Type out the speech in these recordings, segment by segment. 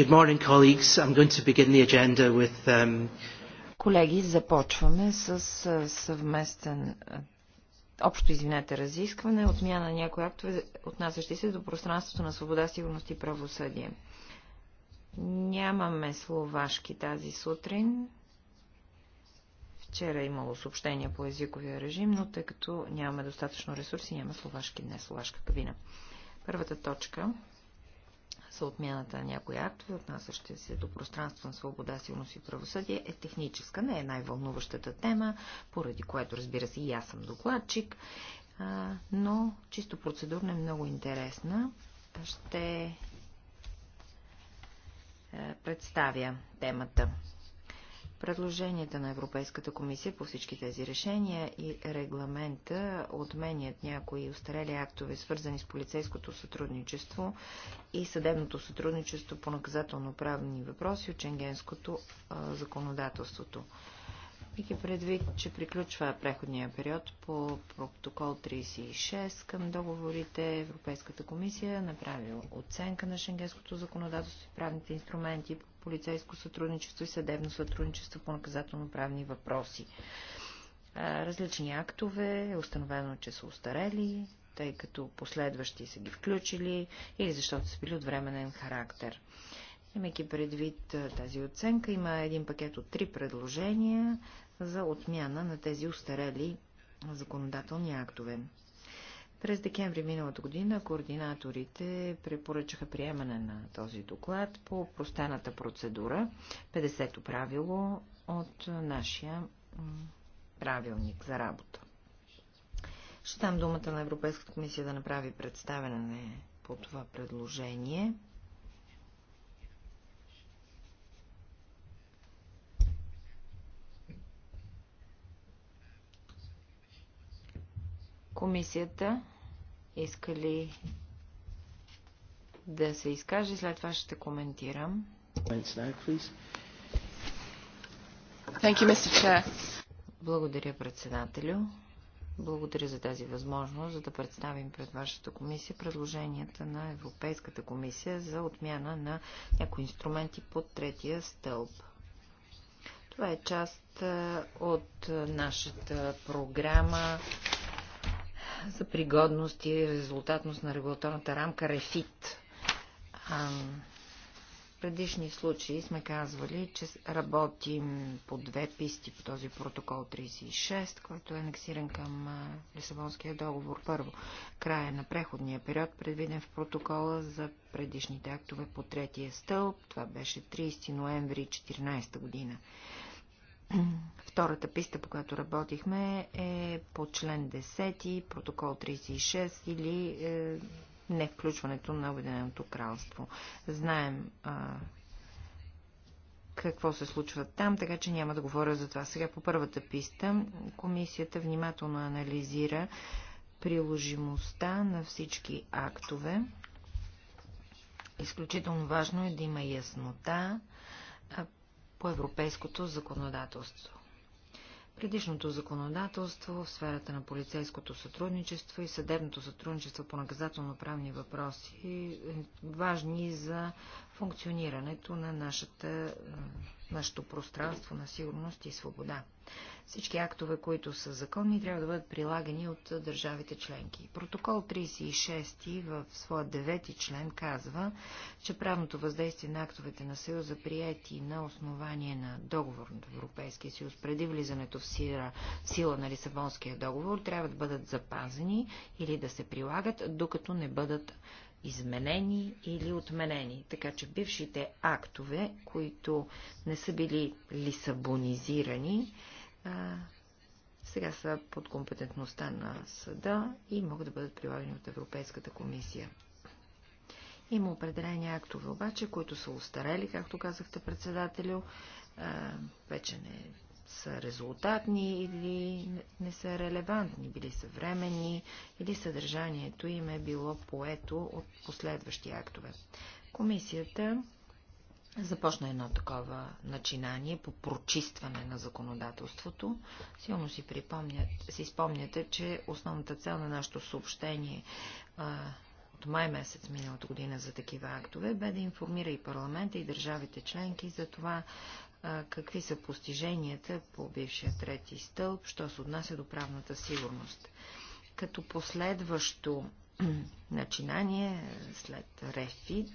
Good morning, colleagues. I'm going to begin the agenda with... Um... Колеги, започваме с съвместен общо, извинете, разискване, отмяна на някои актове, отнасящи се до пространството на свобода, сигурност и правосъдие. Нямаме словашки тази сутрин. Вчера е имало съобщения по езиковия режим, но тъй като нямаме достатъчно ресурси, няма словашки не е словашка кабина. Първата точка са отмяната на някои актове, отнасящи се до пространство на свобода, сигурност и правосъдие, е техническа, не е най-вълнуващата тема, поради което, разбира се, и аз съм докладчик, но чисто процедурно е много интересна. Ще е, представя темата. Предложенията на Европейската комисия по всички тези решения и регламента отменят някои устарели актове, свързани с полицейското сътрудничество и съдебното сътрудничество по наказателно-правни въпроси от ченгенското законодателството. Вики предвид, че приключва преходния период по протокол 36 към договорите, Европейската комисия е направи оценка на шенгенското законодателство и правните инструменти по полицейско сътрудничество и съдебно сътрудничество по наказателно-правни въпроси. Различни актове е установено, че са устарели, тъй като последващи са ги включили или защото са били от временен характер. Имайки предвид тази оценка, има един пакет от три предложения за отмяна на тези устарели законодателни актове. През декември миналата година координаторите препоръчаха приемане на този доклад по простената процедура, 50-то правило от нашия правилник за работа. Ще дам думата на Европейската комисия да направи представяне по това предложение. Комисията иска ли да се изкаже, след това ще коментирам. Благодаря, председателю. Благодаря за тази възможност, за да представим пред вашата комисия предложенията на Европейската комисия за отмяна на някои инструменти под третия стълб. Това е част от нашата програма за пригодност и резултатност на регулаторната рамка РЕФИТ. В предишни случаи сме казвали, че работим по две писти по този протокол 36, който е анексиран към Лисабонския договор. Първо, края на преходния период, предвиден в протокола за предишните актове по третия стълб. Това беше 30 ноември 2014 година. Втората писта, по която работихме, е по член 10, протокол 36 или е, не включването на Обединеното кралство. Знаем а, какво се случва там, така че няма да говоря за това. Сега по първата писта комисията внимателно анализира приложимостта на всички актове. Изключително важно е да има яснота по европейското законодателство. Предишното законодателство в сферата на полицейското сътрудничество и съдебното сътрудничество по наказателно-правни въпроси е важни за функционирането на нашата, е, нашето пространство на сигурност и свобода. Всички актове, които са законни, трябва да бъдат прилагани от държавите членки. Протокол 36 в своя девети член казва, че правното въздействие на актовете на Съюза, прияти на основание на договор на Европейския съюз преди влизането в сила, сила на Лисабонския договор, трябва да бъдат запазени или да се прилагат, докато не бъдат изменени или отменени. Така че бившите актове, които не са били лисабонизирани, а, сега са под компетентността на съда и могат да бъдат прилагани от Европейската комисия. Има определени актове обаче, които са устарели, както казахте председателю, а, вече не са резултатни или не са релевантни, били са времени или съдържанието им е било поето от последващи актове. Комисията Започна едно такова начинание по прочистване на законодателството. Силно си, припомнят, си спомняте, че основната цел на нашето съобщение а, от май месец миналата година за такива актове бе да информира и парламента и държавите членки за това а, какви са постиженията по бившия трети стълб, що се отнася до правната сигурност. Като последващо начинание след Рефит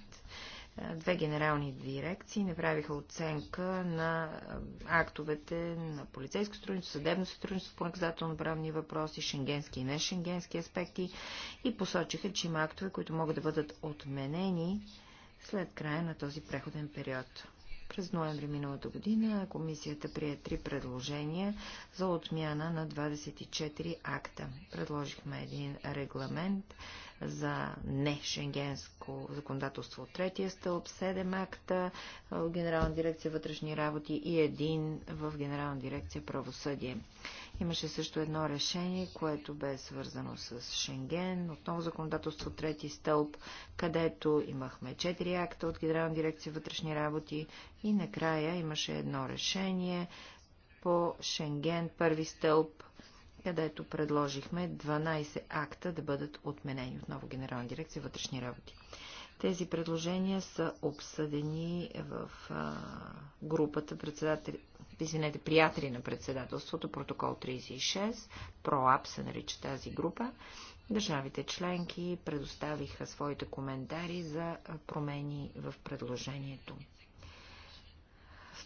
две генерални дирекции направиха оценка на актовете на полицейско сътрудничество, съдебно сътрудничество по наказателно-правни въпроси, шенгенски и не шенгенски аспекти и посочиха, че има актове, които могат да бъдат отменени след края на този преходен период. През ноември миналата година комисията прие три предложения за отмяна на 24 акта. Предложихме един регламент за не-шенгенско законодателство от третия стълб, 7 акта в Генерална дирекция вътрешни работи и един в Генерална дирекция правосъдие. Имаше също едно решение, което бе свързано с Шенген, отново законодателство трети стълб, където имахме 4 акта от Генерална дирекция вътрешни работи и накрая имаше едно решение по Шенген първи стълб където предложихме 12 акта да бъдат отменени. Отново Генерална дирекция вътрешни работи. Тези предложения са обсъдени в а, групата председатели, извинете, приятели на председателството, протокол 36, ПРОАП се нарича тази група. Държавите членки предоставиха своите коментари за промени в предложението.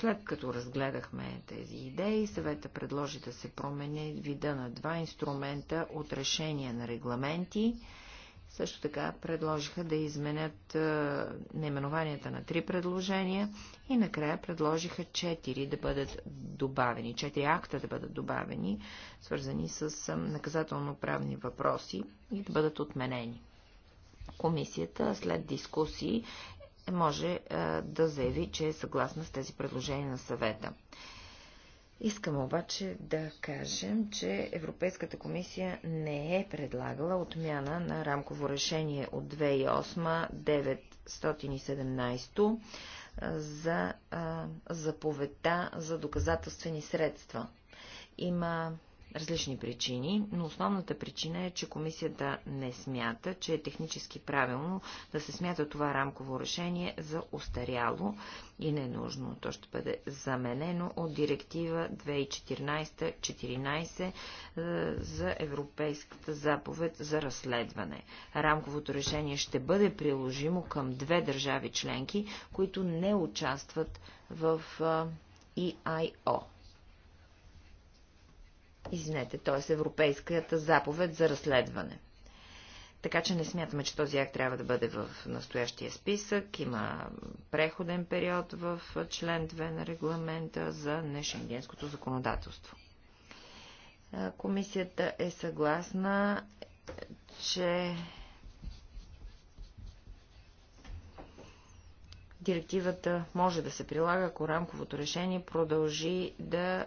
След като разгледахме тези идеи, съвета предложи да се промени вида на два инструмента от решение на регламенти. Също така предложиха да изменят наименованията на три предложения и накрая предложиха четири да бъдат добавени, четири акта да бъдат добавени, свързани с наказателно-правни въпроси и да бъдат отменени. Комисията след дискусии може е, да заяви, че е съгласна с тези предложения на съвета. Искам обаче да кажем, че Европейската комисия не е предлагала отмяна на рамково решение от 2008-917 е, за е, заповедта за доказателствени средства. Има различни причини, но основната причина е, че комисията не смята, че е технически правилно да се смята това рамково решение за устаряло и ненужно. Е То ще бъде заменено от директива 2014-14 е, за Европейската заповед за разследване. Рамковото решение ще бъде приложимо към две държави членки, които не участват в EIO. Е, Извинете, т.е. Европейската заповед за разследване. Така че не смятаме, че този акт трябва да бъде в настоящия списък. Има преходен период в член 2 на регламента за нешенгенското законодателство. Комисията е съгласна, че Директивата може да се прилага, ако рамковото решение продължи да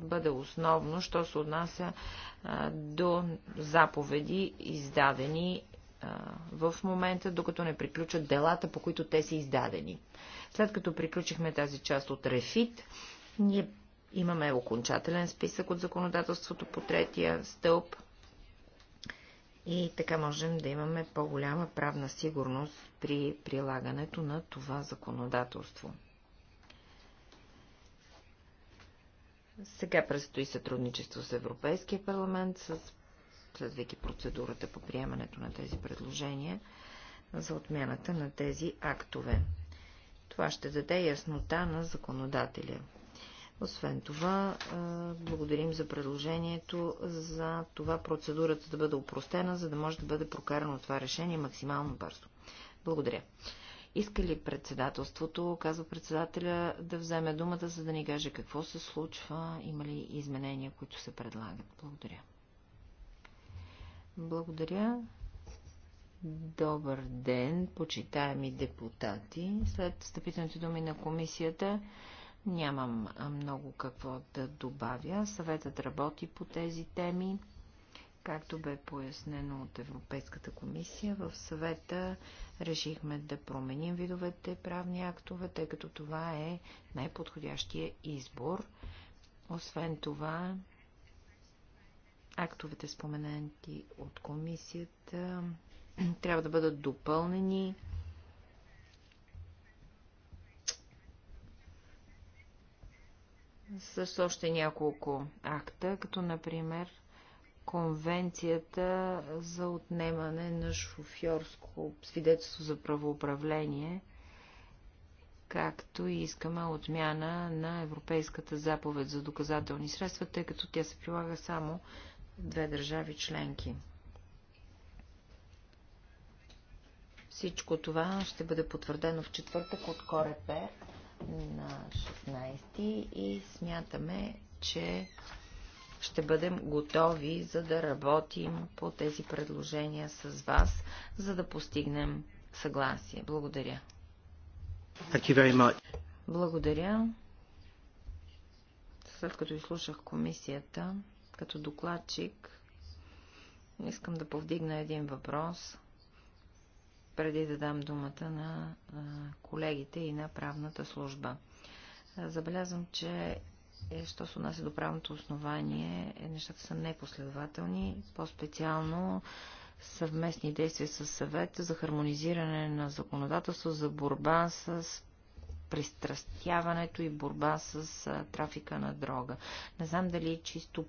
бъде основно, що се отнася до заповеди, издадени в момента, докато не приключат делата, по които те са издадени. След като приключихме тази част от Рефит, ние имаме окончателен списък от законодателството по третия стълб – и така можем да имаме по-голяма правна сигурност при прилагането на това законодателство. Сега предстои сътрудничество с Европейския парламент, следвайки процедурата по приемането на тези предложения за отмяната на тези актове. Това ще даде яснота на законодателя. Освен това, благодарим за предложението за това процедурата да бъде упростена, за да може да бъде прокарано това решение максимално бързо. Благодаря. Иска ли председателството, казва председателя, да вземе думата, за да ни каже какво се случва, има ли изменения, които се предлагат? Благодаря. Благодаря. Добър ден, почитаеми депутати. След встъпителните думи на комисията, Нямам много какво да добавя. Съветът работи по тези теми. Както бе пояснено от Европейската комисия, в съвета решихме да променим видовете правни актове, тъй като това е най-подходящия избор. Освен това, актовете споменати от комисията трябва да бъдат допълнени с още няколко акта, като например Конвенцията за отнемане на шофьорско свидетелство за правоуправление, както и искаме отмяна на Европейската заповед за доказателни средства, тъй като тя се прилага само в две държави членки. Всичко това ще бъде потвърдено в четвъртък от Корепер на 16 и смятаме, че ще бъдем готови, за да работим по тези предложения с вас, за да постигнем съгласие. Благодаря. Благодаря. След като изслушах комисията, като докладчик, искам да повдигна един въпрос – преди да дам думата на колегите и на правната служба. Забелязвам, че е, що се отнася до правното основание, е, нещата са непоследователни, по-специално съвместни действия с съвет за хармонизиране на законодателство за борба с пристрастяването и борба с трафика на дрога. Не знам дали чисто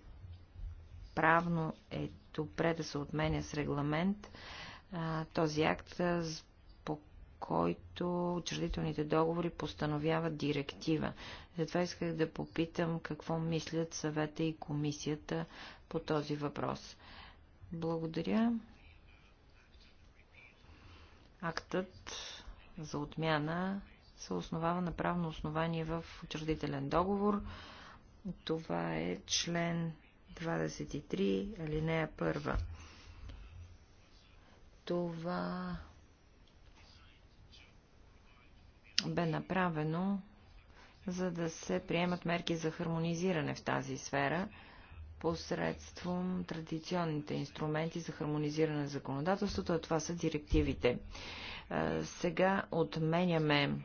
правно е добре да се отменя с регламент, този акт, по който учредителните договори постановяват директива. Затова исках да попитам какво мислят съвета и комисията по този въпрос. Благодаря. Актът за отмяна се основава на правно основание в учредителен договор. Това е член 23, алинея 1. Това бе направено, за да се приемат мерки за хармонизиране в тази сфера посредством традиционните инструменти за хармонизиране на законодателството, а това са директивите. Е, сега отменяме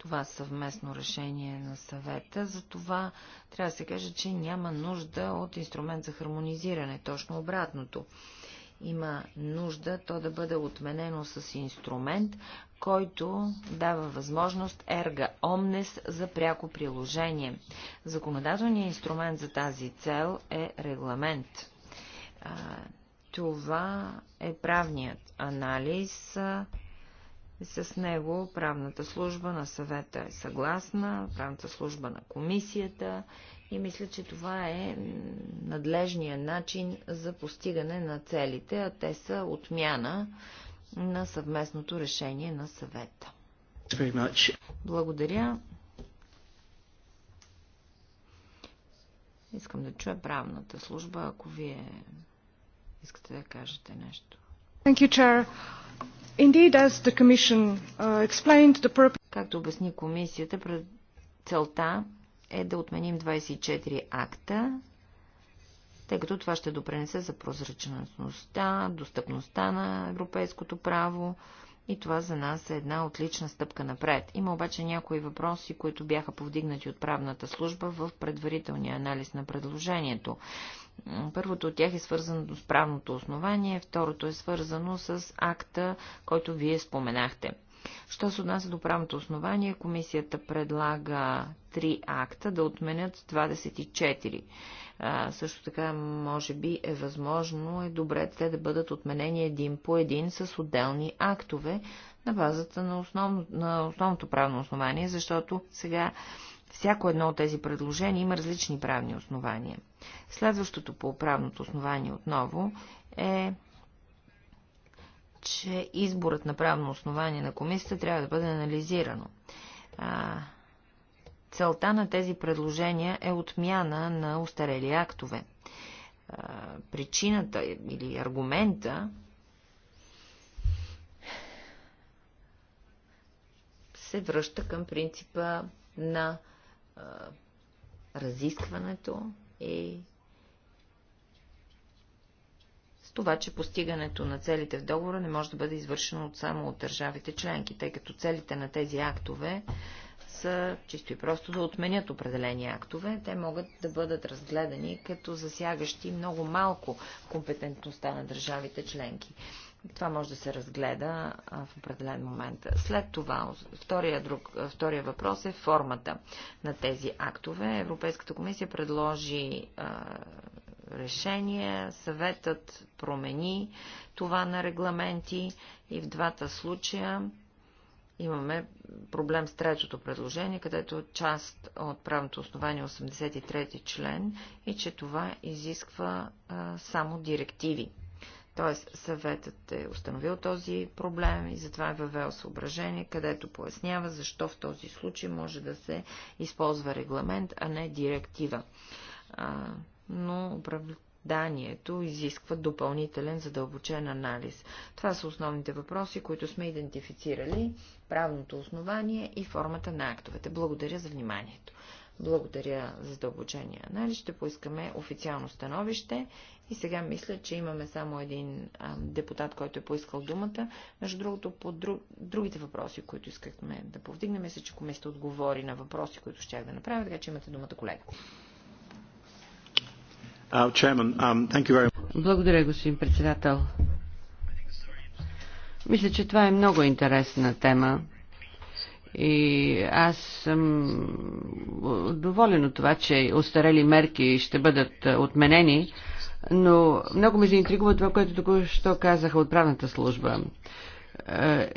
това съвместно решение на съвета. За това трябва да се каже, че няма нужда от инструмент за хармонизиране. Точно обратното. Има нужда то да бъде отменено с инструмент, който дава възможност ерга омнес за пряко приложение. Законодателният инструмент за тази цел е регламент. Това е правният анализ с него правната служба на съвета е съгласна, правната служба на комисията и мисля, че това е надлежния начин за постигане на целите, а те са отмяна на съвместното решение на съвета. Благодаря. Искам да чуя правната служба, ако вие искате да кажете нещо. Thank you, Chair. Uh, Както обясни комисията, целта е да отменим 24 акта, тъй като това ще допренесе за прозрачността, достъпността на европейското право, и това за нас е една отлична стъпка напред. Има обаче някои въпроси, които бяха повдигнати от правната служба в предварителния анализ на предложението. Първото от тях е свързано с правното основание, второто е свързано с акта, който вие споменахте. Що се отнася до правното основание, комисията предлага три акта да отменят 24. А, също така, може би е възможно, е добре те да бъдат отменени един по един с отделни актове на базата на, основно, на основното правно основание, защото сега всяко едно от тези предложения има различни правни основания. Следващото по правното основание отново е че изборът на правно основание на комисията трябва да бъде анализирано. А, целта на тези предложения е отмяна на устарели актове. А, причината или аргумента се връща към принципа на а, разискването и с това, че постигането на целите в договора не може да бъде извършено от само от държавите членки, тъй като целите на тези актове са чисто и просто да отменят определени актове. Те могат да бъдат разгледани като засягащи много малко компетентността на държавите членки. Това може да се разгледа в определен момент. След това, втория, друг, втория въпрос е формата на тези актове. Европейската комисия предложи решения, съветът промени това на регламенти и в двата случая имаме проблем с третото предложение, където е част от правното основание 83 ти член и че това изисква а, само директиви. Тоест съветът е установил този проблем и затова е въвел съображение, където пояснява защо в този случай може да се използва регламент, а не директива. А, но оправданието изисква допълнителен задълбочен анализ. Това са основните въпроси, които сме идентифицирали, правното основание и формата на актовете. Благодаря за вниманието. Благодаря за задълбочения анализ. Ще поискаме официално становище. И сега мисля, че имаме само един депутат, който е поискал думата. Между другото, по друг, другите въпроси, които искахме да повдигнем, мисля, че комисията отговори на въпроси, които щях да направя, така че имате думата, колега. Uh, um, Благодаря, господин председател. Мисля, че това е много интересна тема. И аз съм доволен от това, че остарели мерки ще бъдат отменени, но много ме заинтригува това, което току-що казаха от правната служба. Е,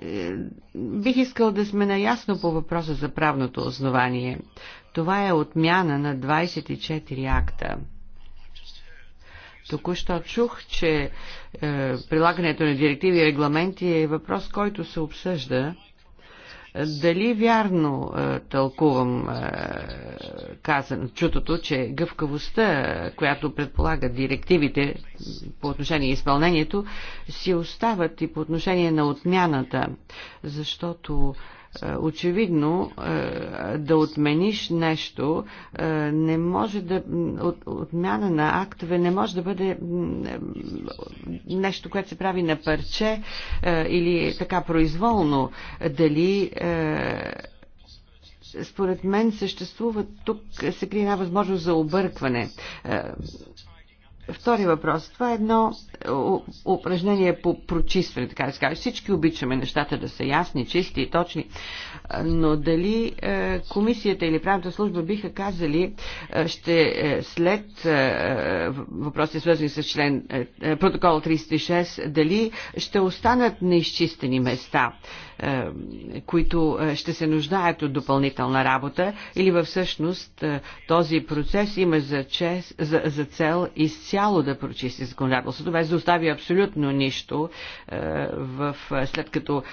бих искал да сме наясно по въпроса за правното основание. Това е отмяна на 24 акта Току-що чух, че е, прилагането на директиви и регламенти е въпрос, който се обсъжда. Дали вярно е, тълкувам е, казан, чутото, че гъвкавостта, която предполага директивите по отношение на изпълнението, си остават и по отношение на отмяната, защото е, очевидно, е, да отмениш нещо е, не може да. Отмяна на актове не може да бъде нещо, което се прави на парче или така произволно. Дали според мен съществува тук се крие една възможност за объркване. Втори въпрос. Това е едно е, упражнение по прочистване, така да се каже. Всички обичаме нещата да са ясни, чисти и точни, но дали е, комисията или правната служба биха казали, е, ще след въпроси свързани с член протокол 36, дали ще останат неизчистени места? Е, които е, ще се нуждаят от допълнителна работа, или във всъщност е, този процес има за, чест, за, за цел изцяло да прочисти законодателството, без да остави абсолютно нищо в, след като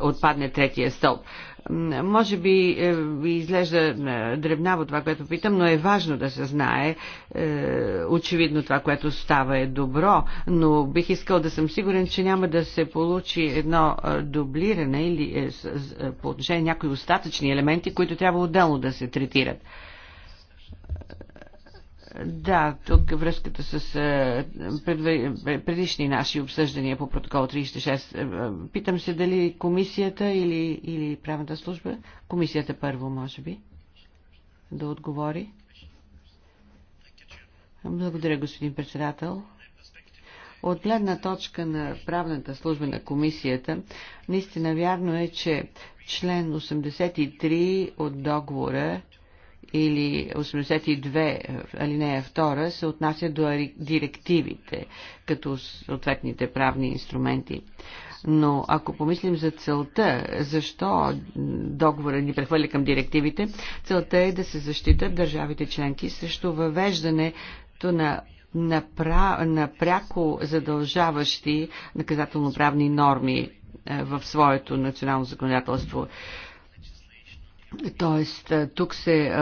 отпадне третия стълб. Може би ви е, изглежда е, дребнаво това, което питам, но е важно да се знае. Е, очевидно това, което става е добро, но бих искал да съм сигурен, че няма да се получи едно дублиране или по отношение някои остатъчни елементи, които трябва отделно да се третират. Да, тук връзката с предишни наши обсъждания по протокол 36. Е, питам се дали комисията или, или правната служба. Комисията първо, може би, да отговори. Благодаря, господин председател. От гледна точка на правната служба на комисията, наистина вярно е, че член 83 от договора или 82 алинея 2 се отнася до директивите като съответните правни инструменти. Но ако помислим за целта, защо договора ни прехвърля към директивите, целта е да се защитат държавите членки срещу въвеждането на напряко на задължаващи наказателно-правни норми е, в своето национално законодателство. Тоест, тук се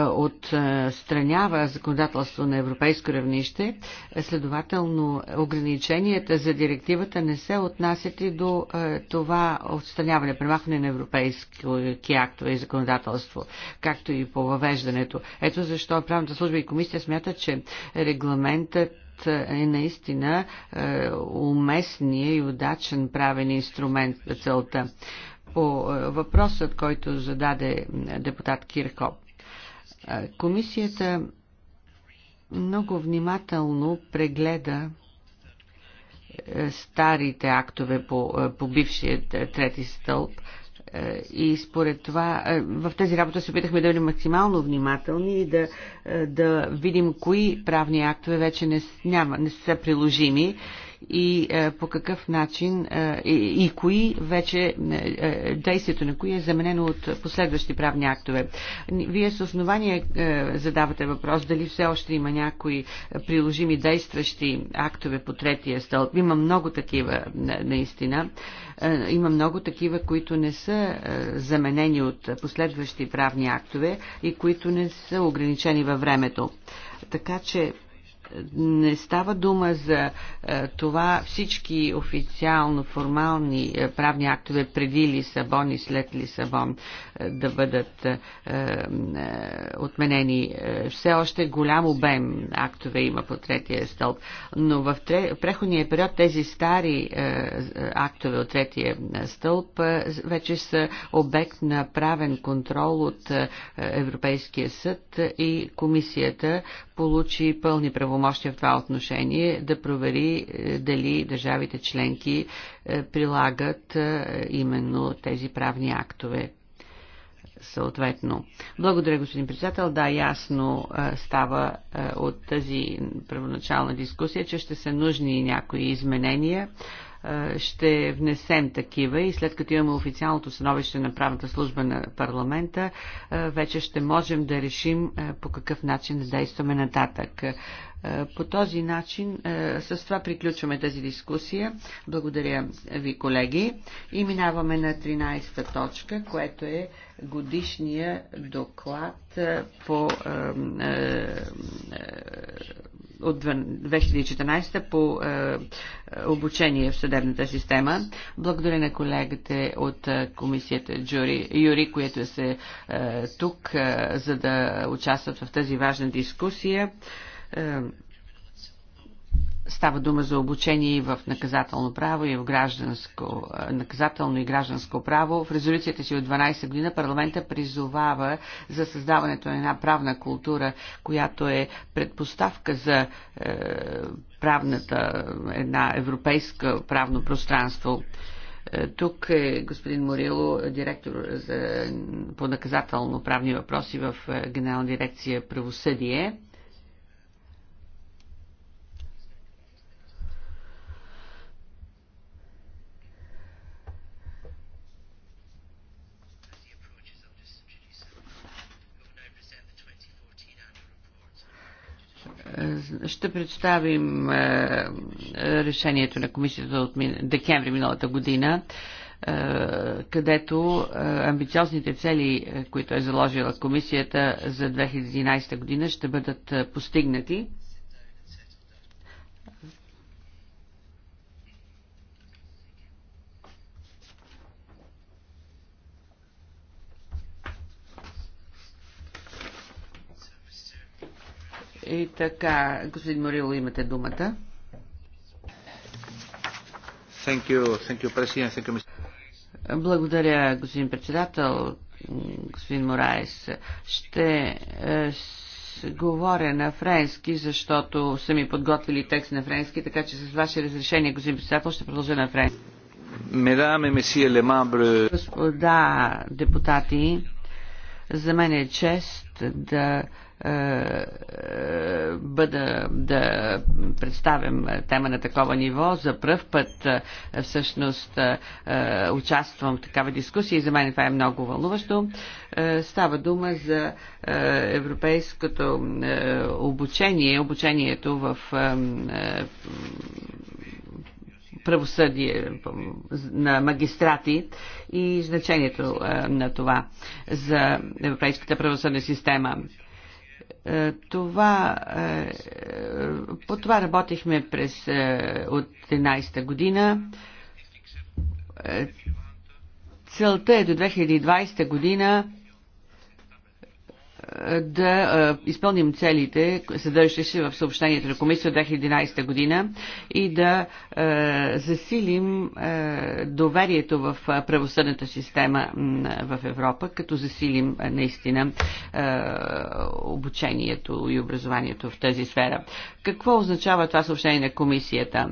отстранява законодателство на европейско равнище, следователно ограниченията за директивата не се отнасят и до това отстраняване, премахване на европейски актове и законодателство, както и по въвеждането. Ето защо правната служба и комисия смятат, че регламентът е наистина уместния и удачен правен инструмент за целта по е, въпросът, който зададе е, депутат Кирко. Е, комисията много внимателно прегледа старите актове по, по бившия трети стълб и според това в тези работа се опитахме да бъдем максимално внимателни и да, да видим кои правни актове вече не, няма, не са приложими и е, по какъв начин е, и кои вече е, действието на кои е заменено от последващи правни актове. Вие с основание задавате въпрос дали все още има някои приложими действащи актове по третия стълб. Има много такива наистина. Има много такива, които не са заменени от последващи правни актове и които не са ограничени във времето. Така че не става дума за е, това всички официално формални е, правни актове преди Лисабон и след Лисабон да бъдат е, е, отменени. Все още голям обем актове има по третия стълб, но в преходния период тези стари е, актове от третия стълб вече са обект на правен контрол от Европейския съд и комисията получи пълни правомощия в това отношение да провери дали държавите членки прилагат именно тези правни актове съответно. Благодаря, господин председател. Да, ясно е, става е, от тази първоначална дискусия, че ще са нужни някои изменения е, ще внесем такива и след като имаме официалното становище на правната служба на парламента, вече ще можем да решим по какъв начин да действаме нататък. По този начин, с това приключваме тази дискусия. Благодаря ви, колеги. И минаваме на 13-та точка, което е годишния доклад по, е, от 2014 по е, обучение в съдебната система. Благодаря на колегите от комисията Джури, Юри, които са тук, за да участват в тази важна дискусия. Става дума за обучение и в наказателно право и в гражданско, наказателно и гражданско право. В резолюцията си от 12 година парламента призовава за създаването на една правна култура, която е предпоставка за е, правната, една европейска правно пространство. Е, тук е господин Морило, директор за, по наказателно правни въпроси в е, Генерална дирекция правосъдие. Ще представим е, решението на комисията от декември миналата година, е, където е, амбициозните цели, които е заложила комисията за 2011 година, ще бъдат постигнати. И така, господин Морило, имате думата. Thank you, thank you, Thank you, Mr. Благодаря, господин председател, господин Мораес. Ще е, говоря на френски, защото са ми подготвили текст на френски, така че с ваше разрешение, господин председател, ще продължа на френски. Медаме, месие, лемабре. Господа депутати, за мен е чест да е, бъда, да представям тема на такова ниво. За пръв път е, всъщност е, участвам в такава дискусия и за мен това е много вълнуващо. Става дума за европейското обучение, обучението в правосъдие на магистрати и значението на това за европейската правосъдна система. Е, това, е, по това работихме през е, от 11-та година. Целта е до 2020 година да изпълним целите, съдържащи се в съобщението на комисията от 2011 година и да засилим доверието в правосъдната система в Европа, като засилим наистина обучението и образованието в тази сфера. Какво означава това съобщение на комисията?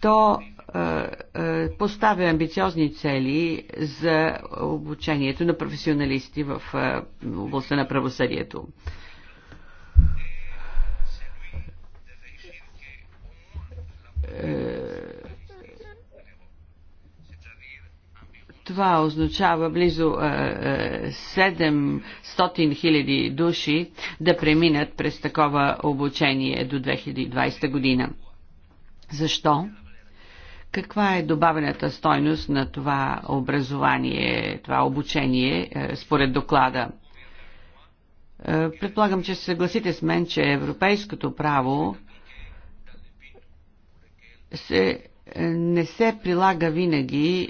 То е, е, поставя амбициозни цели за обучението на професионалисти в е, областта на правосъдието. Това означава близо 700 000 души да преминат през такова обучение до 2020 година. Защо? Каква е добавената стойност на това образование, това обучение е, според доклада? Е, предполагам, че се съгласите с мен, че европейското право се е, не се прилага винаги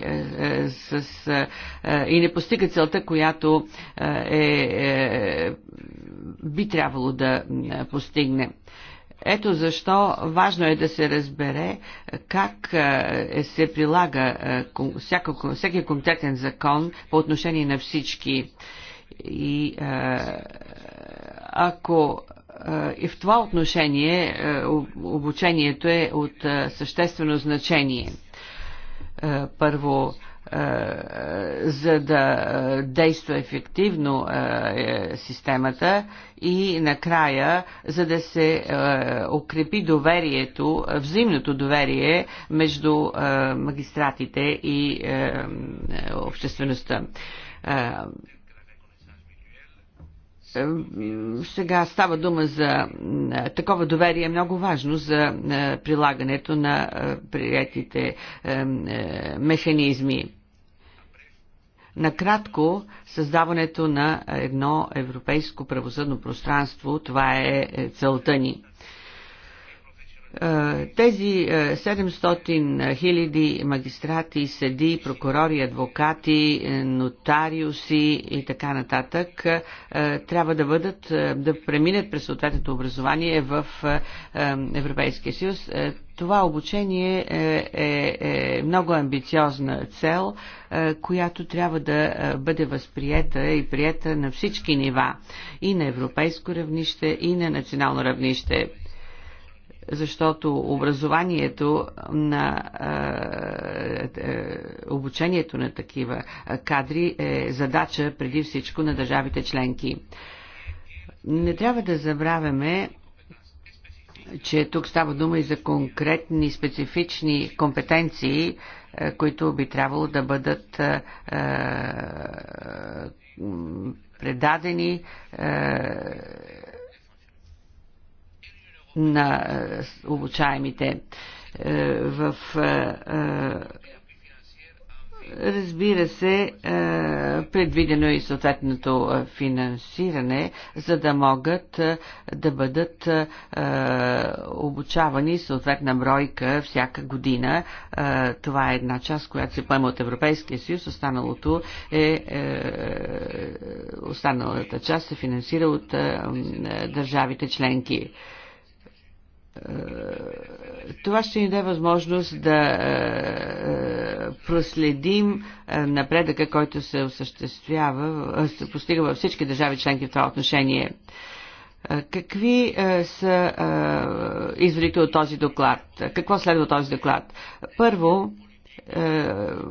с, и не постига целта, която е, е, би трябвало да постигне. Ето защо важно е да се разбере е, как е, е, се прилага всяко, всеки конкретен закон по отношение на всички. И ако и в това отношение обучението е от съществено значение. Първо, е, за да е, действа ефективно е, системата и накрая, за да се укрепи доверието, взаимното доверие между магистратите и обществеността сега става дума за такова доверие е много важно за прилагането на приятите механизми. Накратко, създаването на едно европейско правосъдно пространство, това е, е целта ни. Е, тези 700 е, хиляди магистрати, съди, прокурори, адвокати, е, нотариуси и така нататък трябва да бъдат, да преминат през съответното образование в Европейския съюз. Това обучение е, е, е много амбициозна цел, е, която трябва да бъде възприета и приета на всички нива, и на европейско равнище, и на национално равнище защото образованието на е, е, обучението на такива кадри е задача преди всичко на държавите членки. Не трябва да забравяме, че тук става дума и за конкретни специфични компетенции, е, които би трябвало да бъдат предадени на е, обучаемите е, в е, Разбира се, предвидено е и съответното финансиране, за да могат да бъдат обучавани съответна бройка всяка година. Това е една част, която се поема от Европейския съюз, останалото е, останалата част се финансира от държавите членки. Е, това ще ни даде възможност да е, е, проследим напредъка, който се осъществява, се постига във всички държави членки в това отношение. Какви са изводите от този доклад? Какво следва този доклад? Първо,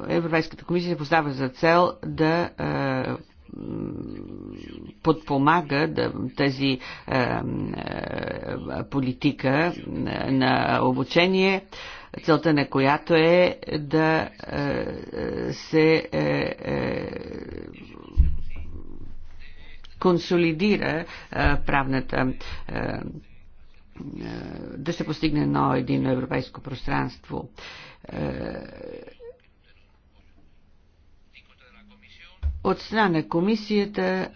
Европейската комисия се поставя за цел да подпомага да, тази е, е, политика на обучение, целта на която е да е, се е, е, консолидира е, правната е, е да се постигне едно едино европейско пространство. Е, От страна на комисията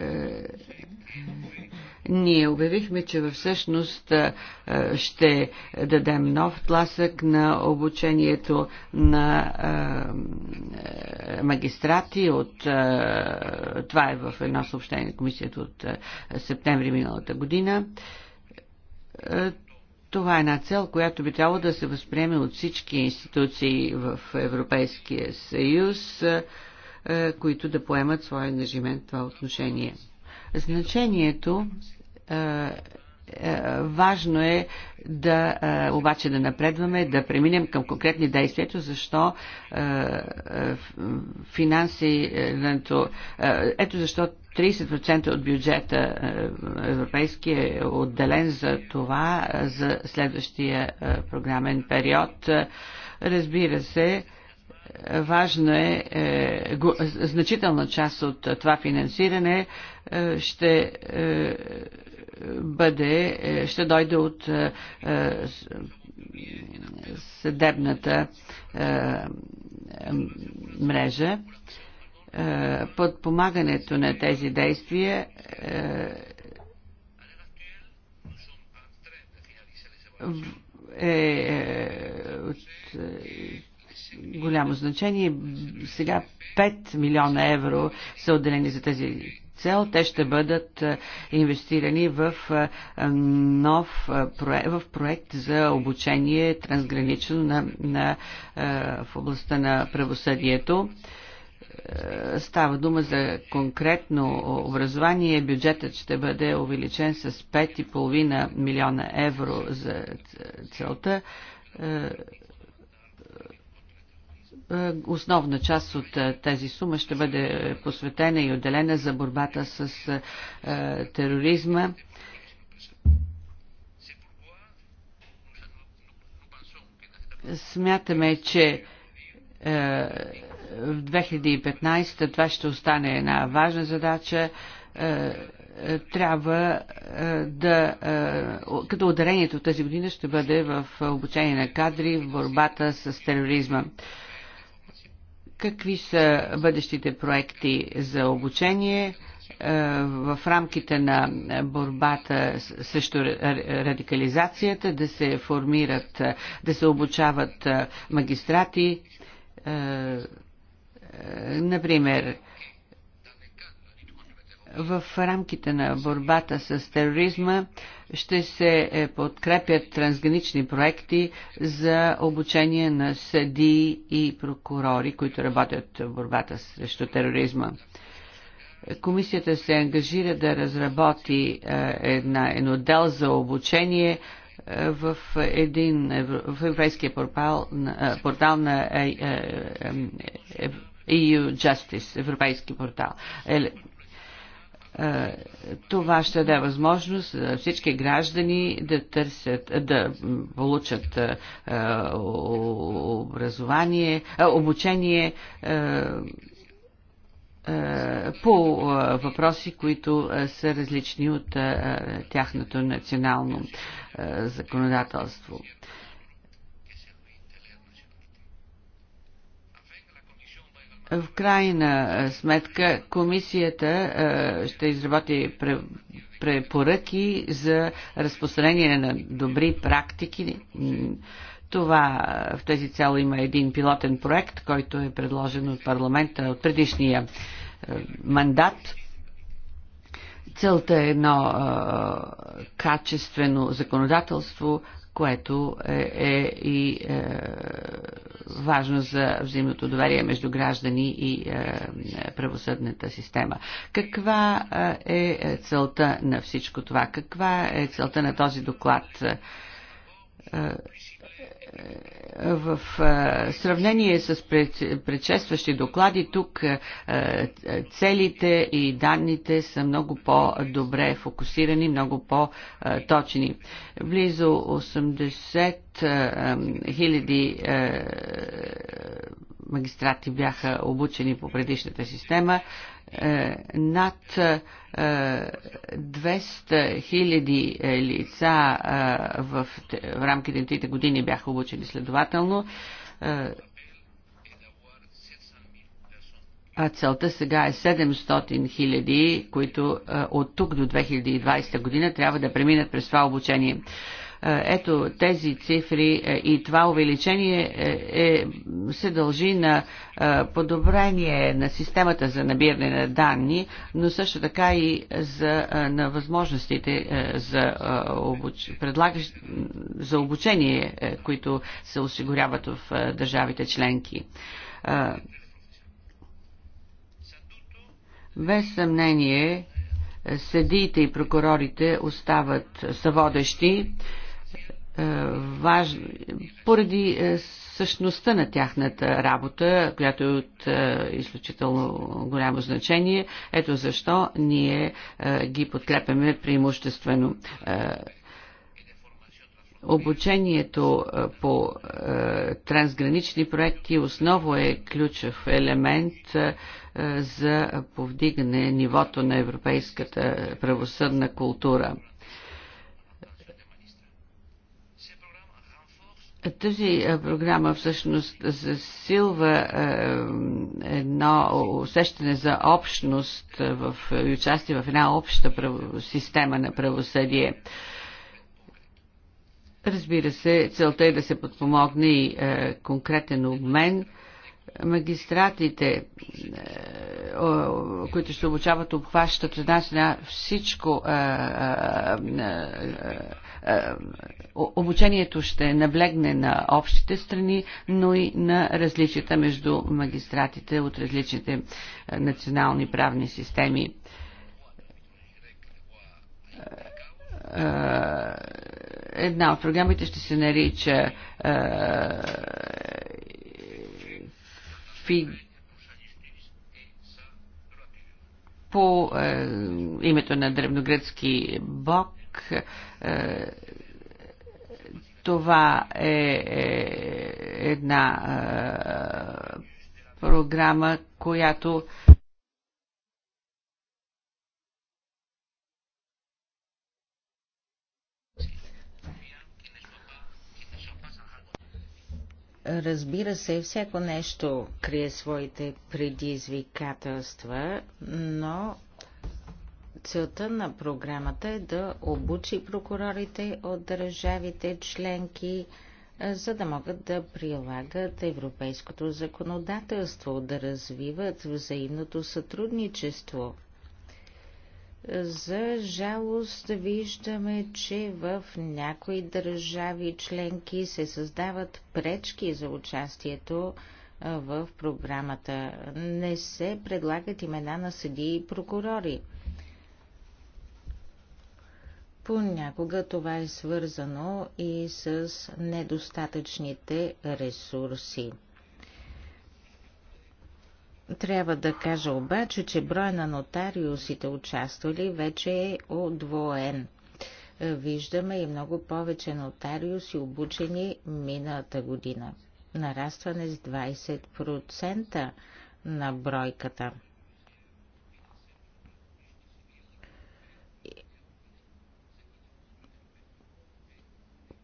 е, е, ние обявихме, че всъщност е, ще дадем нов тласък на обучението на магистрати. От, това е в едно съобщение на комисията от септември миналата година това е една цел, която би трябвало да се възприеме от всички институции в Европейския съюз, е, е, които да поемат своя ангажимент в това отношение. Значението е, важно е да обаче да напредваме, да преминем към конкретни действия, защо финансирането, ето защо 30% от бюджета е, европейски е отделен за това, е, за следващия е, програмен период. Разбира се, важно е, значителна част от това финансиране ще бъде, ще дойде от съдебната мрежа. Е, подпомагането на тези действия е, е, е от голямо значение. Сега 5 милиона евро са отделени за тези цел. Те ще бъдат инвестирани в нов проект, в проект за обучение трансгранично на, на, в областта на правосъдието. Е, става дума за конкретно образование. Бюджетът ще бъде увеличен с 5,5 милиона евро за целта. Е, е, основна част от тази сума ще бъде посветена и отделена за борбата с тероризма. Смятаме, че в 2015 това ще остане една важна задача. Е, е, трябва е, да, като ударението тази година ще бъде в обучение на кадри, в борбата с тероризма. Какви са бъдещите проекти за обучение? в рамките на борбата срещу радикализацията да се формират, да се обучават магистрати, е, например, в рамките на борбата с тероризма ще се е, подкрепят трансгранични проекти за обучение на съдии и прокурори, които работят в борбата срещу тероризма. Комисията се ангажира да разработи е, една, едно отдел за обучение в един в европейския портал, портал на EU Justice, европейски портал. Е, е, това ще даде възможност за е, всички граждани да търсят, да получат образование, обучение по въпроси, които са различни от тяхното национално законодателство. В крайна сметка комисията ще изработи препоръки за разпространение на добри практики. Това в тези цяло има един пилотен проект, който е предложен от парламента от предишния мандат. Целта е едно качествено законодателство, което е, е и е, важно за взаимното доверие между граждани и е, правосъдната система. Каква е, е целта на всичко това? Каква е целта на този доклад? Е, в сравнение с предшестващи доклади, тук целите и данните са много по-добре фокусирани, много по-точни. Близо 80 хиляди магистрати бяха обучени по предишната система. Е, над 200 е, хиляди е, лица в, рамките на трите години бяха обучени следователно. А целта сега е 700 хиляди, които от тук до 2020 година трябва да преминат през това обучение. Е, ето тези цифри е, и това увеличение е, е се дължи на подобрение на системата за набиране на данни, но също така и за, на възможностите за, обуч... за обучение, които се осигуряват в държавите членки. Без съмнение, съдиите и прокурорите остават съводещи е, важно, поради е, същността на тяхната работа, която е от е, изключително голямо значение. Ето защо ние ги подкрепяме преимуществено обучението по трансгранични проекти основно е ключов елемент за повдигане нивото на европейската правосъдна култура. Тази е, програма всъщност засилва е, едно усещане за общност е, в, и участие в една обща право, система на правосъдие. Разбира се, целта е да се подпомогне и е, конкретен обмен. Магистратите, е, които се обучават, обхващат една всичко. Е, е, е, е, обучението ще наблегне на общите страни, но и на различията между магистратите от различните е, национални правни системи е, една от програмите ще се нарича е, по е, името на древногръцки бог тук е, това е, е една е, програма, която Разбира се, всяко нещо крие своите предизвикателства, но Целта на програмата е да обучи прокурорите от държавите членки, е, за да могат да прилагат европейското законодателство, да развиват взаимното сътрудничество. За жалост виждаме, че в някои държави членки се създават пречки за участието е, в програмата. Не се предлагат имена на съдии и прокурори. Понякога това е свързано и с недостатъчните ресурси. Трябва да кажа обаче, че броя на нотариусите участвали вече е удвоен. Виждаме и много повече нотариуси обучени миналата година. Нарастване с 20% на бройката.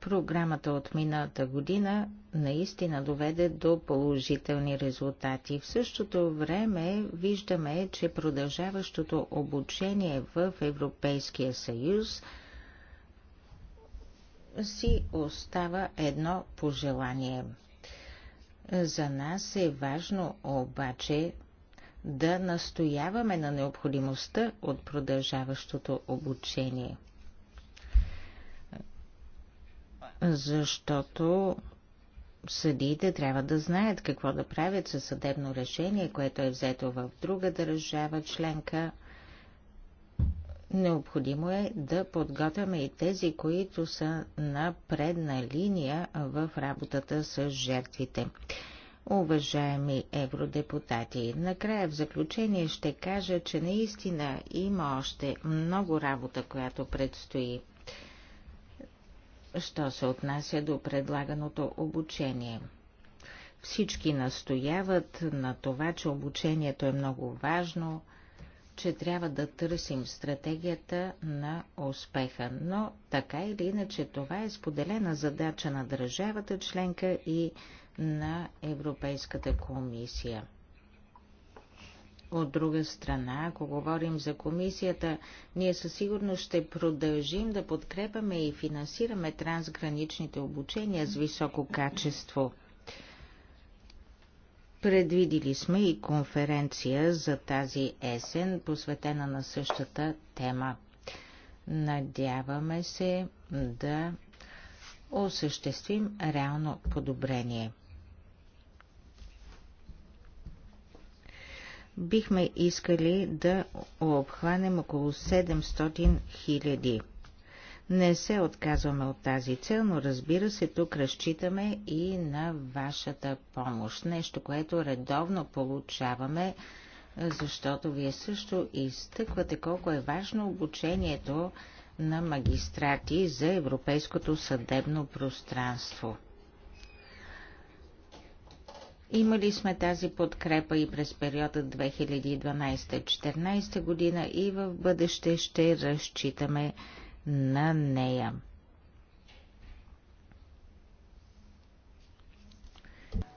Програмата от миналата година наистина доведе до положителни резултати. В същото време виждаме, че продължаващото обучение в Европейския съюз си остава едно пожелание. За нас е важно обаче да настояваме на необходимостта от продължаващото обучение – защото съдиите трябва да знаят какво да правят със съдебно решение, което е взето в друга държава членка. Необходимо е да подготвяме и тези, които са на предна линия в работата с жертвите. Уважаеми евродепутати, накрая в заключение ще кажа, че наистина има още много работа, която предстои що се отнася до предлаганото обучение. Всички настояват на това, че обучението е много важно, че трябва да търсим стратегията на успеха, но така или иначе това е споделена задача на държавата членка и на Европейската комисия. От друга страна, ако говорим за комисията, ние със сигурност ще продължим да подкрепаме и финансираме трансграничните обучения с високо качество. Предвидили сме и конференция за тази есен, посветена на същата тема. Надяваме се да осъществим реално подобрение. бихме искали да обхванем около 700 хиляди. Не се отказваме от тази цел, но разбира се, тук разчитаме и на вашата помощ. Нещо, което редовно получаваме, защото вие също изтъквате колко е важно обучението на магистрати за европейското съдебно пространство. Имали сме тази подкрепа и през периода 2012-2014 година и в бъдеще ще разчитаме на нея.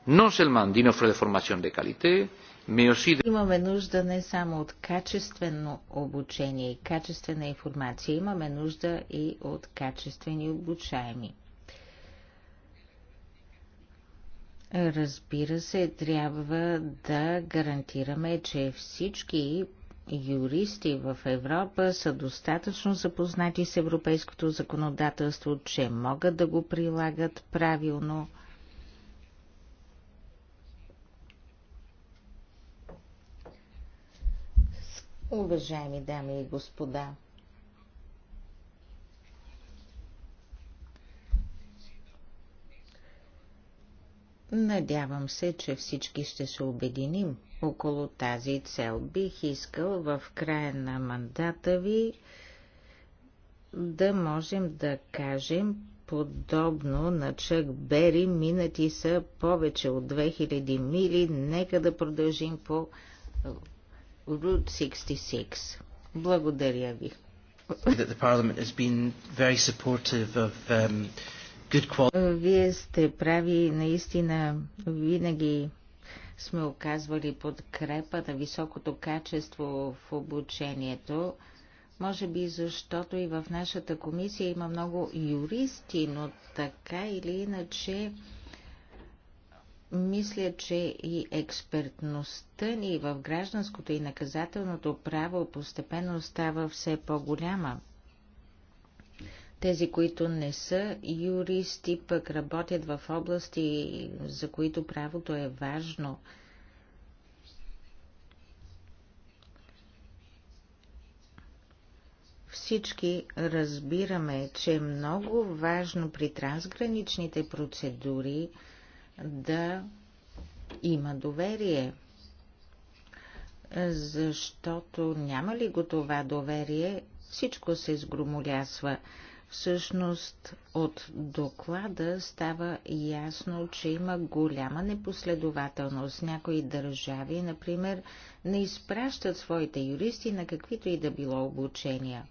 Non seulement d'une offre de formation de qualité, mais aussi de... Имаме нужда не само от качествено обучение и качествена информация, имаме нужда и от качествени обучаеми. Разбира се, трябва да гарантираме, че всички юристи в Европа са достатъчно запознати с европейското законодателство, че могат да го прилагат правилно. Уважаеми дами и господа, Надявам се, че всички ще се обединим около тази цел. Бих искал в края на мандата ви да можем да кажем подобно на Чък Бери, минати са повече от 2000 мили, нека да продължим по Route 66. Благодаря ви. That the Parliament has been very supportive of um, е, вие сте прави, наистина винаги сме оказвали подкрепа на високото качество в обучението. Може би защото и в нашата комисия има много юристи, но така или иначе мисля, че и експертността ни в гражданското и наказателното право постепенно става все по-голяма. Тези, които не са юристи, пък работят в области, за които правото е важно. Всички разбираме, че е много важно при трансграничните процедури да има доверие защото няма ли го това доверие, всичко се сгромолясва. Всъщност от доклада става ясно, че има голяма непоследователност. Някои държави, например, не изпращат своите юристи на каквито и да било обучения.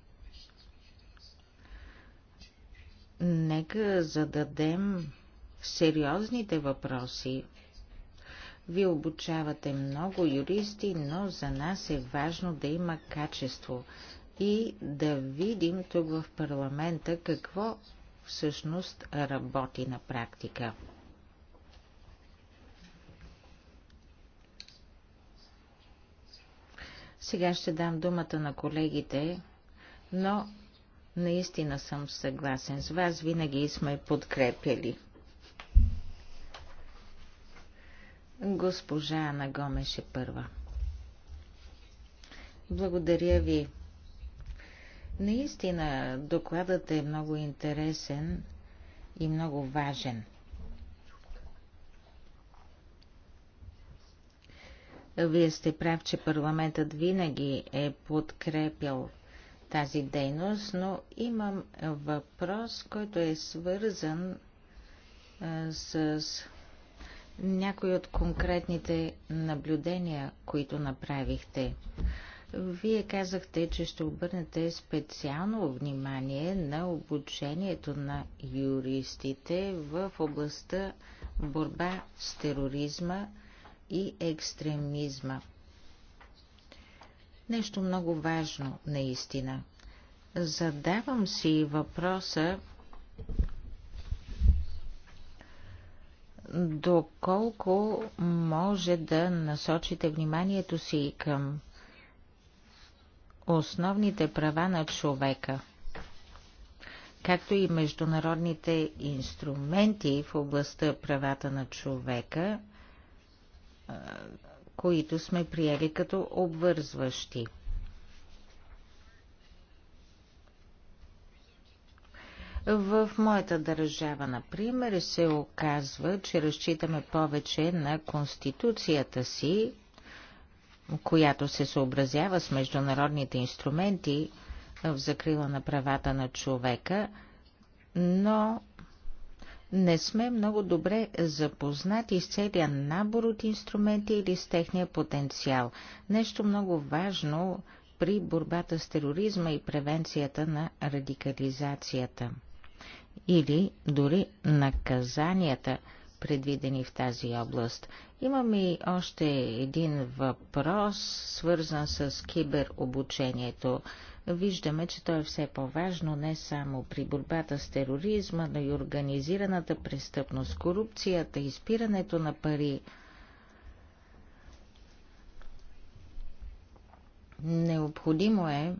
Нека зададем сериозните въпроси. Вие обучавате много юристи, но за нас е важно да има качество – и да видим тук в парламента какво всъщност работи на практика. Сега ще дам думата на колегите, но наистина съм съгласен с вас, винаги сме подкрепяли. Госпожа Ана Гомеш е първа. Благодаря ви. Наистина, докладът е много интересен и много важен. Вие сте прав, че парламентът винаги е подкрепял тази дейност, но имам въпрос, който е свързан с някои от конкретните наблюдения, които направихте. Вие казахте, че ще обърнете специално внимание на обучението на юристите в областта борба с тероризма и екстремизма. Нещо много важно, наистина. Задавам си въпроса доколко може да насочите вниманието си към основните права на човека, както и международните инструменти в областта правата на човека, които сме приели като обвързващи. В моята държава, например, се оказва, че разчитаме повече на конституцията си, която се съобразява с международните инструменти в закрила на правата на човека, но не сме много добре запознати с целия набор от инструменти или с техния потенциал. Нещо много важно при борбата с тероризма и превенцията на радикализацията. Или дори наказанията – предвидени в тази област. Имам и още един въпрос, свързан с киберобучението. Виждаме, че то е все по-важно не само при борбата с тероризма, но и организираната престъпност, корупцията, изпирането на пари. Необходимо е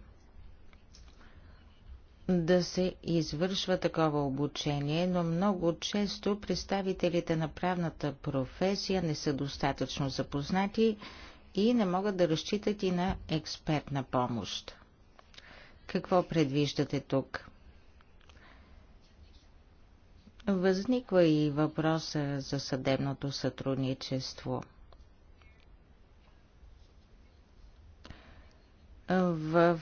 да се извършва такова обучение, но много често представителите на правната професия не са достатъчно запознати и не могат да разчитат и на експертна помощ. Какво предвиждате тук? Възниква и въпроса за съдебното сътрудничество. В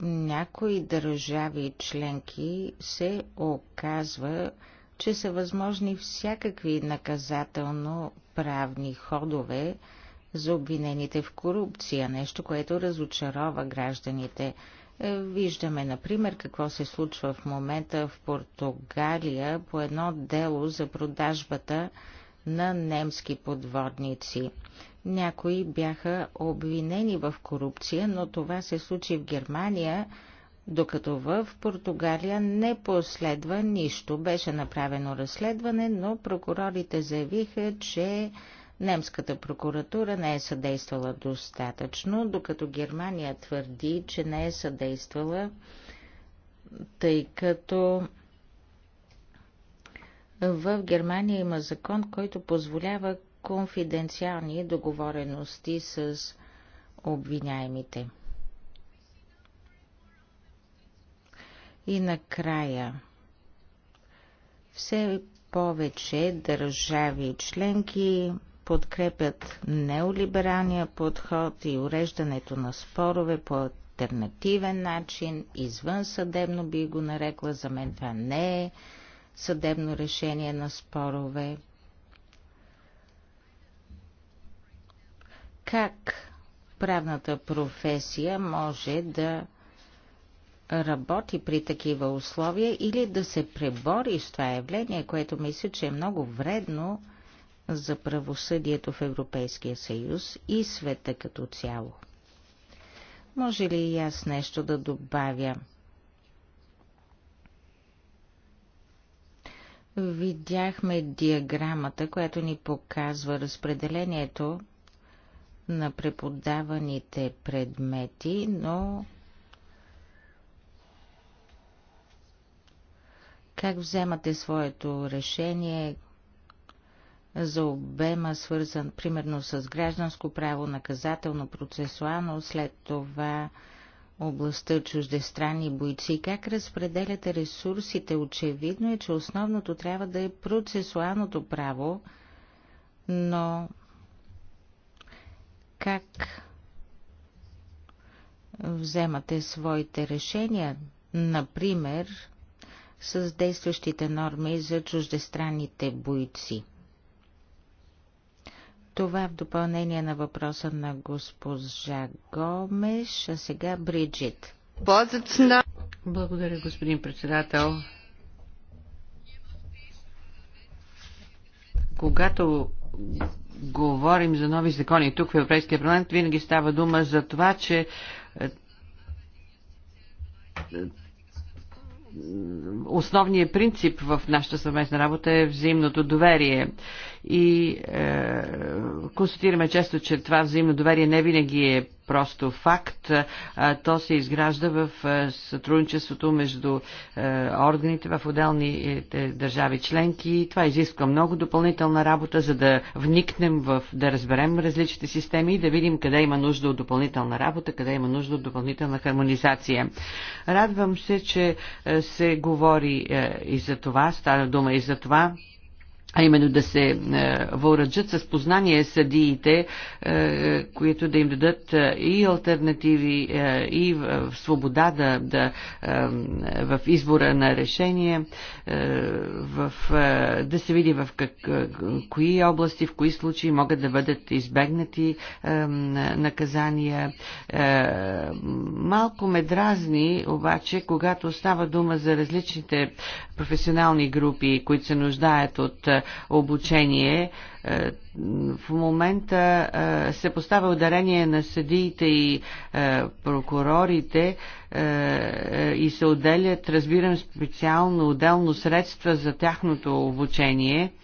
някои държави членки се оказва, че са възможни всякакви наказателно-правни ходове за обвинените в корупция, нещо, което разочарова гражданите. Е, виждаме, например, какво се случва в момента в Португалия по едно дело за продажбата на немски подводници. Някои бяха обвинени в корупция, но това се случи в Германия, докато в Португалия не последва нищо. Беше направено разследване, но прокурорите заявиха, че немската прокуратура не е съдействала достатъчно, докато Германия твърди, че не е съдействала, тъй като в Германия има закон, който позволява конфиденциални договорености с обвиняемите. И накрая, все повече държави и членки подкрепят неолибералния подход и уреждането на спорове по альтернативен начин, извън съдебно би го нарекла, за мен това не е съдебно решение на спорове. Как правната професия може да работи при такива условия или да се пребори с това явление, което мисля, че е много вредно за правосъдието в Европейския съюз и света като цяло. Може ли и аз нещо да добавя? видяхме диаграмата, която ни показва разпределението на преподаваните предмети, но как вземате своето решение за обема, свързан примерно с гражданско право, наказателно, процесуално, след това областта чуждестранни бойци. Как разпределяте ресурсите? Очевидно е, че основното трябва да е процесуалното право, но как вземате своите решения? Например, с действащите норми за чуждестранните бойци. Това е в допълнение на въпроса на госпожа Гомеш, а сега Бриджит. Благодаря, господин председател. Когато говорим за нови закони тук в Европейския парламент, винаги става дума за това, че е, основният принцип в нашата съвместна работа е взаимното доверие. И е, констатираме често, че това взаимно доверие не винаги е просто факт. То се изгражда в сътрудничеството между органите в отделни държави членки. Това изисква много допълнителна работа, за да вникнем в, да разберем различните системи и да видим къде има нужда от допълнителна работа, къде има нужда от допълнителна хармонизация. Радвам се, че се говори и за това, стана дума и за това а именно да се е, въоръджат с познание съдиите, е, които да им дадат е, и альтернативи, и свобода да, да, в избора на решение, в, да се види в как, кои области, в кои случаи могат да бъдат избегнати наказания. Малко ме дразни, обаче, когато става дума за различните професионални групи, които се нуждаят от обучение. Е, в момента е, се поставя ударение на съдиите и е, прокурорите и се отделят, разбирам, специално отделно средства за тяхното обучение –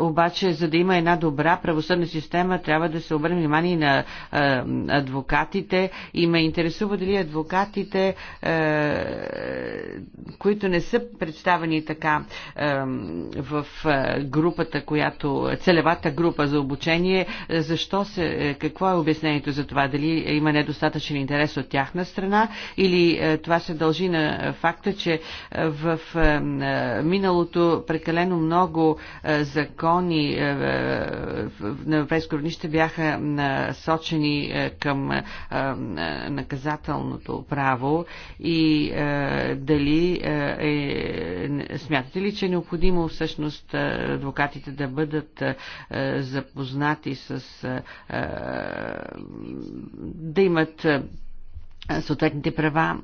обаче, за да има една добра правосъдна система, трябва да се обърне внимание на адвокатите и ме интересува дали адвокатите, които не са представени така в групата, която, целевата група за обучение, защо се, какво е обяснението за това? Дали има недостатъчен интерес от тяхна страна или това се дължи на факта, че в миналото прекалено много е, закони е, е, на европейско равнище бяха насочени към наказателното право и дали е, смятате ли, че е необходимо всъщност адвокатите да бъдат запознати с да имат съответните права.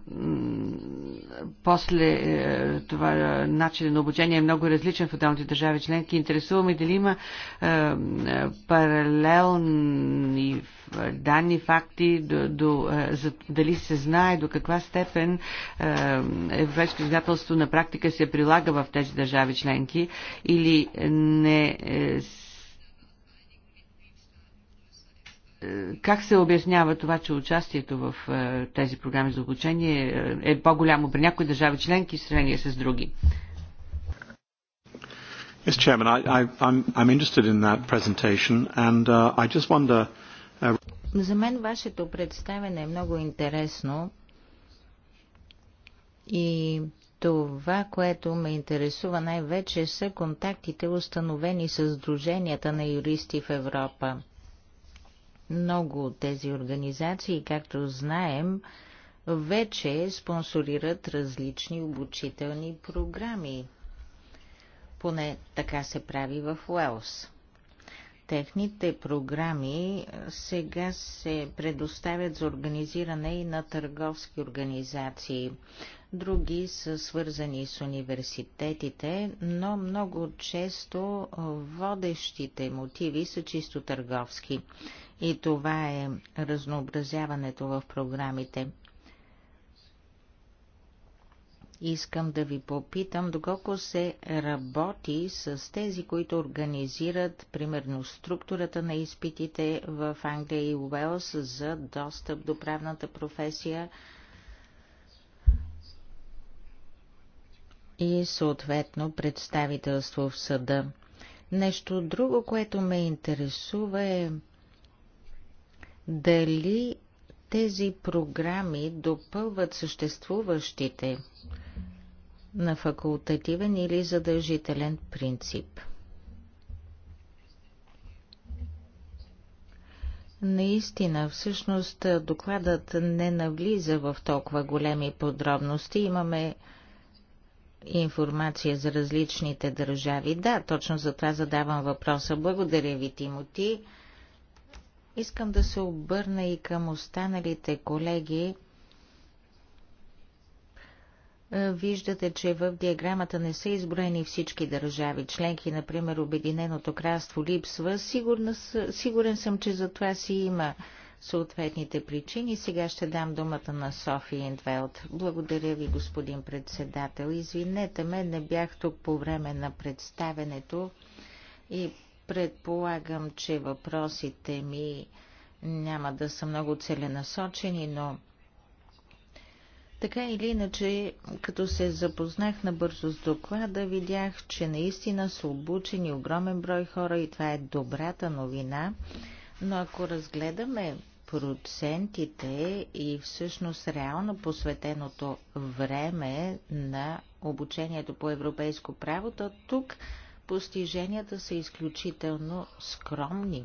После е, това начин на обучение е много различен в отделните държави членки. Интересуваме дали има е, е, паралелни данни, факти, до, до, за, дали се знае до каква степен европейско издателство на практика се прилага в тези държави членки или не се как се обяснява това, че участието в е, тези програми за обучение е, е по-голямо при някои държави членки в сравнение с други? Chairman, I, I, I'm, I'm interested in that presentation and uh, I just wonder... Uh... За мен вашето представене е много интересно и това, което ме интересува най-вече са контактите, установени с друженията на юристи в Европа. Много от тези организации, както знаем, вече спонсорират различни обучителни програми. Поне така се прави в Уелс. Техните програми сега се предоставят за организиране и на търговски организации. Други са свързани с университетите, но много често водещите мотиви са чисто търговски. И това е разнообразяването в програмите. Искам да ви попитам, доколко се работи с тези, които организират, примерно, структурата на изпитите в Англия и Уелс за достъп до правната професия и съответно представителство в съда. Нещо друго, което ме интересува е дали тези програми допълват съществуващите на факултативен или задължителен принцип. Наистина, всъщност докладът не навлиза в толкова големи подробности. Имаме информация за различните държави. Да, точно за това задавам въпроса. Благодаря ви, Тимоти. Искам да се обърна и към останалите колеги. Е, виждате, че в диаграмата не са изброени всички държави. Членки, например, Обединеното кралство липсва. Сигурна, сигурен съм, че за това си има съответните причини. Сега ще дам думата на Софи Индвелт. Благодаря ви, господин председател. Извинете ме, не бях тук по време на представенето и Предполагам, че въпросите ми няма да са много целенасочени, но така или иначе, като се запознах набързо с доклада, видях, че наистина са обучени огромен брой хора и това е добрата новина. Но ако разгледаме процентите и всъщност реално посветеното време на обучението по европейско право, то тук постиженията са изключително скромни.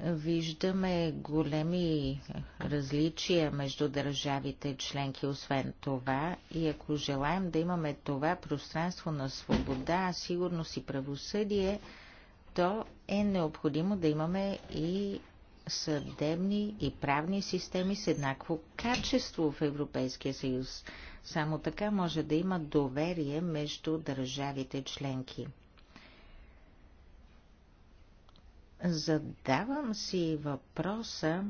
Виждаме големи различия между държавите членки, освен това, и ако желаем да имаме това пространство на свобода, сигурност и правосъдие, то е необходимо да имаме и съдебни и правни системи с еднакво качество в Европейския съюз. Само така може да има доверие между държавите членки. Задавам си въпроса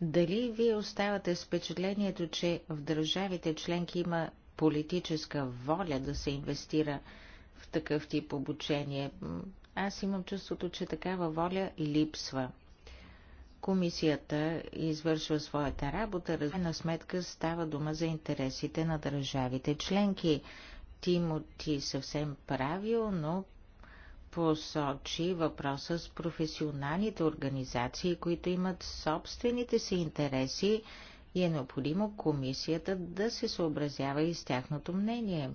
дали вие оставате с впечатлението, че в държавите членки има политическа воля да се инвестира в такъв тип обучение. Аз имам чувството, че такава воля липсва. Комисията извършва своята работа, на сметка става дума за интересите на държавите членки. Тимоти съвсем правилно посочи въпроса с професионалните организации, които имат собствените си интереси и е необходимо комисията да се съобразява и с тяхното мнение.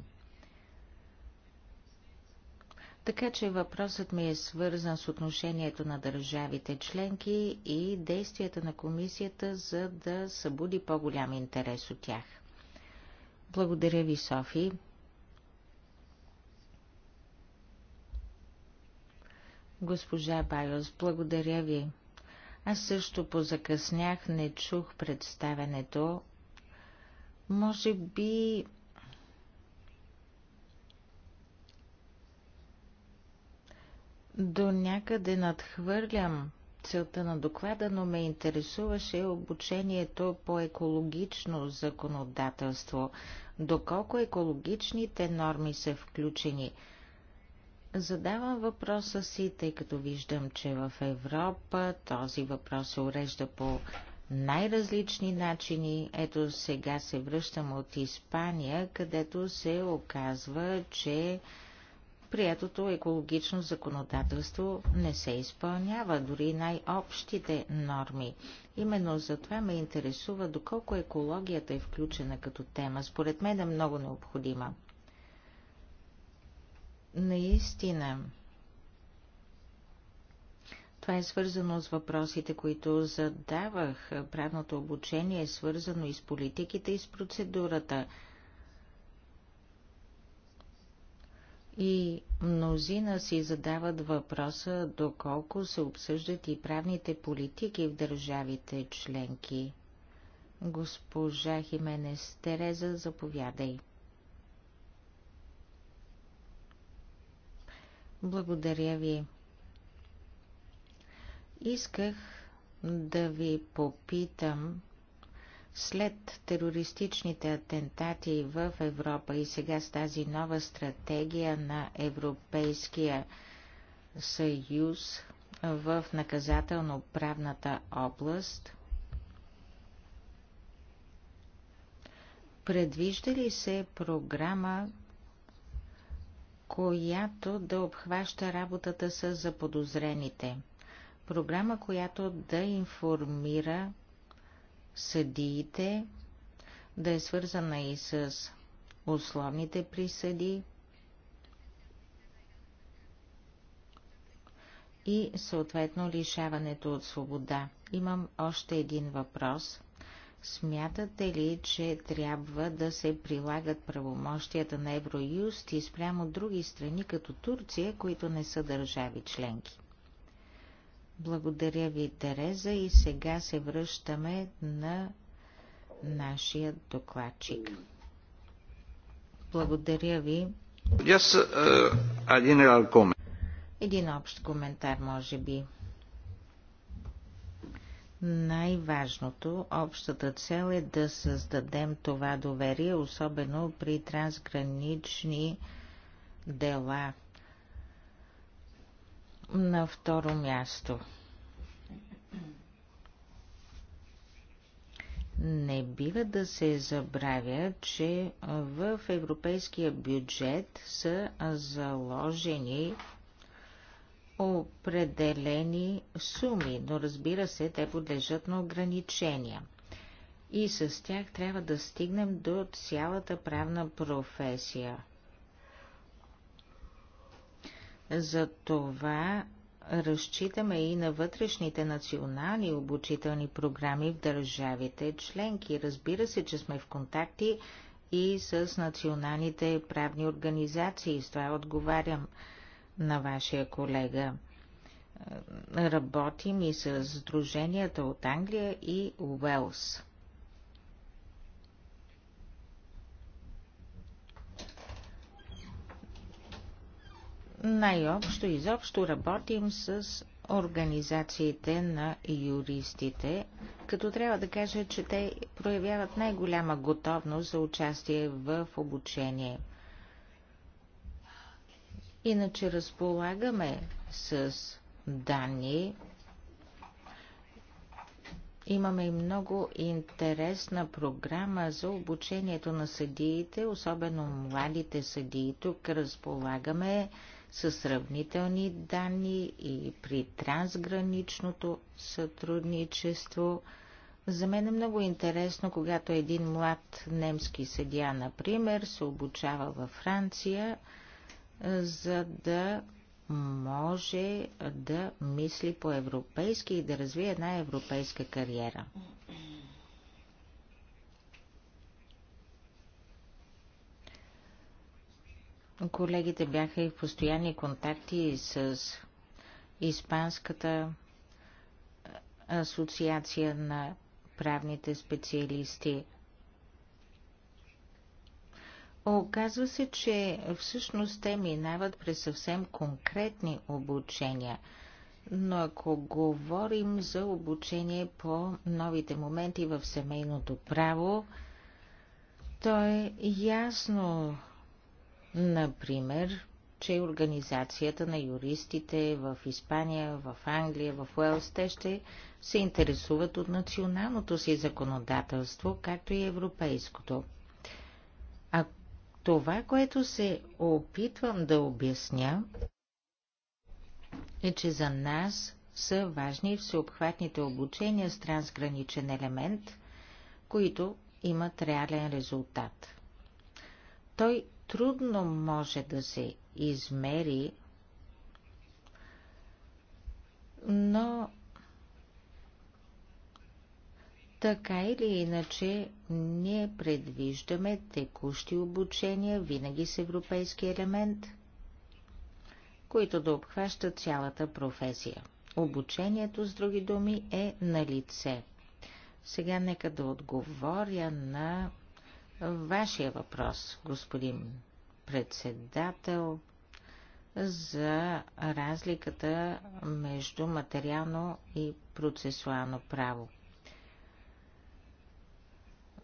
Така че въпросът ми е свързан с отношението на държавите членки и действията на комисията, за да събуди по-голям интерес от тях. Благодаря ви, Софи. Госпожа Байос, благодаря ви. Аз също позакъснях, не чух представенето. Може би До някъде надхвърлям целта на доклада, но ме интересуваше обучението по екологично законодателство. Доколко екологичните норми са включени? Задавам въпроса си, тъй като виждам, че в Европа този въпрос се урежда по най-различни начини. Ето сега се връщам от Испания, където се оказва, че приетото екологично законодателство не се изпълнява, дори най-общите норми. Именно за това ме интересува доколко екологията е включена като тема. Според мен е много необходима. Наистина, това е свързано с въпросите, които задавах. Правното обучение е свързано и с политиките, и с процедурата – И мнозина си задават въпроса доколко се обсъждат и правните политики в държавите членки. Госпожа Хименес Тереза, заповядай. Благодаря ви. Исках да ви попитам след терористичните атентати в Европа и сега с тази нова стратегия на Европейския съюз в наказателно-правната област, предвижда ли се програма, която да обхваща работата с заподозрените? Програма, която да информира съдиите, да е свързана и с условните присъди и съответно лишаването от свобода. Имам още един въпрос. Смятате ли, че трябва да се прилагат правомощията на Евроюст и спрямо други страни, като Турция, които не са държави членки? Благодаря ви, Тереза, и сега се връщаме на нашия докладчик. Благодаря ви. Yes, uh, Един общ коментар, може би. Най-важното, общата цел е да създадем това доверие, особено при трансгранични дела. На второ място. Не бива да се забравя, че в европейския бюджет са заложени определени суми, но разбира се, те подлежат на ограничения. И с тях трябва да стигнем до цялата правна професия. За това разчитаме и на вътрешните национални обучителни програми в държавите членки. Разбира се, че сме в контакти и с националните правни организации. С това отговарям на вашия колега. Работим и с сдруженията от Англия и Уелс. най-общо изобщо работим с организациите на юристите, като трябва да кажа, че те проявяват най-голяма готовност за участие в обучение. Иначе разполагаме с данни. Имаме и много интересна програма за обучението на съдиите, особено младите съдии. Тук разполагаме с сравнителни данни и при трансграничното сътрудничество. За мен е много интересно, когато един млад немски съдия, например, се обучава във Франция, за да може да мисли по-европейски и да развие една европейска кариера. Колегите бяха и в постоянни контакти с Испанската асоциация на правните специалисти. Оказва се, че всъщност те минават през съвсем конкретни обучения. Но ако говорим за обучение по новите моменти в семейното право, то е ясно Например, че организацията на юристите в Испания, в Англия, в Уелс, те ще се интересуват от националното си законодателство, както и европейското. А това, което се опитвам да обясня, е, че за нас са важни всеобхватните обучения с трансграничен елемент, които имат реален резултат. Той трудно може да се измери, но така или иначе, ние предвиждаме текущи обучения винаги с европейски елемент, които да обхващат цялата професия. Обучението, с други думи, е на лице. Сега нека да отговоря на вашия въпрос, господин председател, за разликата между материално и процесуално право.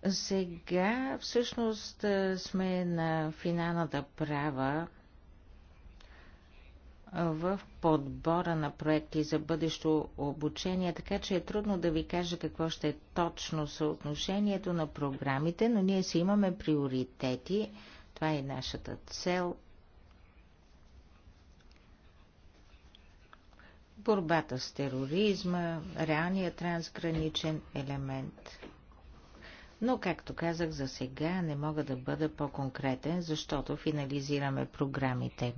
Сега всъщност сме на финалната права в подбора на проекти за бъдещо обучение, така че е трудно да ви кажа какво ще е точно съотношението на програмите, но ние си имаме приоритети. Това е нашата цел. Борбата с тероризма, реалният трансграничен елемент. Но, както казах, за сега не мога да бъда по-конкретен, защото финализираме програмите.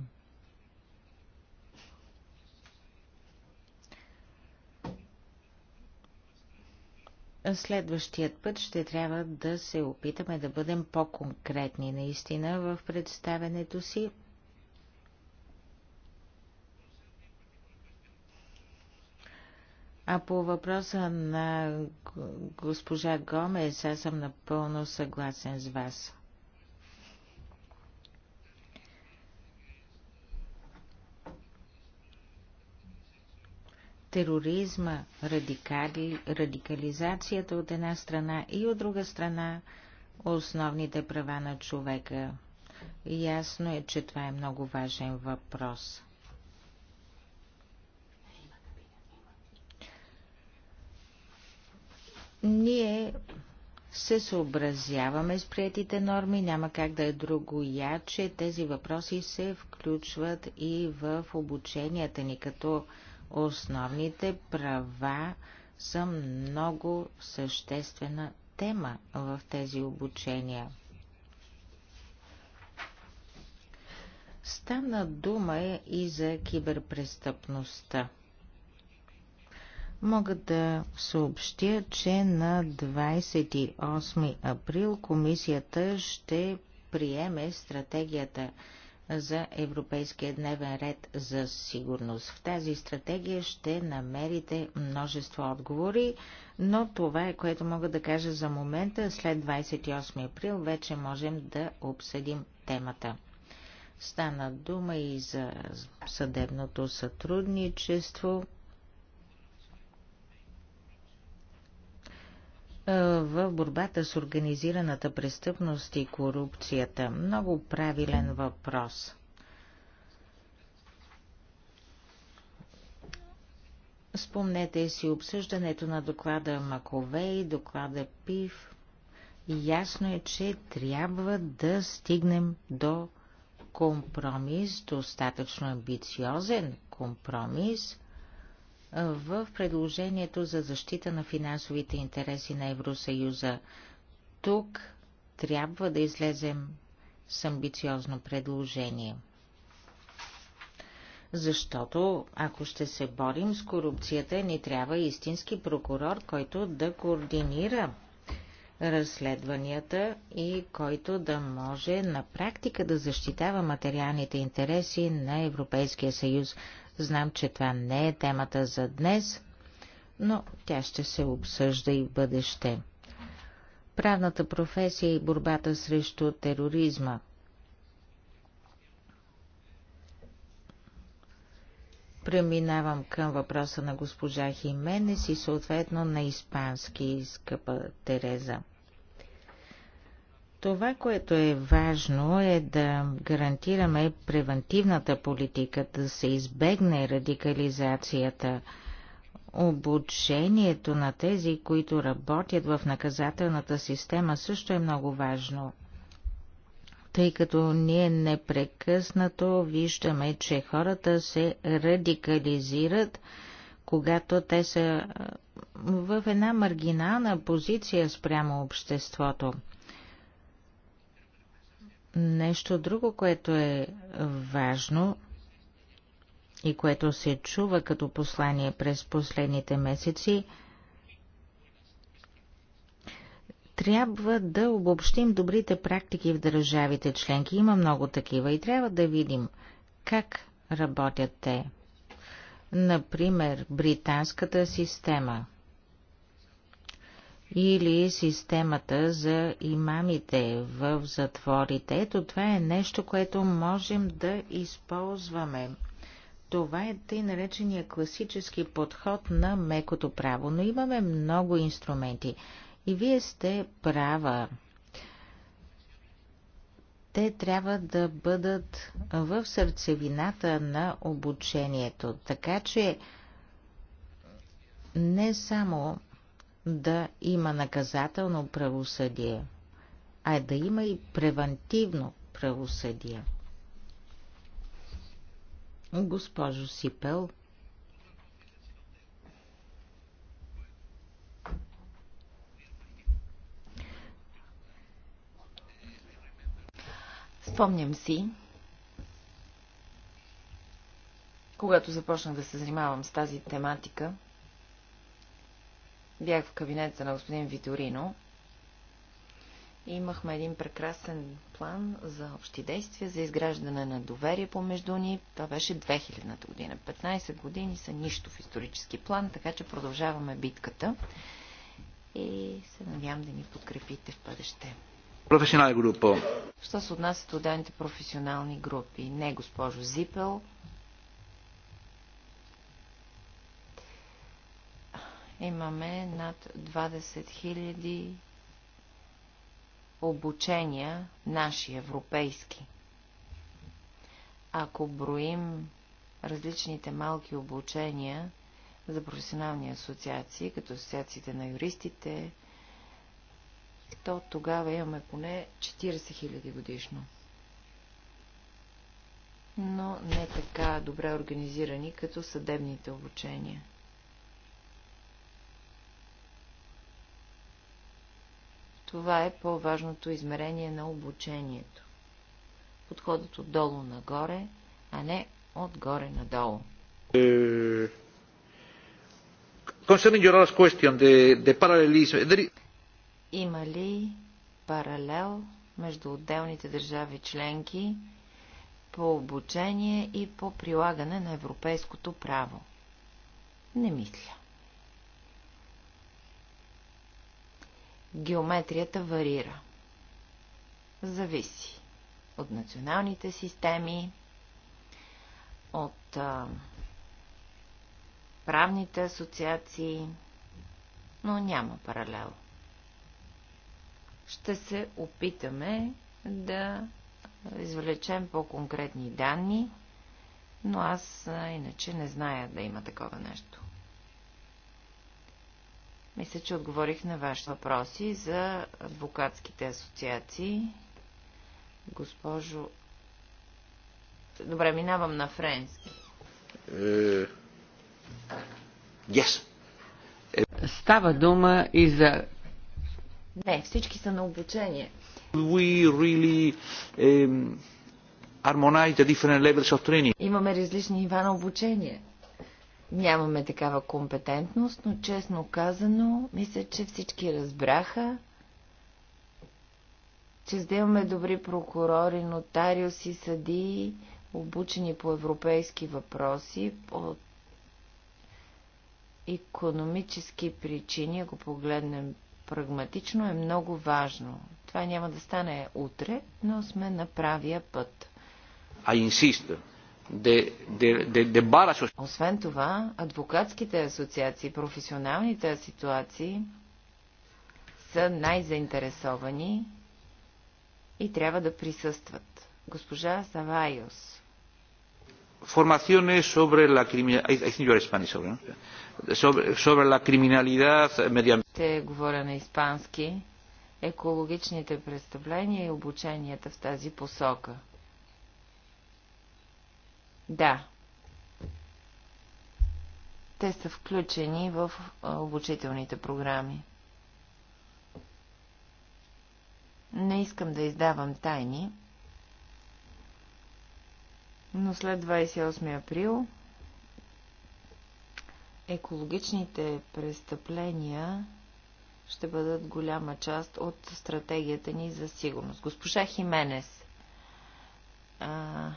Следващият път ще трябва да се опитаме да бъдем по-конкретни наистина в представенето си. А по въпроса на госпожа Гомес, аз съм напълно съгласен с вас. тероризма, радикали, радикализацията от една страна и от друга страна основните права на човека. Ясно е, че това е много важен въпрос. Ние се съобразяваме с приятите норми, няма как да е друго я, че тези въпроси се включват и в обученията ни като Основните права са много съществена тема в тези обучения. Стана дума е и за киберпрестъпността. Мога да съобщя, че на 28 април комисията ще приеме стратегията за Европейския дневен ред за сигурност. В тази стратегия ще намерите множество отговори, но това е което мога да кажа за момента. След 28 април вече можем да обсъдим темата. Стана дума и за съдебното сътрудничество. в борбата с организираната престъпност и корупцията. Много правилен въпрос. Спомнете си обсъждането на доклада Маковей, доклада ПИВ. Ясно е, че трябва да стигнем до компромис, достатъчно амбициозен компромис – в предложението за защита на финансовите интереси на Евросъюза. Тук трябва да излезем с амбициозно предложение. Защото, ако ще се борим с корупцията, ни трябва истински прокурор, който да координира разследванията и който да може на практика да защитава материалните интереси на Европейския съюз. Знам, че това не е темата за днес, но тя ще се обсъжда и в бъдеще. Правната професия и борбата срещу тероризма. Преминавам към въпроса на госпожа Хименес и съответно на испански скъпа Тереза. Това, което е важно е да гарантираме превентивната политика, да се избегне радикализацията. Обучението на тези, които работят в наказателната система, също е много важно тъй като ние непрекъснато виждаме, че хората се радикализират, когато те са в една маргинална позиция спрямо обществото. Нещо друго, което е важно и което се чува като послание през последните месеци, трябва да обобщим добрите практики в държавите членки. Има много такива и трябва да видим как работят те. Например, британската система или системата за имамите в затворите. Ето това е нещо, което можем да използваме. Това е тъй наречения класически подход на мекото право, но имаме много инструменти. И вие сте права. Те трябва да бъдат в сърцевината на обучението, така че не само да има наказателно правосъдие, а е да има и превентивно правосъдие. Госпожо Сипел, Спомням си, когато започнах да се занимавам с тази тематика, Бях в кабинета на господин Виторино и имахме един прекрасен план за общи действия, за изграждане на доверие помежду ни. Това беше 2000-та година. 15 години са нищо в исторически план, така че продължаваме битката и се надявам да ни подкрепите в бъдеще. Професионална група. Що се отнася до данните професионални групи? Не, госпожо Зипел. Имаме над 20 000 обучения, наши, европейски. Ако броим различните малки обучения за професионални асоциации, като асоциациите на юристите, то тогава имаме поне 40 000 годишно. Но не така добре организирани, като съдебните обучения. Това е по-важното измерение на обучението. Подходът отдолу нагоре, а не отгоре надолу. Е, concerning your last question, the, the parallelism... Има ли паралел между отделните държави членки по обучение и по прилагане на европейското право? Не мисля. Геометрията варира. Зависи от националните системи, от а, правните асоциации, но няма паралел. Ще се опитаме да извлечем по-конкретни данни, но аз а, иначе не зная да има такова нещо. Мисля, че отговорих на вашите въпроси за адвокатските асоциации. Госпожо... Добре, минавам на френски. Uh, yes. Е- Става дума и за... Не, всички са на обучение. We really, um, the different levels of training. Имаме различни нива на обучение. Нямаме такава компетентност, но честно казано, мисля, че всички разбраха, че за да имаме добри прокурори, нотариуси, съдии, обучени по европейски въпроси, по економически причини, ако погледнем прагматично, е много важно. Това няма да стане утре, но сме на правия път. А инсиста, de, de, de, de Освен това, адвокатските асоциации, професионалните ситуации са най-заинтересовани и трябва да присъстват. Госпожа Савайос. Formaciones sobre la criminalidad. Sobre, sobre la criminalidad Ще говоря на испански. Екологичните представления и обученията в тази посока. Да. Те са включени в обучителните програми. Не искам да издавам тайни, но след 28 април екологичните престъпления ще бъдат голяма част от стратегията ни за сигурност. Госпожа Хименес а,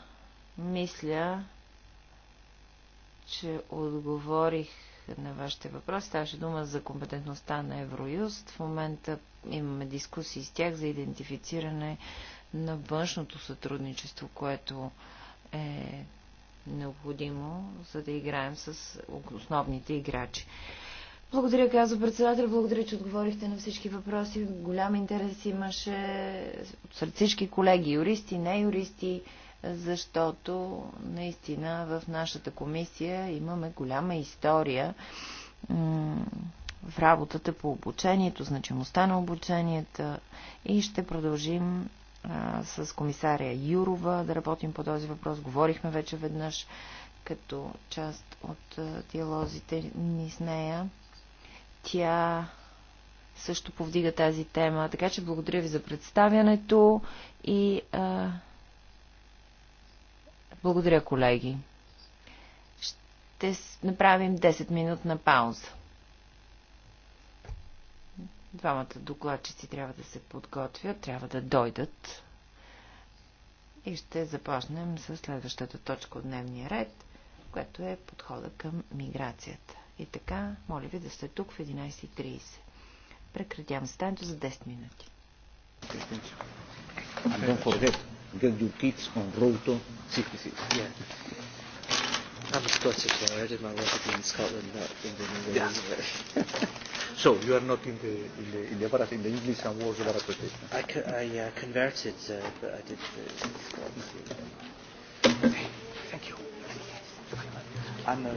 мисля, че отговорих на вашите въпроси. Ставаше дума за компетентността на Евроюст. В момента имаме дискусии с тях за идентифициране на външното сътрудничество, което е необходимо, за да играем с основните играчи. Благодаря, казва председател. Благодаря, че отговорихте на всички въпроси. Голям интерес имаше сред всички колеги, юристи, не юристи защото наистина в нашата комисия имаме голяма история в работата по обучението, значимостта на обученията и ще продължим а, с комисаря Юрова да работим по този въпрос. Говорихме вече веднъж като част от а, диалозите ни с нея. Тя също повдига тази тема. Така че благодаря ви за представянето и а, благодаря, колеги. Ще направим 10 минутна пауза. Двамата докладчици трябва да се подготвят, трябва да дойдат. И ще започнем с следващата точка от дневния ред, което е подхода към миграцията. И така, моля ви да сте тук в 11.30. Прекратявам стането за 10 минути. Don't forget get your kids on road to 66. Yeah. I'm a Scottish lawyer. I did my law degree in Scotland, not in the Wales. Yeah. so you are not in the in the in the, Barat, in the English and was the I co- I uh, converted, uh, but I did the Scotland. Okay. Thank you. I'm a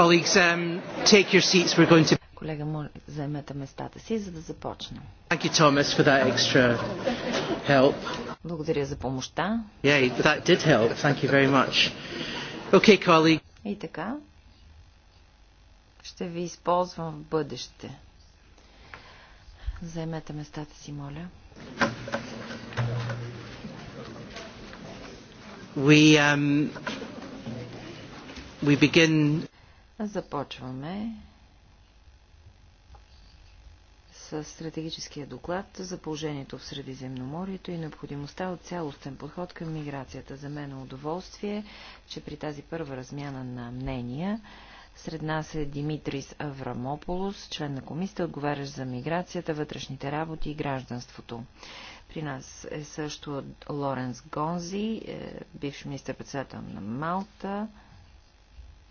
Colleagues, um, take your seats. We're going to... Колега, моля, заемете местата си, за да започнем. Thank you, Thomas, for that extra help. Благодаря за помощта. Yeah, that did help. Thank you very much. Okay, colleague. И така, ще ви използвам в бъдеще. Заемете местата си, моля. We, um, we begin Започваме с стратегическия доклад за положението в Средиземноморието и необходимостта от цялостен подход към миграцията. За мен е удоволствие, че при тази първа размяна на мнения сред нас е Димитрис Аврамополос, член на комисията, отговарящ за миграцията, вътрешните работи и гражданството. При нас е също Лоренс Гонзи, е, бивш министър-председател на Малта,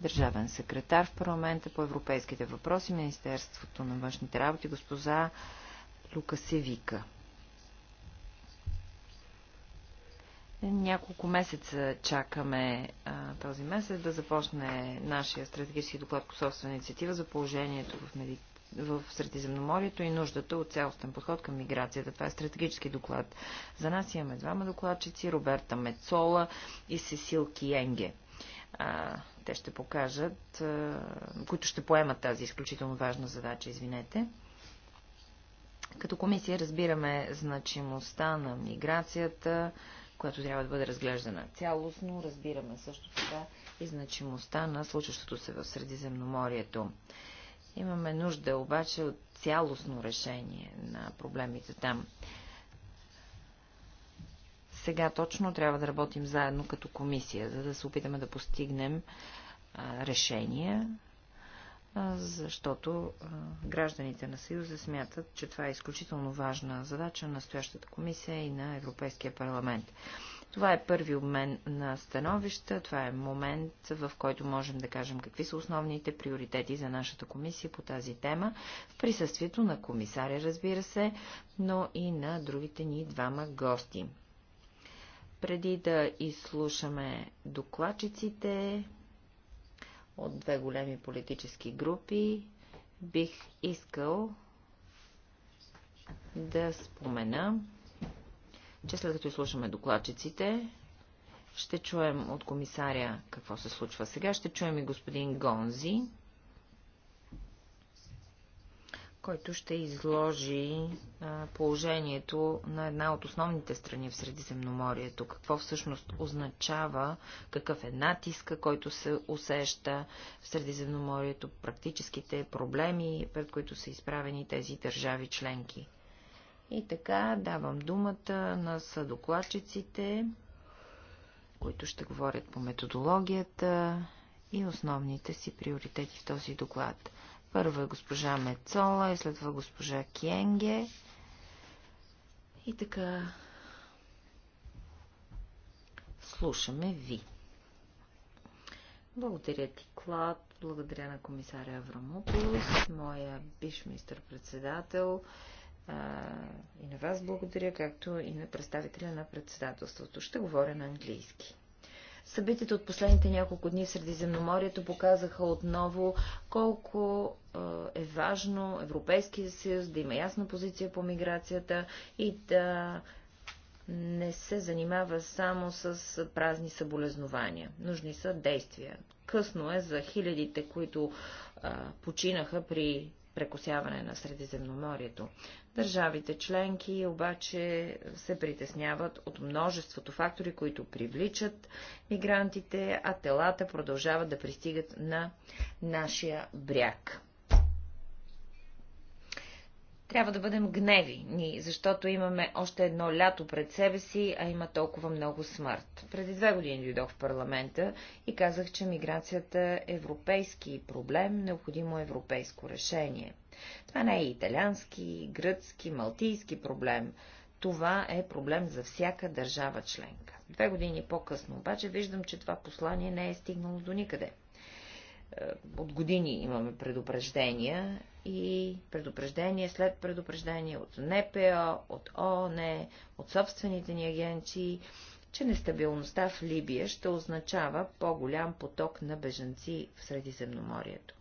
държавен секретар в парламента по европейските въпроси, Министерството на външните работи, госпожа Лукасевика. Няколко месеца чакаме а, този месец да започне нашия стратегически доклад по собствена инициатива за положението в, меди... в Средиземноморието и нуждата от цялостен подход към миграцията. Това е стратегически доклад. За нас имаме двама докладчици Роберта Мецола и Сесил Киенге. А, те ще покажат, които ще поемат тази изключително важна задача, извинете. Като комисия разбираме значимостта на миграцията, която трябва да бъде разглеждана цялостно. Разбираме също така и значимостта на случващото се в Средиземноморието. Имаме нужда обаче от цялостно решение на проблемите там сега точно трябва да работим заедно като комисия, за да се опитаме да постигнем решения, защото гражданите на Съюза смятат, че това е изключително важна задача на настоящата комисия и на Европейския парламент. Това е първи обмен на становища, това е момент, в който можем да кажем какви са основните приоритети за нашата комисия по тази тема, в присъствието на комисаря, разбира се, но и на другите ни двама гости. Преди да изслушаме докладчиците от две големи политически групи, бих искал да спомена, че след като изслушаме докладчиците, ще чуем от комисаря какво се случва сега. Ще чуем и господин Гонзи, който ще изложи положението на една от основните страни в Средиземноморието. Какво всъщност означава, какъв е натиска, който се усеща в Средиземноморието, практическите проблеми, пред които са изправени тези държави членки. И така давам думата на съдокладчиците, които ще говорят по методологията и основните си приоритети в този доклад. Първа е госпожа Мецола и след това госпожа Кенге. И така слушаме ви. Благодаря ти, Клад. Благодаря на комисаря Аврамополос, моя биш мистър председател И на вас благодаря, както и на представителя на председателството. Ще говоря на английски. Събитите от последните няколко дни в Средиземноморието показаха отново колко е важно Европейския съюз да има ясна позиция по миграцията и да не се занимава само с празни съболезнования. Нужни са действия. Късно е за хилядите, които а, починаха при прекосяване на Средиземноморието. Държавите членки обаче се притесняват от множеството фактори, които привличат мигрантите, а телата продължават да пристигат на нашия бряг трябва да бъдем гневи, защото имаме още едно лято пред себе си, а има толкова много смърт. Преди две години дойдох в парламента и казах, че миграцията е европейски проблем, необходимо европейско решение. Това не е италиански, гръцки, малтийски проблем. Това е проблем за всяка държава членка. Две години по-късно обаче виждам, че това послание не е стигнало до никъде. Е, от години имаме предупреждения и предупреждения след предупреждения от НПО, от ООН, от собствените ни агенции, че нестабилността в Либия ще означава по-голям поток на бежанци в Средиземноморието.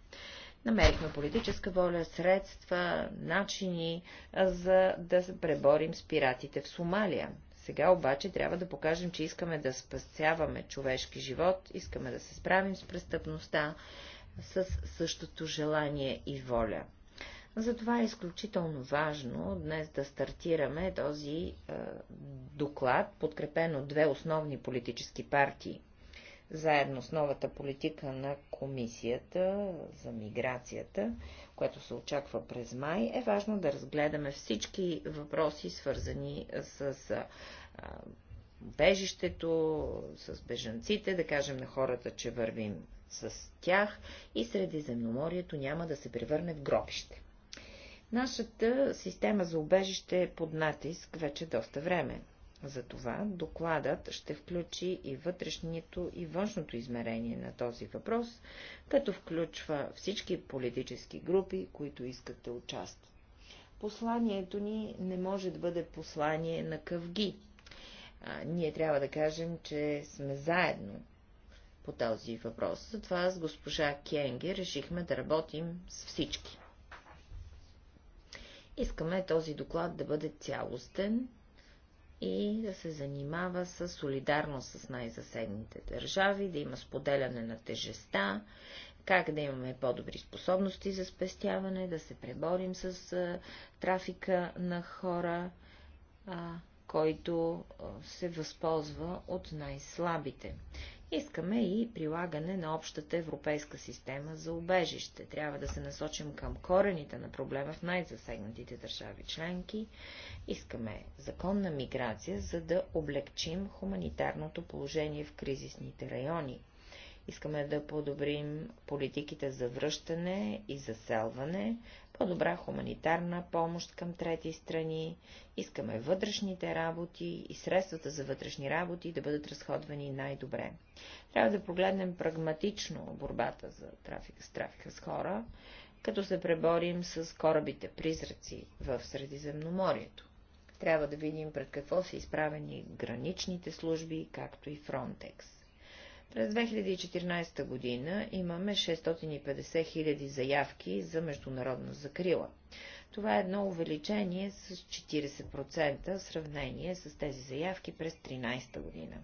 Намерихме политическа воля, средства, начини, за да се преборим с пиратите в Сомалия. Сега обаче трябва да покажем, че искаме да спасяваме човешки живот, искаме да се справим с престъпността с същото желание и воля. Затова е изключително важно днес да стартираме този е, доклад, подкрепен от две основни политически партии заедно с новата политика на комисията за миграцията, което се очаква през май, е важно да разгледаме всички въпроси, свързани с бежището, с бежанците, да кажем на хората, че вървим с тях и Средиземноморието няма да се превърне в гробище. Нашата система за убежище е под натиск вече доста време. Затова докладът ще включи и вътрешното и външното измерение на този въпрос, като включва всички политически групи, които искат да участват. Посланието ни не може да бъде послание на къвги. А, ние трябва да кажем, че сме заедно по този въпрос. Затова с госпожа Кенги решихме да работим с всички. Искаме този доклад да бъде цялостен и да се занимава с солидарност с най заседните държави, да има споделяне на тежеста, как да имаме по-добри способности за спестяване, да се преборим с а, трафика на хора, а, който а, се възползва от най-слабите. Искаме и прилагане на общата европейска система за убежище. Трябва да се насочим към корените на проблема в най-засегнатите държави членки. Искаме законна миграция, за да облегчим хуманитарното положение в кризисните райони. Искаме да подобрим политиките за връщане и заселване, по-добра хуманитарна помощ към трети страни, искаме вътрешните работи и средствата за вътрешни работи да бъдат разходвани най-добре. Трябва да погледнем прагматично борбата за трафик, с трафика с хора, като се преборим с корабите призраци в Средиземноморието. Трябва да видим пред какво са изправени граничните служби, както и Фронтекс. През 2014 година имаме 650 000 заявки за международна закрила. Това е едно увеличение с 40% в сравнение с тези заявки през 2013 година.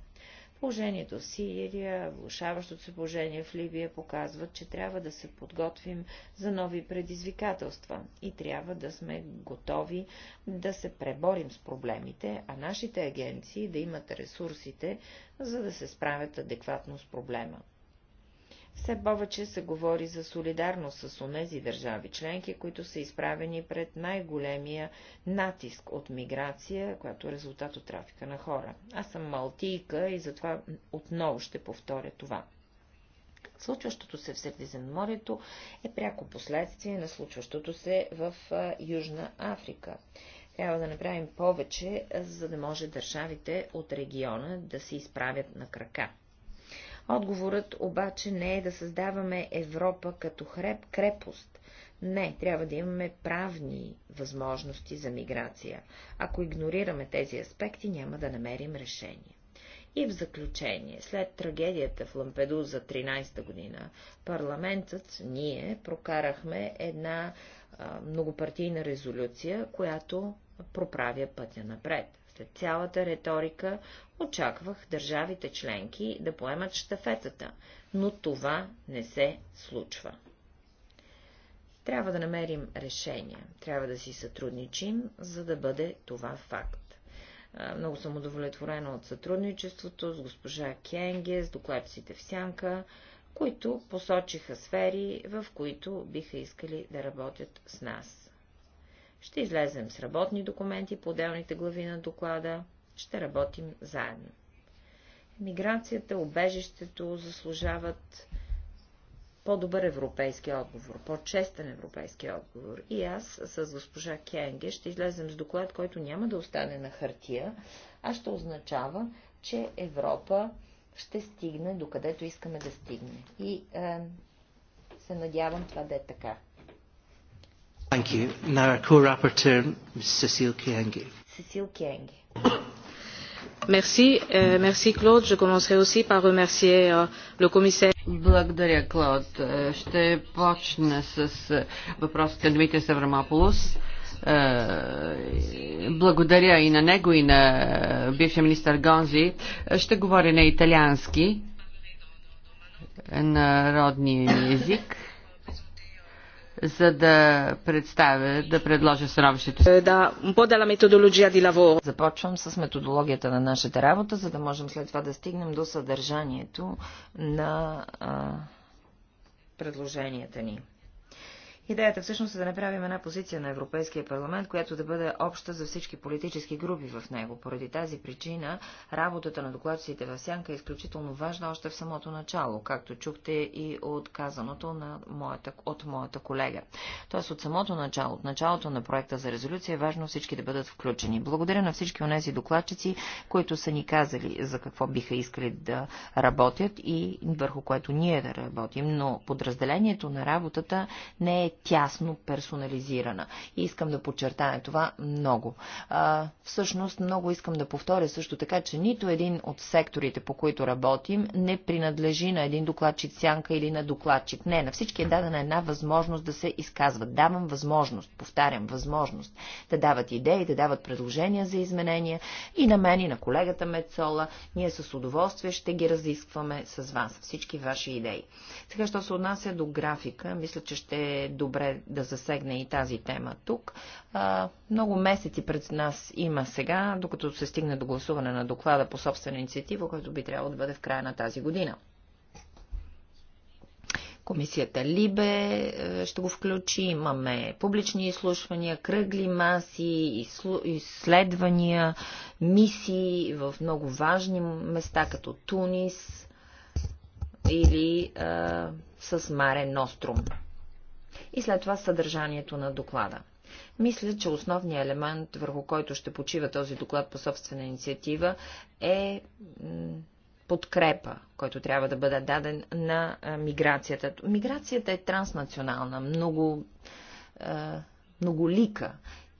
Положението в Сирия, влушаващото се положение в Либия показват, че трябва да се подготвим за нови предизвикателства и трябва да сме готови да се преборим с проблемите, а нашите агенции да имат ресурсите, за да се справят адекватно с проблема. Все повече се говори за солидарност с онези държави членки, които са изправени пред най-големия натиск от миграция, която е резултат от трафика на хора. Аз съм малтийка и затова отново ще повторя това. Случващото се в Средиземноморието е пряко последствие на случващото се в Южна Африка. Трябва да направим повече, за да може държавите от региона да се изправят на крака. Отговорът обаче не е да създаваме Европа като хреб, крепост. Не, трябва да имаме правни възможности за миграция. Ако игнорираме тези аспекти, няма да намерим решение. И в заключение, след трагедията в Лампедуза 13-та година, парламентът, ние, прокарахме една а, многопартийна резолюция, която проправя пътя напред. След цялата риторика очаквах държавите членки да поемат штафетата, но това не се случва. Трябва да намерим решение, трябва да си сътрудничим, за да бъде това факт. Много съм удовлетворена от сътрудничеството с госпожа Кенге, с докладчиците в Сянка, които посочиха сфери, в които биха искали да работят с нас. Ще излезем с работни документи по отделните глави на доклада. Ще работим заедно. Миграцията, обежището заслужават по-добър европейски отговор, по-честен европейски отговор. И аз с госпожа Кенге ще излезем с доклад, който няма да остане на хартия, а ще означава, че Европа ще стигне докъдето искаме да стигне. И е, се надявам това да е така. Thank you. Now our co-rapporteur, Kienge. Kienge. Merci, euh, merci Je commencerai aussi par remercier euh, le commissaire. Благодаря, Клод. Е, ще почна с е, въпрос към Дмитрий Саврамополос. Е, благодаря и на него, и на бившия министър Гонзи. Ще говоря на италиански, народния език за да представя, да предложа становището си. Е, да, подала методология ди лаво. Започвам с методологията на нашата работа, за да можем след това да стигнем до съдържанието на а, предложенията ни. Идеята всъщност е да направим една позиция на Европейския парламент, която да бъде обща за всички политически групи в него. Поради тази причина работата на докладчиците в Сянка е изключително важна още в самото начало, както чухте и от казаното на моята, от моята колега. Тоест от самото начало, от началото на проекта за резолюция е важно всички да бъдат включени. Благодаря на всички от тези докладчици, които са ни казали за какво биха искали да работят и върху което ние да работим, но подразделението на работата не е тясно персонализирана. И искам да подчертая това много. А, всъщност, много искам да повторя също така, че нито един от секторите, по които работим, не принадлежи на един докладчик сянка или на докладчик. Не, на всички е дадена една възможност да се изказват. Давам възможност, повтарям, възможност да дават идеи, да дават предложения за изменения и на мен и на колегата Мецола. Ние с удоволствие ще ги разискваме с вас, всички ваши идеи. Сега, що се отнася до графика, мисля, че ще е добре да засегне и тази тема тук. А, много месеци пред нас има сега, докато се стигне до гласуване на доклада по собствена инициатива, който би трябвало да бъде в края на тази година. Комисията Либе е, ще го включи, имаме публични изслушвания, кръгли маси, изследвания, мисии в много важни места, като Тунис или а, е, с Маре Ностром и след това съдържанието на доклада. Мисля, че основният елемент, върху който ще почива този доклад по собствена инициатива, е подкрепа, който трябва да бъде даден на миграцията. Миграцията е транснационална, много, е, многолика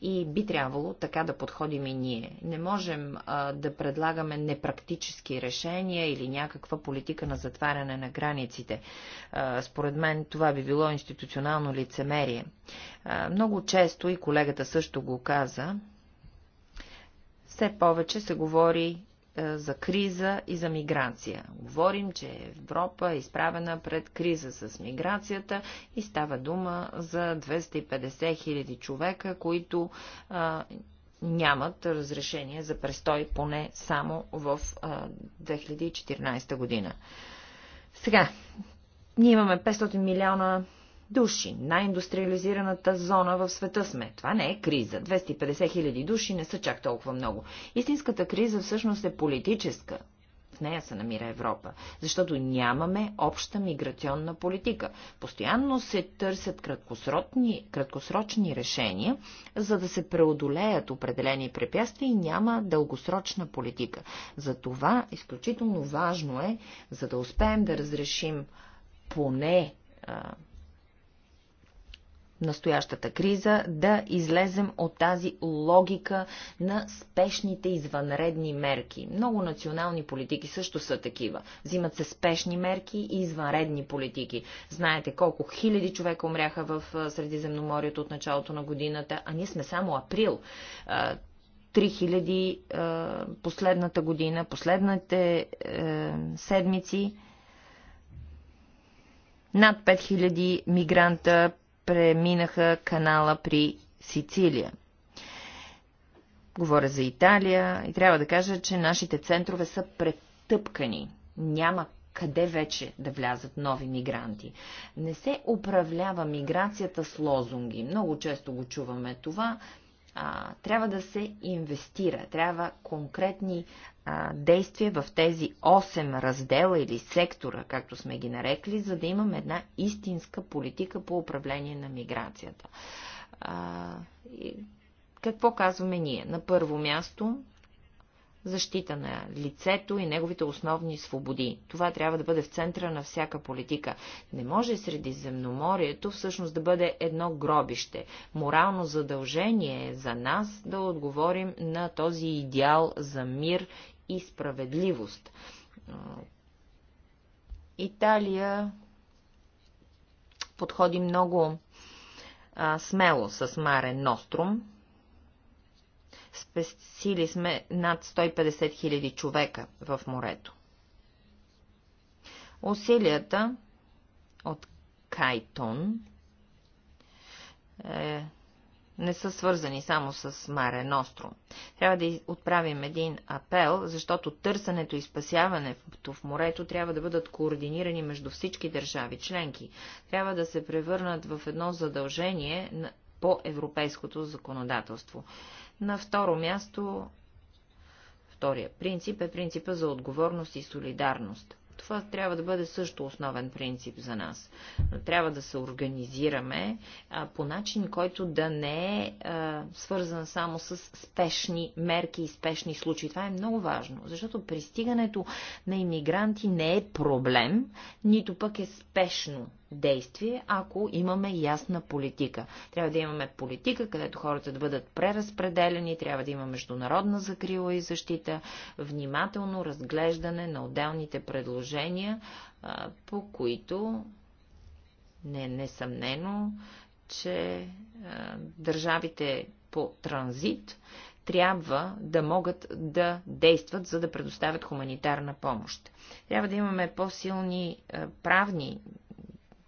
и би трябвало така да подходим и ние. Не можем а, да предлагаме непрактически решения или някаква политика на затваряне на границите. А, според мен това би било институционално лицемерие. А, много често, и колегата също го каза, все повече се говори е, за криза и за миграция. Говорим, че Европа е изправена пред криза с миграцията и става дума за 250 хиляди човека, които а, нямат разрешение за престой поне само в а, 2014 година. Сега, ние имаме 500 милиона души. Най-индустриализираната зона в света сме. Това не е криза. 250 хиляди души не са чак толкова много. Истинската криза всъщност е политическа. В нея се намира Европа, защото нямаме обща миграционна политика. Постоянно се търсят краткосрочни, краткосрочни решения, за да се преодолеят определени препятствия и няма дългосрочна политика. Затова изключително важно е, за да успеем да разрешим поне настоящата криза, да излезем от тази логика на спешните извънредни мерки. Много национални политики също са такива. Взимат се спешни мерки и извънредни политики. Знаете колко хиляди човека умряха в Средиземноморието от началото на годината, а ние сме само април. 3000 последната година, последните е, седмици над 5000 мигранта преминаха канала при Сицилия. Говоря за Италия и трябва да кажа, че нашите центрове са претъпкани. Няма къде вече да влязат нови мигранти. Не се управлява миграцията с лозунги. Много често го чуваме това. А, трябва да се инвестира, трябва конкретни а, действие в тези 8 раздела или сектора, както сме ги нарекли, за да имаме една истинска политика по управление на миграцията. А, и какво казваме ние? На първо място защита на лицето и неговите основни свободи. Това трябва да бъде в центъра на всяка политика. Не може средиземноморието всъщност да бъде едно гробище. Морално задължение е за нас да отговорим на този идеал за мир и справедливост. Италия подходи много а, смело с Маре Ностром. Спесили сме над 150 000 човека в морето. Усилията от Кайтон е, не са свързани само с Маре Ностро. Трябва да отправим един апел, защото търсенето и спасяването в морето трябва да бъдат координирани между всички държави членки. Трябва да се превърнат в едно задължение по европейското законодателство. На второ място, втория принцип е принципа за отговорност и солидарност. Това трябва да бъде също основен принцип за нас. трябва да се организираме а, по начин, който да не е а, свързан само с спешни мерки и спешни случаи. Това е много важно, защото пристигането на иммигранти не е проблем, нито пък е спешно действие, ако имаме ясна политика. Трябва да имаме политика, където хората да бъдат преразпределени, трябва да има международна закрила и защита, внимателно разглеждане на отделните предложения, по които не е несъмнено, че държавите по транзит трябва да могат да действат, за да предоставят хуманитарна помощ. Трябва да имаме по-силни правни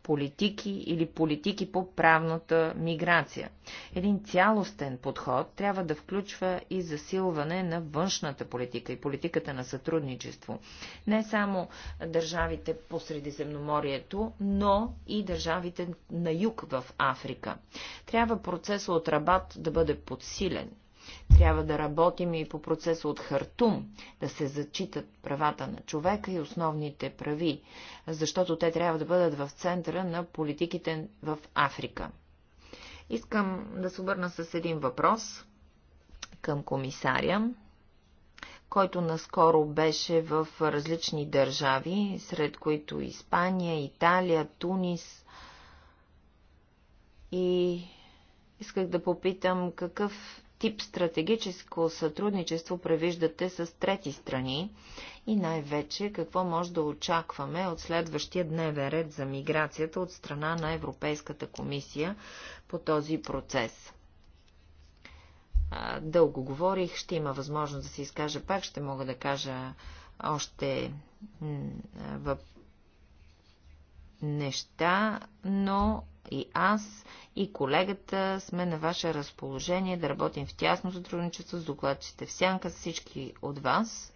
политики или политики по правната миграция. Един цялостен подход трябва да включва и засилване на външната политика и политиката на сътрудничество. Не само държавите по Средиземноморието, но и държавите на юг в Африка. Трябва процесът от Рабат да бъде подсилен – трябва да работим и по процеса от Хартум, да се зачитат правата на човека и основните прави, защото те трябва да бъдат в центъра на политиките в Африка. Искам да се обърна с един въпрос към комисаря, който наскоро беше в различни държави, сред които Испания, Италия, Тунис. И исках да попитам какъв тип стратегическо сътрудничество превиждате с трети страни и най-вече какво може да очакваме от следващия дневен ред за миграцията от страна на Европейската комисия по този процес? Дълго говорих, ще има възможност да се изкажа пак, ще мога да кажа още неща, но и аз, и колегата сме на ваше разположение да работим в тясно сътрудничество с докладчите в сянка с всички от вас,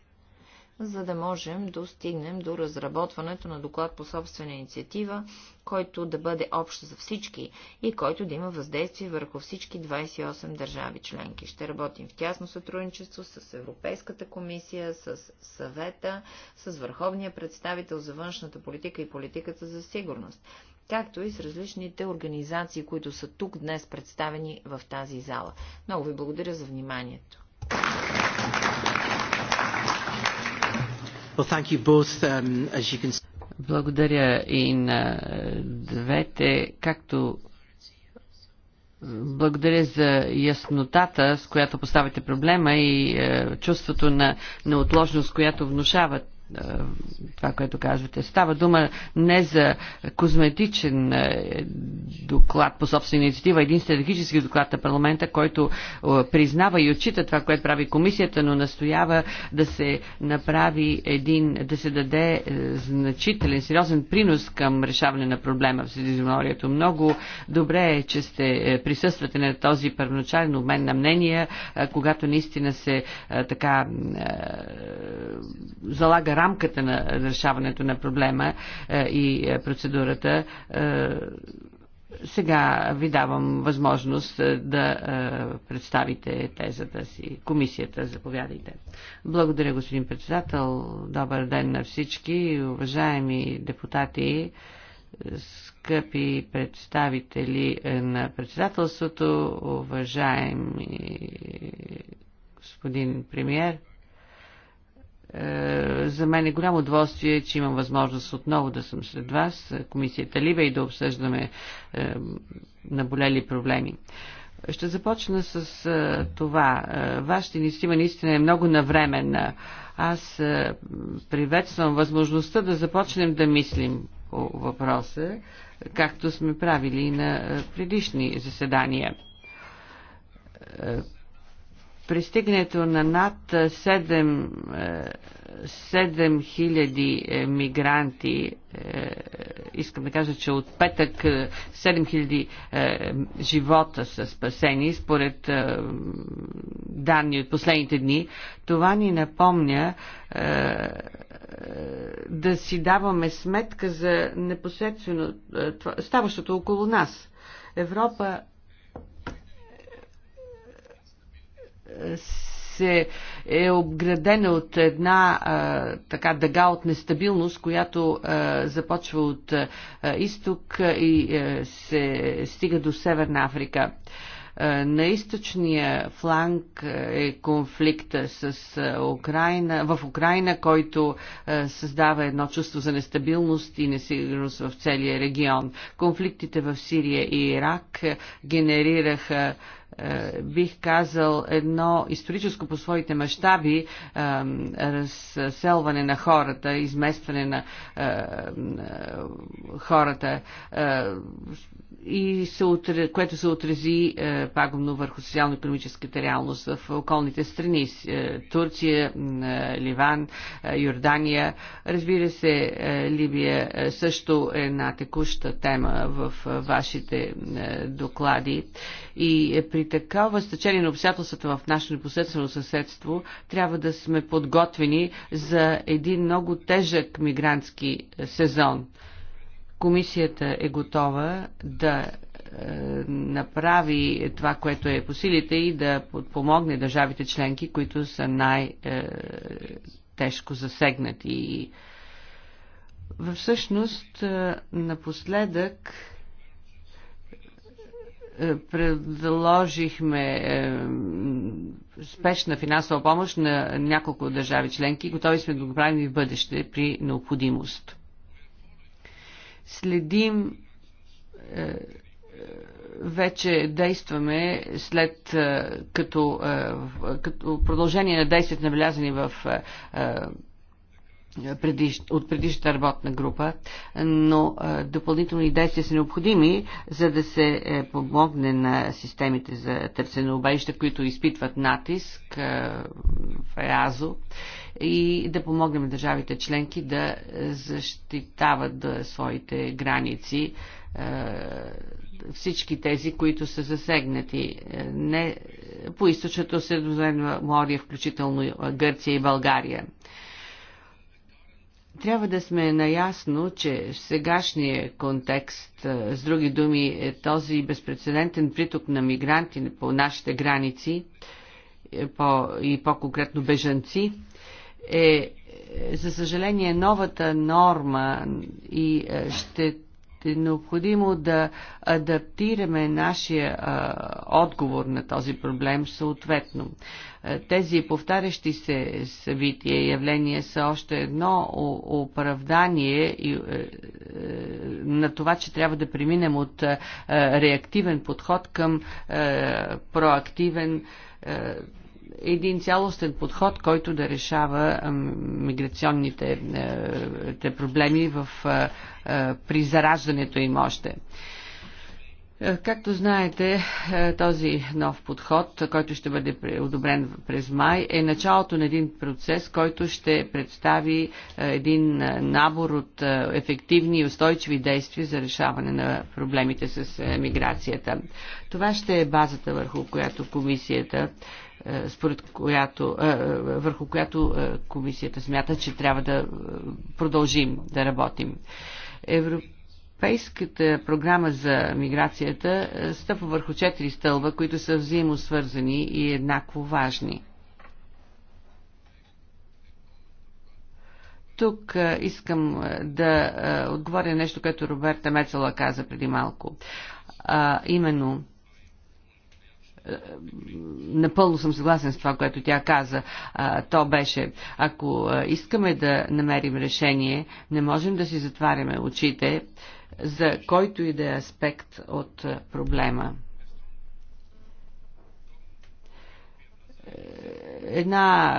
за да можем да стигнем до разработването на доклад по собствена инициатива, който да бъде общ за всички и който да има въздействие върху всички 28 държави членки. Ще работим в тясно сътрудничество с Европейската комисия, с съвета, с върховния представител за външната политика и политиката за сигурност, както и с различните организации, които са тук днес представени в тази зала. Много ви благодаря за вниманието. Um, благодаря и на е, двете, както е, благодаря за яснотата, с която поставите проблема и е, чувството на неотложност, която внушават това, което казвате. Става дума не за козметичен доклад по собствена инициатива, един стратегически доклад на парламента, който признава и отчита това, което прави комисията, но настоява да се направи един, да се даде значителен, сериозен принос към решаване на проблема в Средиземноморието. Много добре е, че сте присъствате на този първоначален обмен на мнения, когато наистина се така залага рамката на решаването на проблема е, и е, процедурата, е, сега ви давам възможност да представите тезата си. Комисията, заповядайте. Благодаря, господин председател. Добър ден на всички. Уважаеми депутати, скъпи представители на председателството, уважаеми господин премьер, е, за мен е голямо удоволствие, че имам възможност отново да съм сред вас, комисията Либе и да обсъждаме е, наболели проблеми. Ще започна с а, е, това. Вашата инициатива наистина е много навременна. Аз приветствам възможността да започнем да мислим по въпроса, както сме правили на предишни заседания Пристигането на над 7, е, 7000 е, е, мигранти, искам да кажа, че от петък 7000 живота са спасени, според данни от последните дни, това ни напомня да си даваме сметка за непосредствено ставащото около нас. Европа се е обградена от една а, така дъга от нестабилност, която а, започва от а, изток и а, се стига до Северна Африка. А, е, на източния фланг е конфликта с е, Украина, в Украина, който е, създава едно чувство за нестабилност и несигурност в целия регион. Конфликтите в Сирия и Ирак генерираха бих казал, едно историческо по своите мащаби разселване на хората, изместване на хората и се отре, което се отрази е, пагубно върху социално-економическата реалност в околните страни. Е, Турция, е, Ливан, е, Йордания. Разбира се, е, Либия е, също е една текуща тема в е, вашите е, доклади. И е, при такава стечение на обстоятелствата в нашето непосредствено съседство трябва да сме подготвени за един много тежък мигрантски е, сезон. Комисията е готова да е, направи това, което е по силите и да подпомогне държавите членки, които са най-тежко е, засегнати. Всъщност, е, напоследък предложихме спешна финансова помощ на няколко държави членки. Готови сме да го правим и в бъдеще при необходимост. Следим е, е, вече действаме след е, като, като продължение на действията, набелязани в е, от предишната работна група, но е, допълнителни действия са необходими, за да се е, помогне на системите за търсене обежища, които изпитват натиск в ЕАЗО и да помогнем държавите членки да защитават своите граници всички тези, които са засегнати. Не по източното Средоземно море, включително Гърция и България. Трябва да сме наясно, че в сегашния контекст, с други думи, е този безпредседентен приток на мигранти по нашите граници е, и по-конкретно бежанци, е за съжаление новата норма и ще е необходимо да адаптираме нашия а, отговор на този проблем съответно. Тези повтарящи се събития и явления са още едно оправдание и, е, е, на това, че трябва да преминем от е, реактивен подход към е, проактивен е, един цялостен подход, който да решава миграционните е, те проблеми в, е, е, при зараждането им още. Както знаете, този нов подход, който ще бъде одобрен през май, е началото на един процес, който ще представи един набор от ефективни и устойчиви действия за решаване на проблемите с миграцията. Това ще е базата върху която комисията е, според която, е, върху която е, комисията смята, че трябва да продължим да работим. Европейската програма за миграцията стъпва върху четири стълба, които са взаимосвързани и еднакво важни. Тук искам да отговоря нещо, което Роберта Мецела каза преди малко. А, именно, напълно съм съгласен с това, което тя каза. А, то беше, ако искаме да намерим решение, не можем да си затваряме очите за който и да е аспект от проблема. Е, една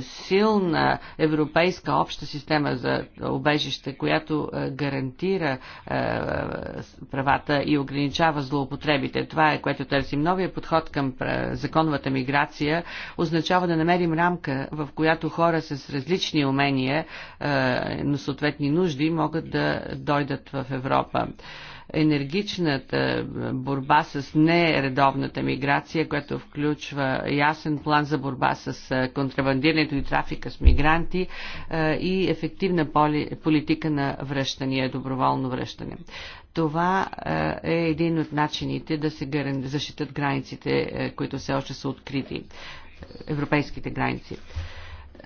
силна европейска обща система за обежище, която е, гарантира е, правата и ограничава злоупотребите. Това е което търсим. Новия подход към е, законовата миграция означава да намерим рамка, в която хора с различни умения, но съответни нужди могат да дойдат в Европа енергичната борба с нередовната миграция, която включва ясен план за борба с контрабандирането и трафика с мигранти и ефективна политика на връщане, доброволно връщане. Това е един от начините да се защитат границите, които все още са открити, европейските граници.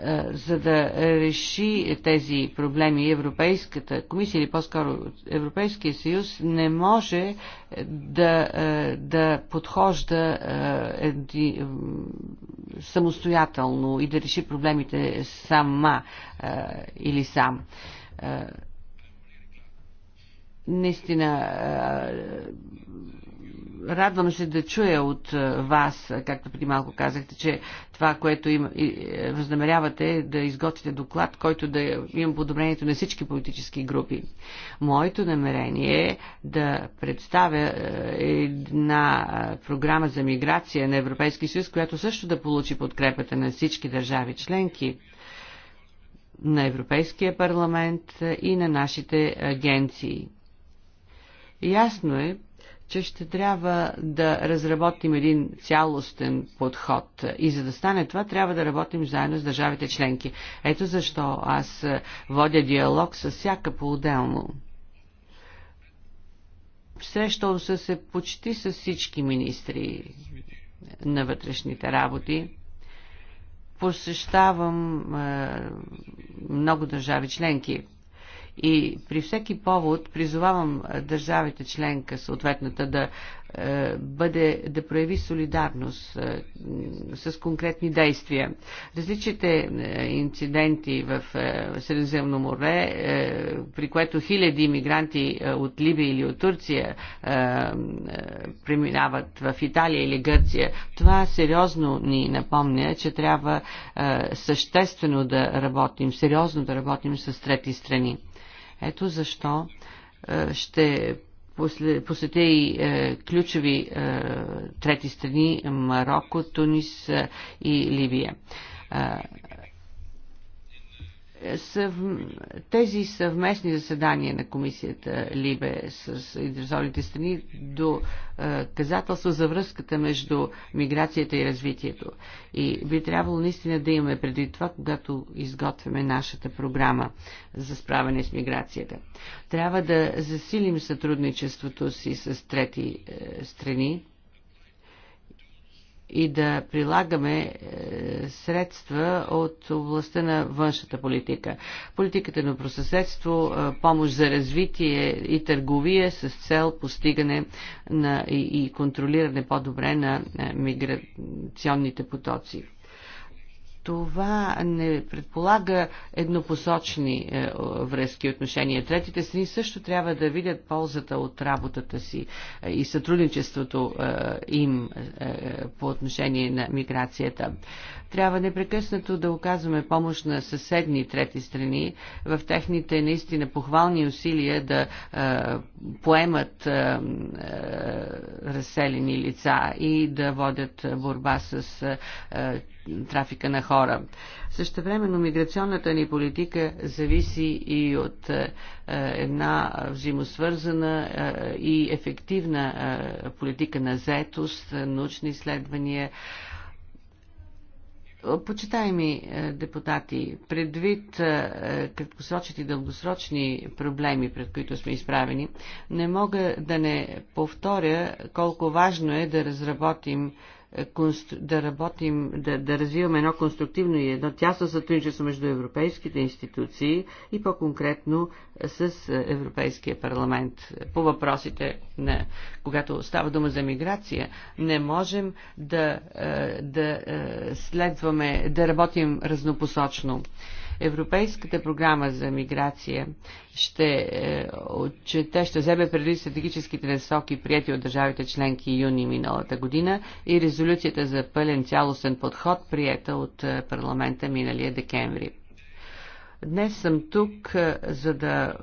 Е, за да реши тези проблеми Европейската комисия или по-скоро Европейския съюз не може да, е, да подхожда е, самостоятелно и да реши проблемите сама или сам наистина Радвам се да чуя от е, вас, както преди малко казахте, че това, което им, е, възнамерявате е да изготвите доклад, който да имам подобрението на всички политически групи. Моето намерение е да представя е, една програма за миграция на Европейски съюз, която също да получи подкрепата на всички държави членки на Европейския парламент и на нашите агенции. Ясно е, че ще трябва да разработим един цялостен подход. И за да стане това, трябва да работим заедно с държавите членки. Ето защо аз е, водя диалог с всяка по-отделно. Срещал съм се почти с всички министри на вътрешните работи. Посещавам е, много държави членки и при всеки повод призовавам държавите членка, съответната, да бъде, да прояви солидарност с конкретни действия. Различните инциденти в Средиземно море, при което хиляди иммигранти от Либия или от Турция преминават в Италия или Гърция, това сериозно ни напомня, че трябва съществено да работим, сериозно да работим с трети страни. Ето защо е, ще посетя и е, ключови е, трети страни Марокко, Тунис и Ливия съв... тези съвместни заседания на комисията Либе с интересованите страни до е, казателство за връзката между миграцията и развитието. И би трябвало наистина да имаме преди това, когато изготвяме нашата програма за справяне с миграцията. Трябва да засилим сътрудничеството си с трети е, страни и да прилагаме е, средства от областта на външната политика. Политиката на просъседство, е, помощ за развитие и търговия с цел постигане на и контролиране по-добре на миграционните потоци това не предполага еднопосочни е, връзки и отношения. Третите страни също трябва да видят ползата от работата си е, и сътрудничеството е, им по отношение на миграцията. Трябва непрекъснато да оказваме помощ на съседни трети страни в техните наистина похвални усилия да поемат разселени лица и да водят борба с трафика на хора. Също времено миграционната ни политика зависи и от е, една взаимосвързана е, и ефективна е, политика на заетост, научни изследвания, Почитаеми депутати, предвид краткосрочните и дългосрочни проблеми, пред които сме изправени, не мога да не повторя колко важно е да разработим да работим, да, да развиваме едно конструктивно и едно тясно сътрудничество между европейските институции и по-конкретно с Европейския парламент по въпросите, на, когато става дума за миграция. Не можем да, е, да е, следваме, да работим разнопосочно. Европейската програма за миграция ще е, отчете, ще вземе преди стратегическите насоки, прияти от държавите членки юни миналата година и резолюцията за пълен цялостен подход, прията от е, парламента миналия декември. Днес съм тук, е, за да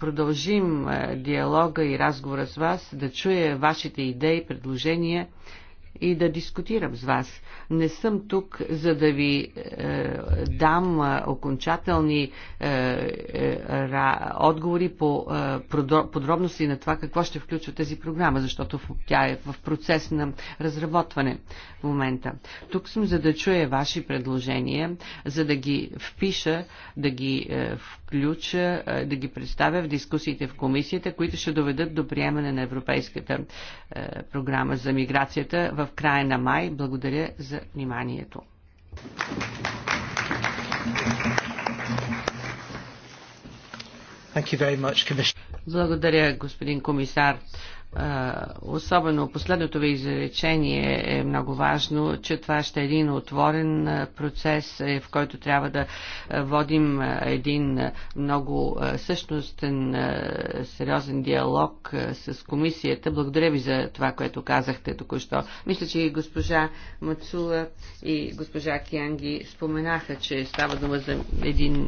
продължим диалога и разговора с вас, да чуя вашите идеи, предложения и да дискутирам с вас. Не съм тук, за да ви е, дам е, окончателни е, е, ра, отговори по е, подробности на това какво ще включва тази програма, защото тя е в процес на разработване в момента. Тук съм, за да чуя ваши предложения, за да ги впиша, да ги е, включа, е, да ги представя в дискусиите в комисията, които ще доведат до приемане на Европейската е, програма за миграцията в в края на май. Благодаря за вниманието. Благодаря, господин комисар. Особено последното ви изречение е много важно, че това ще е един отворен процес, е, в който трябва да водим един много същностен, сериозен диалог с комисията. Благодаря ви за това, което казахте току-що. Мисля, че и госпожа Мацула и госпожа Кианги споменаха, че става дума за един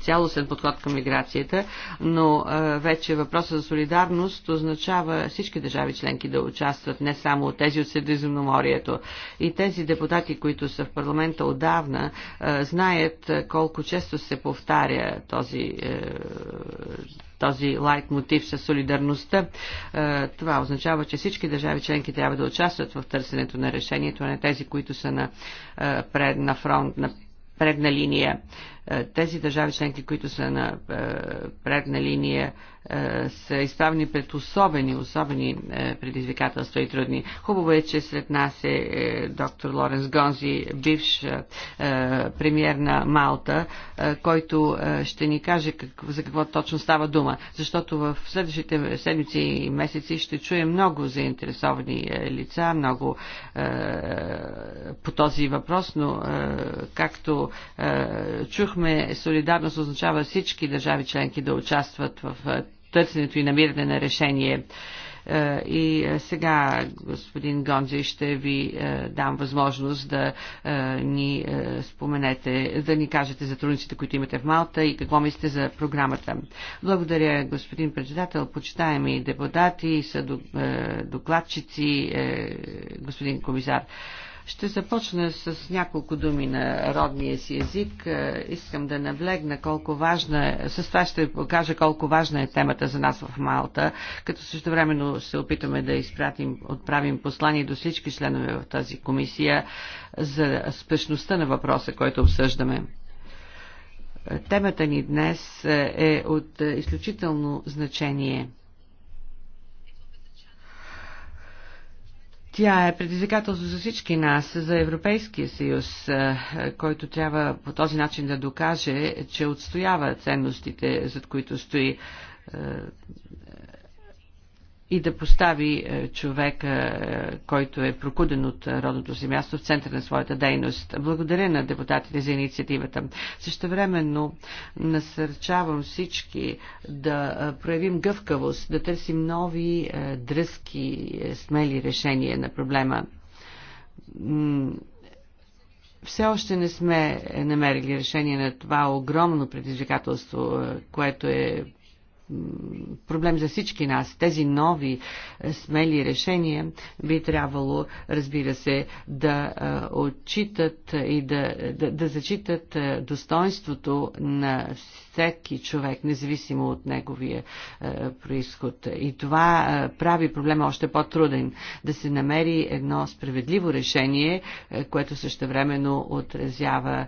цялостен подход към миграцията, но вече въпроса за солидарност означава всички държави членки да участват, не само тези от Средиземноморието. И тези депутати, които са в парламента отдавна, е, знаят е, колко често се повтаря този е, този лайт мотив със солидарността. Това означава, че всички държави членки трябва да участват в търсенето на решението, а не тези, които са на, пред, на фронт, на предна линия. Тези държави членки, които са на предна линия, е, са изправени пред особени, особени е, предизвикателства и трудни. Хубаво е, че сред нас е, е доктор Лоренс Гонзи, бивш премьер на Малта, който ще ни каже за какво точно става дума, защото в следващите седмици и месеци ще чуем много заинтересовани лица, много по този въпрос, но както чухме, солидарност означава всички държави членки да участват в търсенето и намиране на решение. Е, и е, сега, господин Гонзи, ще ви е, дам възможност да ни споменете, да ни кажете за трудниците, които имате в Малта и какво мислите за програмата. Благодаря, господин председател, почитаеми депутати, са докладчици, господин комисар. Ще започна с няколко думи на родния си език. Е, искам да наблегна колко важна е, с това ще покажа колко важна е темата за нас в Малта, като също времено се опитаме да изпратим, отправим послание до всички членове в тази комисия за спешността на въпроса, който обсъждаме. Темата ни днес е от изключително значение – Тя е предизвикателство за всички нас, за Европейския съюз, е, който трябва по този начин да докаже, че отстоява ценностите, зад които стои е, и да постави е, човека, е, който е прокуден от е, родното си място в центъра на своята дейност. Благодаря на депутатите за инициативата. Същевременно насърчавам всички да проявим гъвкавост, да търсим нови дръзки, смели решения на проблема все още не сме намерили решение на това огромно предизвикателство, което е проблем за всички нас. Тези нови е, смели решения би трябвало, разбира се, да е, отчитат и да, да, да зачитат е, достоинството на всеки човек, независимо от неговия происход. И това прави проблема още по-труден. Да се намери едно справедливо решение, което същевременно отразява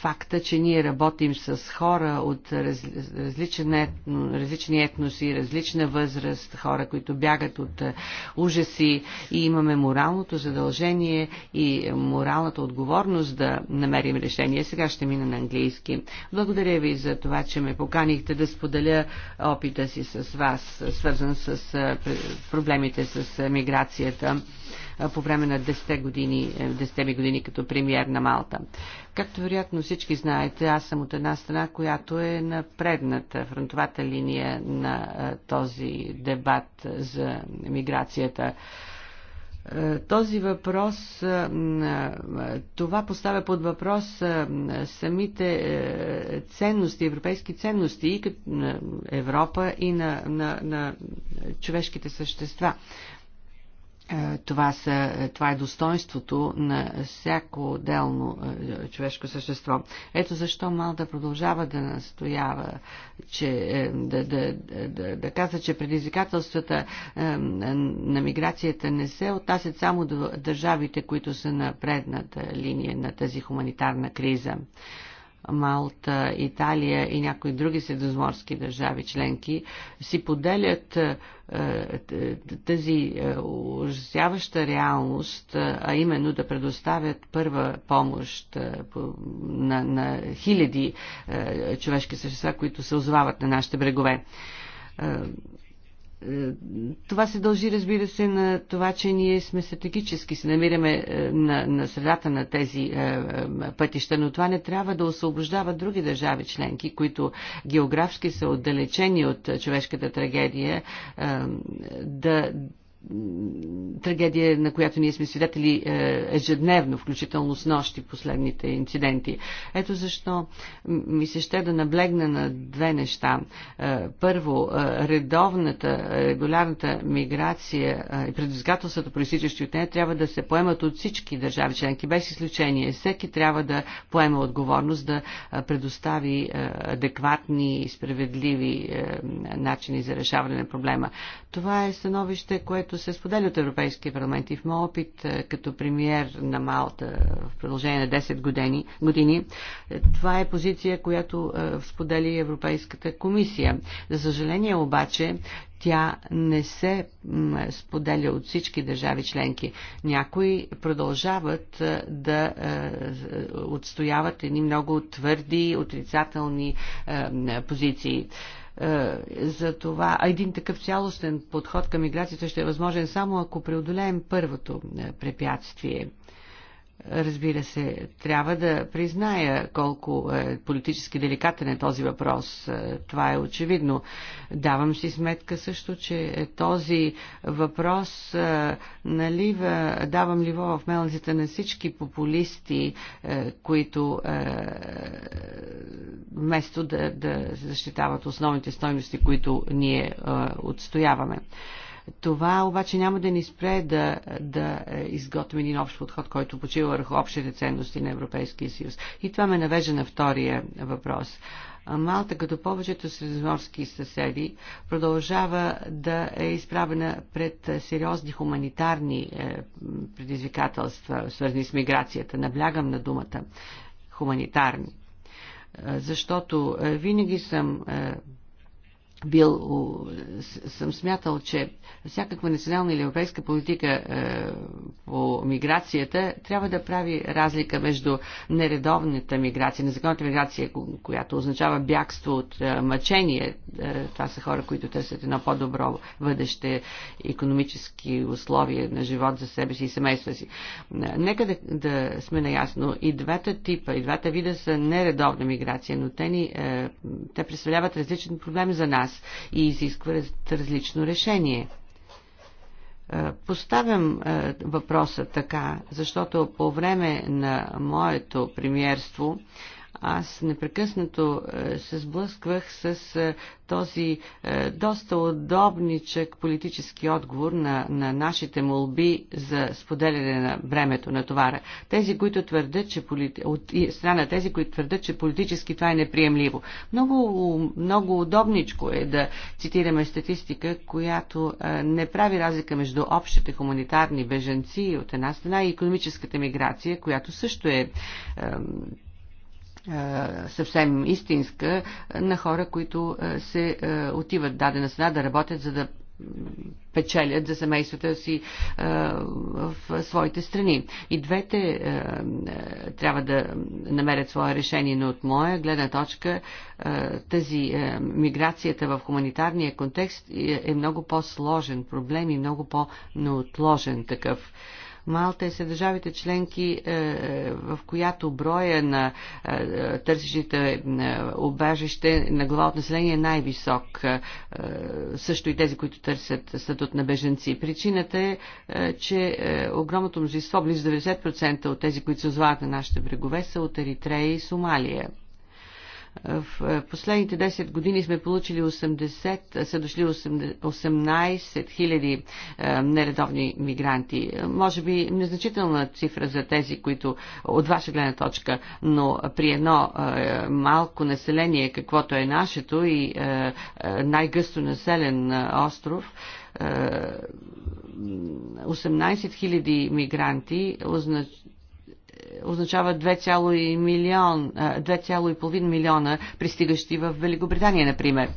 факта, че ние работим с хора от раз, различен етно, различни етноси, различна възраст, хора, които бягат от ужаси и имаме моралното задължение и моралната отговорност да намерим решение. Сега ще мина на английски. Благодаря ви за това, че ме поканихте да споделя опита си с вас, свързан с проблемите с миграцията по време на 10 години, 10 е, ми години като премьер на Малта. Както вероятно всички знаете, аз съм от една страна, която е на предната фронтовата линия на този дебат за миграцията. Този въпрос, това поставя под въпрос самите е, ценности, европейски ценности и на Европа и на, на, на човешките същества. Е, това, са, е, това е достоинството на всяко отделно е, човешко същество. Ето защо Малта продължава да настоява, че, да, да, да, да казва, че предизвикателствата на миграцията не се отнасят само до държавите, които са на предната линия на тази хуманитарна криза. Малта, Италия и някои други средозморски държави членки си поделят е, тази е, ужасяваща реалност, е, а именно да предоставят първа помощ на, на хиляди човешки същества, които се озовават на нашите брегове е, това се дължи, разбира се, на това, че ние сме стратегически, се намираме е, на, на средата на тези е, пътища, но това не трябва да освобождава други държави членки, които географски са отдалечени от човешката трагедия, да трагедия, на която ние сме свидетели е, ежедневно, включително с нощи последните инциденти. Ето защо ми се ще да наблегна на две неща. Е, първо, е, редовната, регулярната миграция и предизвикателствата, проистичащи от нея, трябва да се поемат от всички държави членки, без изключение. Всеки трябва да поема отговорност да предостави адекватни и справедливи начини за решаване на проблема. Това е становище, което се споделя от Европейския парламент и в моят опит е, като премиер на Малта в продължение на 10 години, години е, това е позиция, която е, споделя Европейската комисия. За съжаление обаче, тя не се споделя от всички държави членки. Някои продължават да отстояват едни много твърди, отрицателни позиции. Е, за това, а един такъв цялостен подход към миграцията ще е възможен само ако преодолеем първото е, препятствие – Разбира се, трябва да призная колко е политически деликатен е този въпрос. Е, това е очевидно. Давам си сметка също, че е, този въпрос е, налива, давам ливо в мелзите на всички популисти, които вместо да, да защитават основните стойности, които ние отстояваме. Това обаче няма да ни спре да, да е, изготвим един общ подход, който почива върху общите ценности на Европейския съюз. И това ме навежда на втория въпрос. Малта, като повечето средиземноморски съседи, продължава да е изправена пред сериозни хуманитарни е, предизвикателства, свързани с миграцията. Наблягам на думата хуманитарни. Е, защото винаги съм бил, съм смятал, че всякаква национална или европейска политика е, по миграцията трябва да прави разлика между нередовната миграция, незаконната миграция, която означава бягство от е, мъчение. Е, това са хора, които търсят едно по-добро бъдеще, економически условия на живот за себе си и семейства си. Нека да, да сме наясно. И двата типа, и двата вида са нередовна миграция, но те, ни, те представляват различни проблеми за нас нас и изисква различно решение. Поставям въпроса така, защото по време на моето премиерство аз непрекъснато е, се сблъсквах с е, този е, доста удобничък политически отговор на, на нашите молби за споделяне на бремето на товара. Тези, които твърдят, че полити... от страна тези, които твърдят, че политически това е неприемливо. Много, много удобничко е да цитираме статистика, която не прави разлика между общите хуманитарни беженци от една страна и економическата миграция, която също е е, съвсем истинска е, на хора, които е, се отиват дадена страна да работят, за да печелят за семействата си в своите страни. И двете трябва да намерят свое решение, но от моя гледна точка тази миграцията в хуманитарния контекст е много по-сложен проблем и много по-неотложен такъв. Малта е сред държавите членки, е, е, в която броя на е, търсещите обажище на глава от население е най-висок. Също и тези, които търсят статут на беженци. Причината е, че огромното множество, близо 90% от тези, които се озовават на нашите брегове, са от Еритрея и Сомалия. В е, последните 10 години сме получили 80, е, са дошли 18 000 е, нередовни мигранти. Може би незначителна цифра за тези, които от ваша гледна точка, но при едно малко население, каквото е нашето и най-гъсто населен остров, 18 000 мигранти означава означава 2,5 милион, 2,5 милиона пристигащи в Великобритания, например.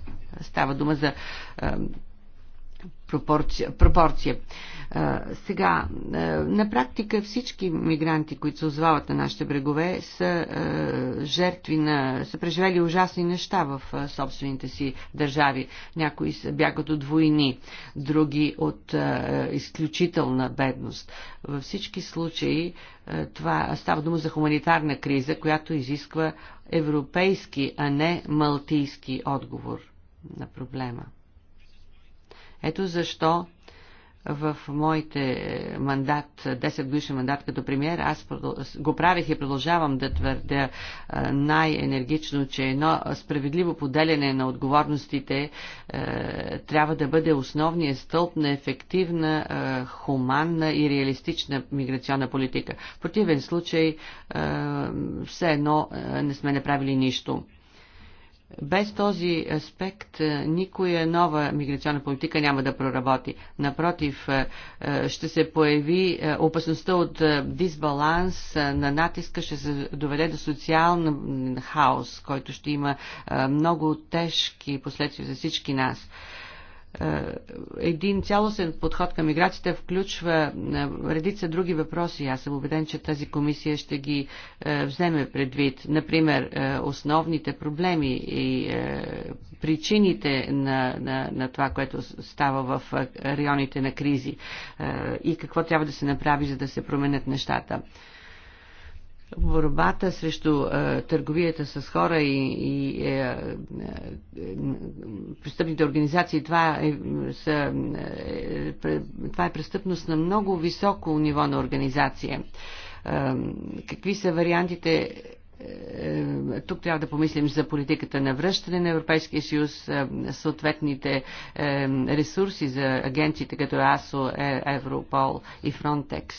Става дума за пропорция. пропорция. Сега, на практика всички мигранти, които се озвават на нашите брегове, са жертви на... са преживели ужасни неща в собствените си държави. Някои бягат от войни, други от изключителна бедност. Във всички случаи това става дума за хуманитарна криза, която изисква европейски, а не малтийски отговор на проблема. Ето защо в моите мандат, 10 годишен мандат като премьер, аз го правих и продължавам да твърдя най-енергично, че едно справедливо поделяне на отговорностите трябва да бъде основният стълб на ефективна, хуманна и реалистична миграционна политика. В противен случай, все едно не сме направили нищо. Без този аспект е, никоя нова миграционна политика няма да проработи. Напротив, е, е, ще се появи опасността от дисбаланс на натиска, ще се доведе до социален хаос, който ще има много тежки последствия за всички нас. Е, един цялостен подход към миграцията включва е, редица други въпроси. Аз съм убеден, че тази комисия ще ги е, вземе предвид. Например, основните проблеми и причините на, на, на това, което става в районите на кризи и какво трябва да се направи, за да се променят нещата борбата срещу е, търговията с хора и, и е, е, е престъпните организации, това е, са, е, е, това е престъпност на много високо ниво на организация. Е, какви са вариантите? Е, тук трябва да помислим за политиката на връщане на Европейския съюз, съответните ресурси за агенциите като АСО, Европол и Фронтекс.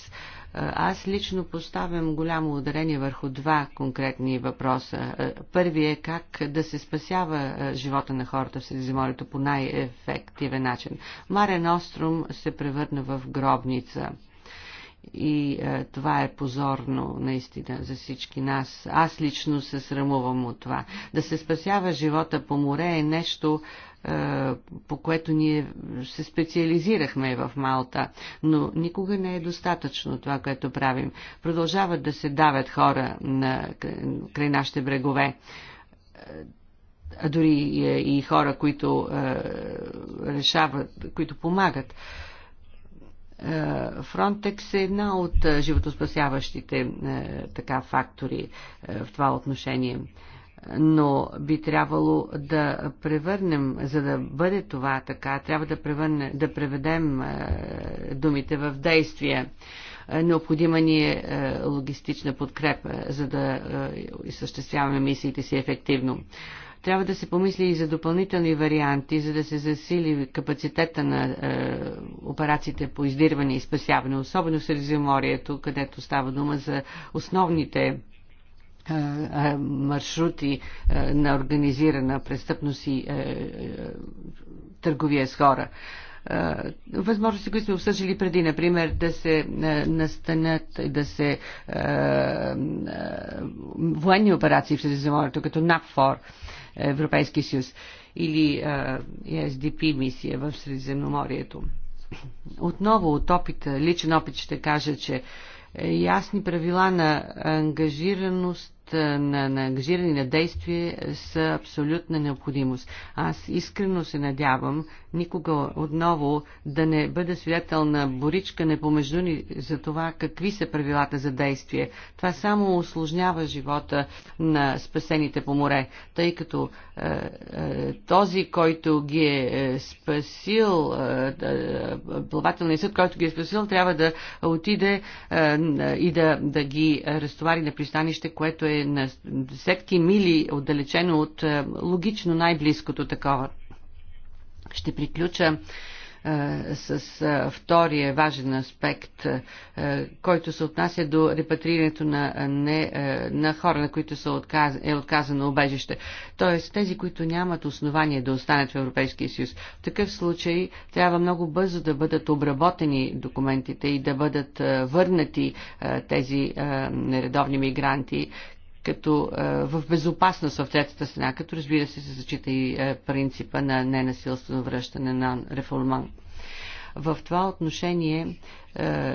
Е, аз лично поставям голямо ударение върху два конкретни въпроса. Е, първият е как да се спасява е, живота на хората в Средиземорието по най-ефективен начин. Марен Острум се превърна в гробница – и е, това е позорно наистина за всички нас. Аз лично се срамувам от това. Да се спасява живота по море е нещо, е, по което ние се специализирахме в Малта, но никога не е достатъчно това, което правим. Продължават да се давят хора на, край нашите брегове е, а дори и, е, и хора, които е, решават, които помагат. Е, Фронтекс е една от животоспасяващите така фактори в това отношение. Но би трябвало да превърнем, за да бъде това така, трябва да, превърне, да преведем думите в действие. Необходима ни е логистична подкрепа, за да изсъществяваме мисиите си ефективно. Трябва да се помисли и за допълнителни варианти, за да се засили капацитета на е, операциите по издирване и спасяване, особено в Средиземорието, където става дума за основните е, е, маршрути е, на организирана престъпност и търговия с хора. Възможности, които сме обсъждали преди, например, да се настанят, да се военни операции в Средиземорието, като НАПФОР, Европейския съюз или SDP е мисия в Средиземноморието. Отново от опита, личен опит ще кажа, че е, ясни правила на ангажираност на, на ангажиране на действие са абсолютна необходимост. Аз искрено се надявам никога отново да не бъда свидетел на боричка непомежду ни за това какви са правилата за действие. Това само осложнява живота на спасените по море, тъй като е, е, този, който ги е, е спасил, е, е, плавателният съд, който ги е спасил, трябва да отиде е, и да, да ги разтовари на пристанище, което е е на десетки мили отдалечено от е, логично най-близкото такова. Ще приключа е, с е, втория важен аспект, който се отнася до репатрирането на, не, на хора, на които са отказ, е отказано обежище. Тоест тези, които нямат основание да останат в Европейския съюз. В такъв случай трябва много бързо да бъдат обработени документите и да бъдат върнати тези нередовни мигранти като е, в безопасност в третата страна, като разбира се се зачита и е, принципа на ненасилствено връщане на реформант. В това отношение, е,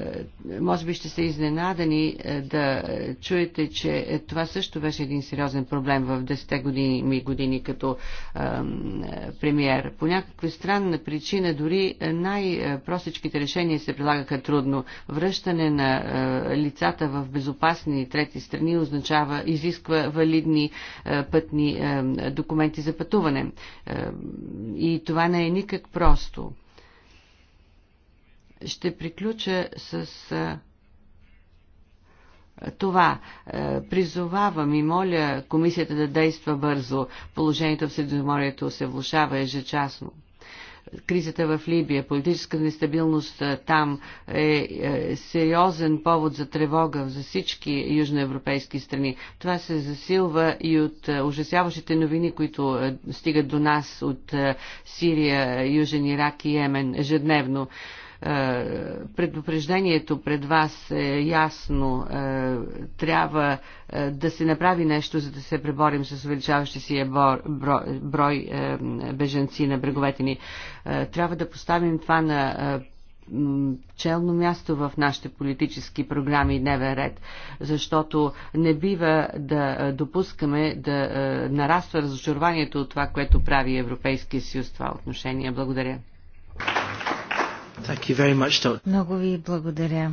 може би ще се изненадани е, да чуете, че това също беше един сериозен проблем в 10-те години, ми години като е, премиер. По някаква странна причина дори най-простичките решения се прилагаха трудно. Връщане на лицата в безопасни трети страни означава, изисква валидни пътни документи за пътуване. И това не е никак просто. Ще приключа с това призовавам и моля комисията да действа бързо. Положението в Средиземорието се влушава ежечасно. Кризата в Либия, политическа нестабилност там е, е сериозен повод за тревога за всички южноевропейски страни. Това се засилва и от ужасяващите новини, които стигат до нас от Сирия, Южен Ирак и Йемен ежедневно. Е, предупреждението пред вас е ясно. Е, трябва е, да се направи нещо, за да се преборим с увеличаващи си брой беженци на бреговете ни. Трябва да поставим това на челно място в нашите политически програми и дневен ред, защото не бива да допускаме да нараства разочарованието от това, което прави Европейския съюз в това отношение. Благодаря. Much, Много ви благодаря.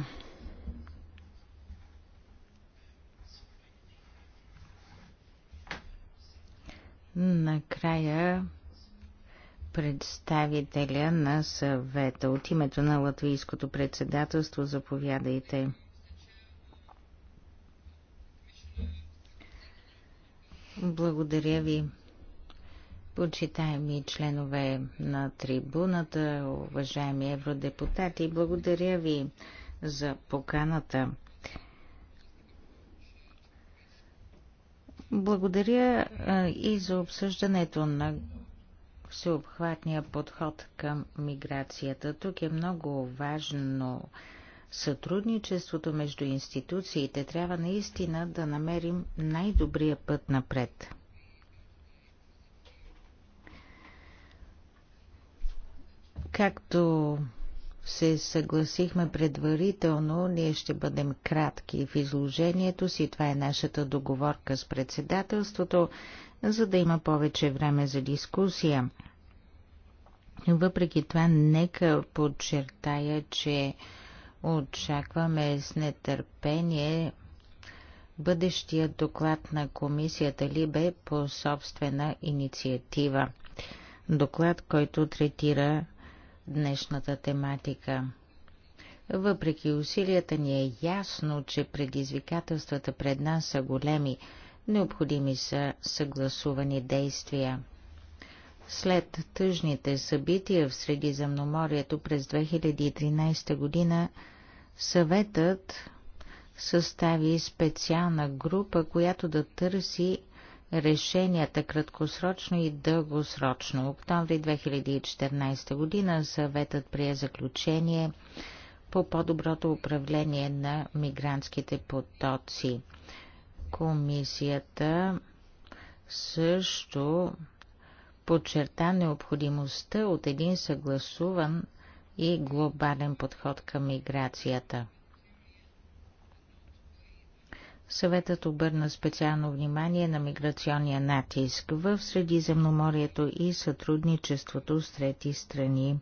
Накрая представителя на съвета от името на латвийското председателство заповядайте. Благодаря ви, Почитаеми членове на трибуната, уважаеми евродепутати, благодаря ви за поканата. Благодаря и за обсъждането на всеобхватния подход към миграцията. Тук е много важно сътрудничеството между институциите. Трябва наистина да намерим най-добрия път напред. Както се съгласихме предварително, ние ще бъдем кратки в изложението си. Това е нашата договорка с председателството, за да има повече време за дискусия. Въпреки това, нека подчертая, че очакваме с нетърпение бъдещия доклад на комисията Либе по собствена инициатива. Доклад, който третира днешната тематика. Въпреки усилията ни е ясно, че предизвикателствата пред нас са големи, необходими са съгласувани действия. След тъжните събития в Средиземноморието през 2013 година, съветът състави специална група, която да търси решенията краткосрочно и дългосрочно. Октомври 2014 година съветът прие заключение по по-доброто управление на мигрантските потоци. Комисията също подчерта необходимостта от един съгласуван и глобален подход към миграцията – Съветът обърна специално внимание на миграционния натиск в Средиземноморието и сътрудничеството с трети страни.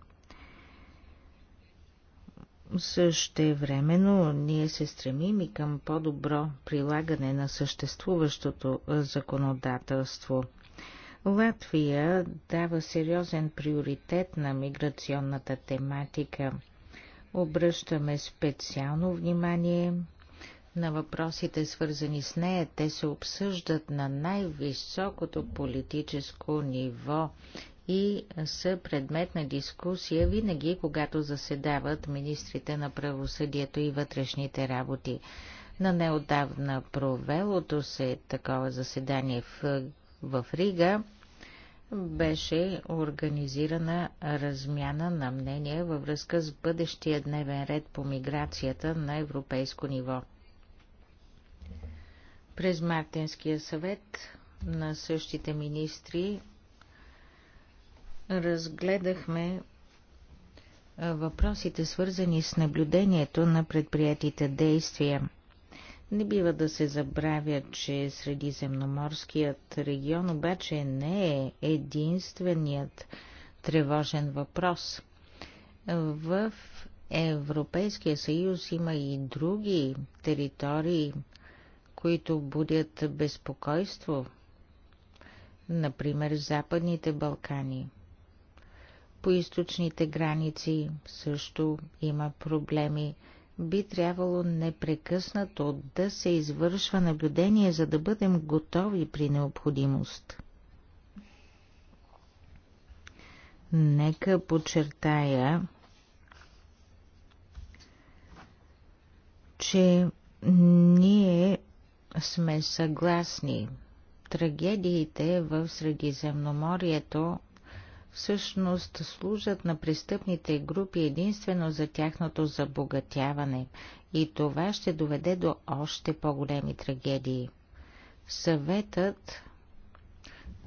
Същевременно ние се стремим и към по-добро прилагане на съществуващото законодателство. Латвия дава сериозен приоритет на миграционната тематика. Обръщаме специално внимание на въпросите, свързани с нея. Те се обсъждат на най-високото политическо ниво и са предмет на дискусия винаги, когато заседават министрите на правосъдието и вътрешните работи. На неодавна провелото се такова заседание в, в Рига беше организирана размяна на мнения във връзка с бъдещия дневен ред по миграцията на европейско ниво. През Мартинския съвет на същите министри разгледахме въпросите, свързани с наблюдението на предприятите действия. Не бива да се забравя, че Средиземноморският регион обаче не е единственият тревожен въпрос. В Европейския съюз има и други територии, които будят безпокойство, например Западните Балкани. По източните граници също има проблеми. Би трябвало непрекъснато да се извършва наблюдение, за да бъдем готови при необходимост. Нека подчертая, че ние сме съгласни. Трагедиите в Средиземноморието всъщност служат на престъпните групи единствено за тяхното забогатяване и това ще доведе до още по-големи трагедии. Съветът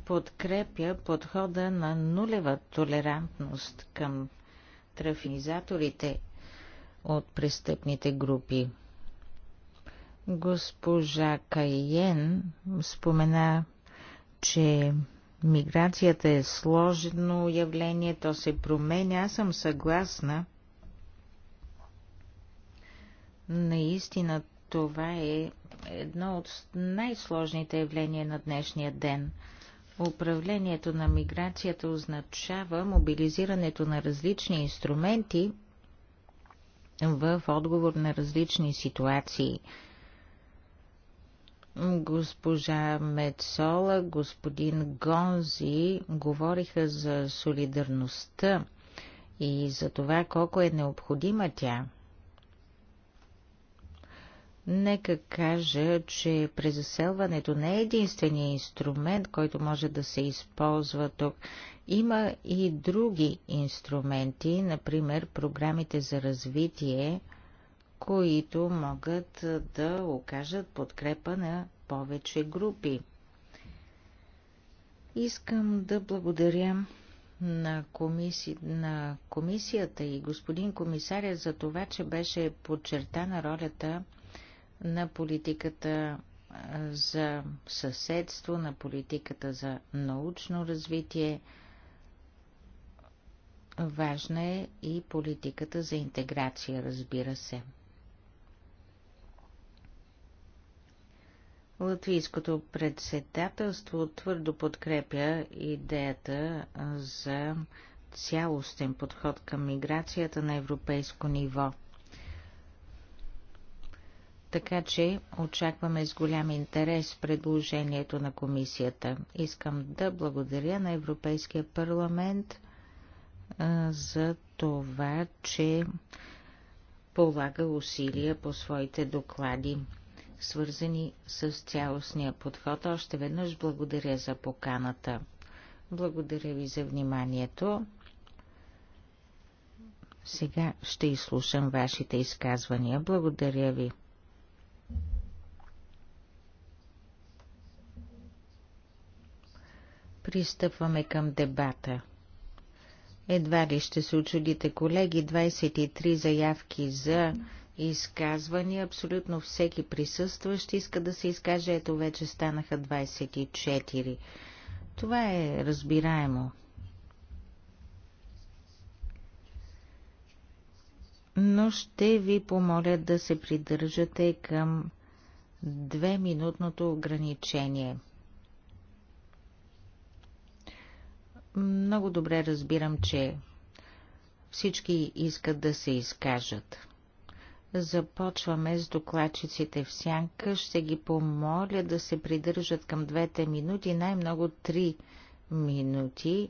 подкрепя подхода на нулева толерантност към трафинизаторите от престъпните групи. Госпожа Кайен спомена, че миграцията е сложно явление, то се променя. Аз съм съгласна. Наистина това е едно от най-сложните явления на днешния ден. Управлението на миграцията означава мобилизирането на различни инструменти в отговор на различни ситуации – Госпожа Медсола, господин Гонзи говориха за солидарността и за това колко е необходима тя. Нека кажа, че презаселването не е единствения инструмент, който може да се използва тук. Има и други инструменти, например програмите за развитие – които могат да окажат подкрепа на повече групи. Искам да благодаря на, комиси... на комисията и господин комисаря за това, че беше подчертана ролята на политиката за съседство, на политиката за научно развитие. Важна е и политиката за интеграция, разбира се. Латвийското председателство твърдо подкрепя идеята за цялостен подход към миграцията на европейско ниво. Така че очакваме с голям интерес предложението на комисията. Искам да благодаря на Европейския парламент за това, че полага усилия по своите доклади свързани с цялостния подход. Още веднъж благодаря за поканата. Благодаря ви за вниманието. Сега ще изслушам вашите изказвания. Благодаря ви. Пристъпваме към дебата. Едва ли ще се очудите, колеги, 23 заявки за изказвания. Абсолютно всеки присъстващ иска да се изкаже. Ето вече станаха 24. Това е разбираемо. Но ще ви помоля да се придържате към двеминутното ограничение. Много добре разбирам, че всички искат да се изкажат. Започваме с докладчиците в сянка. Ще ги помоля да се придържат към двете минути, най-много три минути.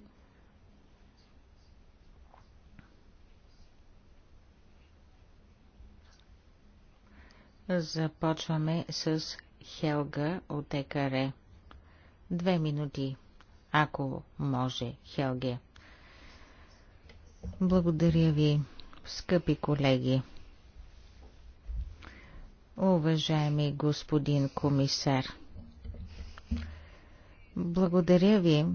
Започваме с Хелга от ЕКАРЕ. Две минути, ако може, Хелге. Благодаря ви, скъпи колеги уважаеми господин комисар. Благодаря ви.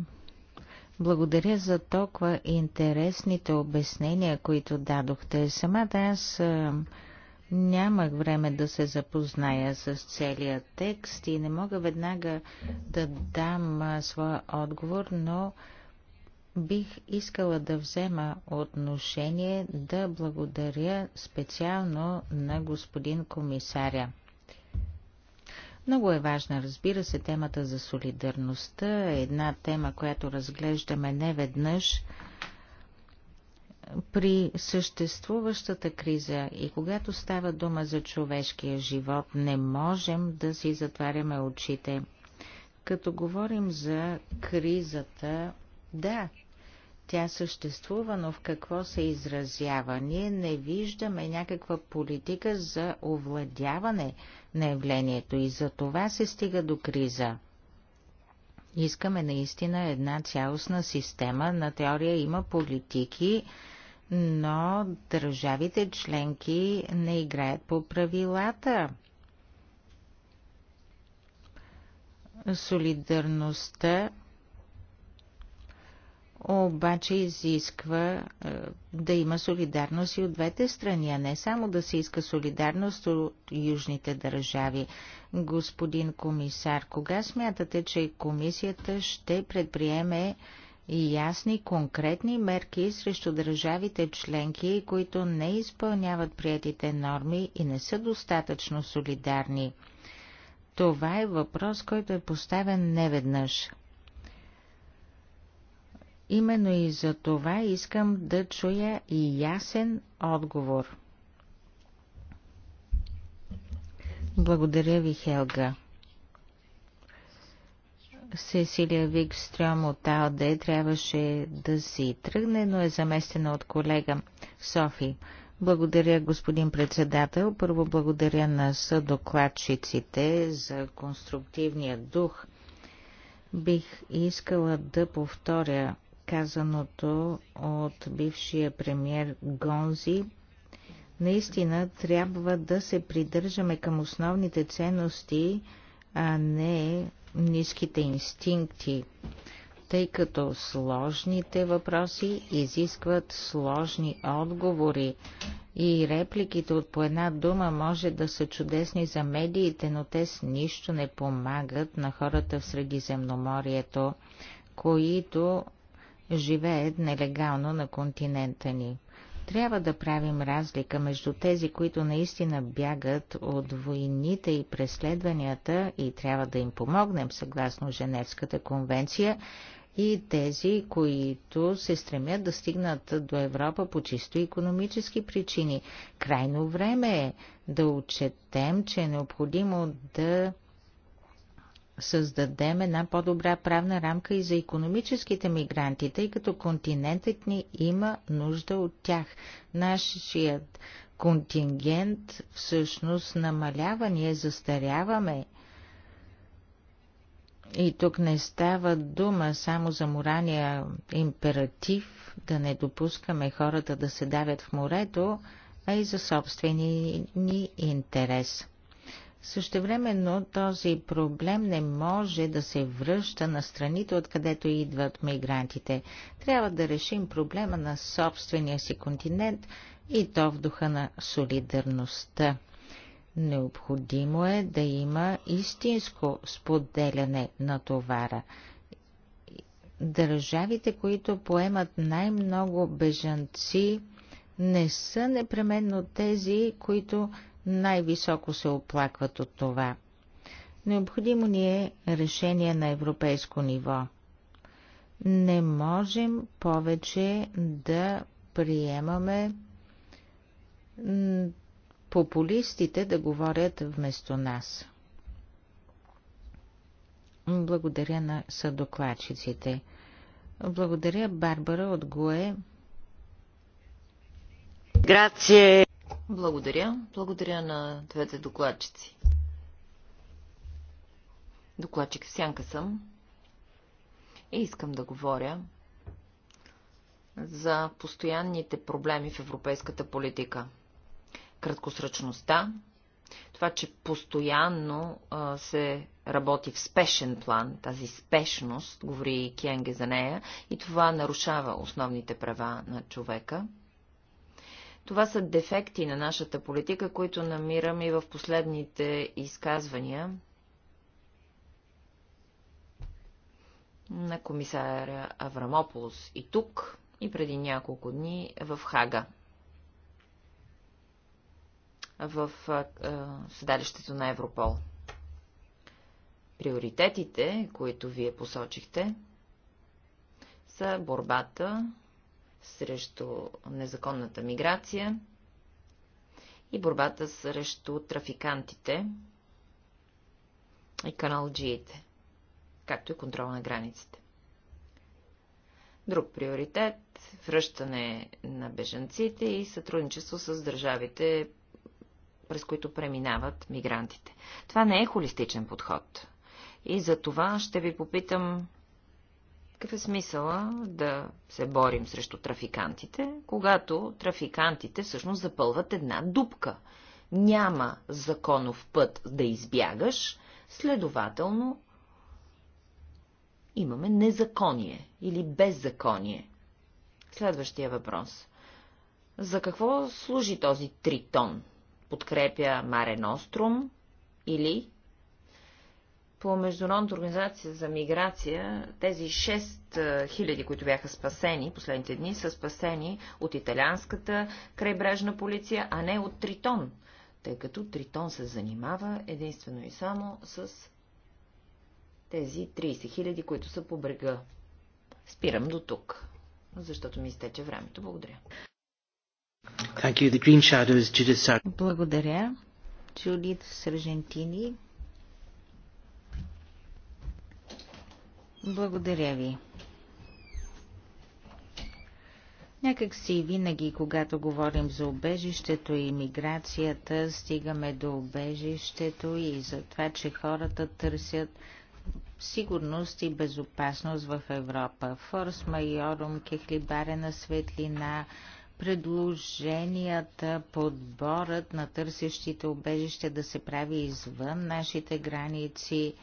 Благодаря за толкова интересните обяснения, които дадохте. Самата аз нямах време да се запозная с целия текст и не мога веднага да дам своя отговор, но Бих искала да взема отношение да благодаря специално на господин комисаря. Много е важна, разбира се, темата за солидарността, е една тема, която разглеждаме не веднъж при съществуващата криза и когато става дума за човешкия живот, не можем да си затваряме очите. Като говорим за кризата, да, тя съществува, но в какво се изразява? Ние не виждаме някаква политика за овладяване на явлението и за това се стига до криза. Искаме наистина една цялостна система. На теория има политики, но държавите членки не играят по правилата. Солидарността обаче изисква е, да има солидарност и от двете страни, а не само да се иска солидарност от южните държави. Господин комисар, кога смятате, че комисията ще предприеме ясни, конкретни мерки срещу държавите членки, които не изпълняват приятите норми и не са достатъчно солидарни? Това е въпрос, който е поставен неведнъж. Именно и за това искам да чуя и ясен отговор. Благодаря ви, Хелга. Сесилия Викстрем от АОД трябваше да си тръгне, но е заместена от колега Софи. Благодаря, господин председател. Първо благодаря на съдокладчиците за конструктивния дух. Бих искала да повторя казаното от бившия премьер Гонзи, наистина трябва да се придържаме към основните ценности, а не ниските инстинкти, тъй като сложните въпроси изискват сложни отговори и репликите от по една дума може да са чудесни за медиите, но те с нищо не помагат на хората в Средиземноморието, които живеят нелегално на континента ни. Трябва да правим разлика между тези, които наистина бягат от войните и преследванията и трябва да им помогнем съгласно Женевската конвенция, и тези, които се стремят да стигнат до Европа по чисто економически причини. Крайно време е да отчетем, че е необходимо да създадем една по-добра правна рамка и за економическите мигранти, тъй като континентът ни има нужда от тях. Нашият контингент всъщност намалява, ние застаряваме. И тук не става дума само за морания императив да не допускаме хората да се давят в морето, а и за собствения ни интерес. Същевременно този проблем не може да се връща на страните, откъдето идват мигрантите. Трябва да решим проблема на собствения си континент и то в духа на солидарността. Необходимо е да има истинско споделяне на товара. Държавите, които поемат най-много бежанци, не са непременно тези, които най-високо се оплакват от това. Необходимо ни е решение на европейско ниво. Не можем повече да приемаме популистите да говорят вместо нас. Благодаря на съдокладчиците. Благодаря Барбара от Гуе. Грация. Благодаря. Благодаря на двете докладчици. Докладчик Сянка съм и искам да говоря за постоянните проблеми в европейската политика. Краткосръчността, това, че постоянно а, се работи в спешен план, тази спешност, говори Кенге за нея, и това нарушава основните права на човека – това са дефекти на нашата политика, които намираме и в последните изказвания на комисаря Аврамополос и тук, и преди няколко дни в Хага в а, седалището на Европол. Приоритетите, които вие посочихте, са борбата срещу незаконната миграция и борбата срещу трафикантите и каналджиите, както и контрол на границите. Друг приоритет – връщане на бежанците и сътрудничество с държавите, през които преминават мигрантите. Това не е холистичен подход. И за това ще ви попитам какъв е смисъла да се борим срещу трафикантите, когато трафикантите всъщност запълват една дупка? Няма законов път да избягаш, следователно имаме незаконие или беззаконие. Следващия въпрос. За какво служи този тритон? Подкрепя Маре Острум или по Международната организация за миграция тези 6 хиляди, които бяха спасени последните дни, са спасени от италианската крайбрежна полиция, а не от Тритон, тъй като Тритон се занимава единствено и само с тези 30 хиляди, които са по брега. Спирам до тук, защото ми изтече времето. Благодаря. Благодаря. Judith Саржентини. Благодаря ви. Някак си винаги, когато говорим за убежището и миграцията, стигаме до убежището и за това, че хората търсят сигурност и безопасност в Европа. Форс майорум, кехлибарена светлина, предложенията, подборът на търсещите убежище да се прави извън нашите граници –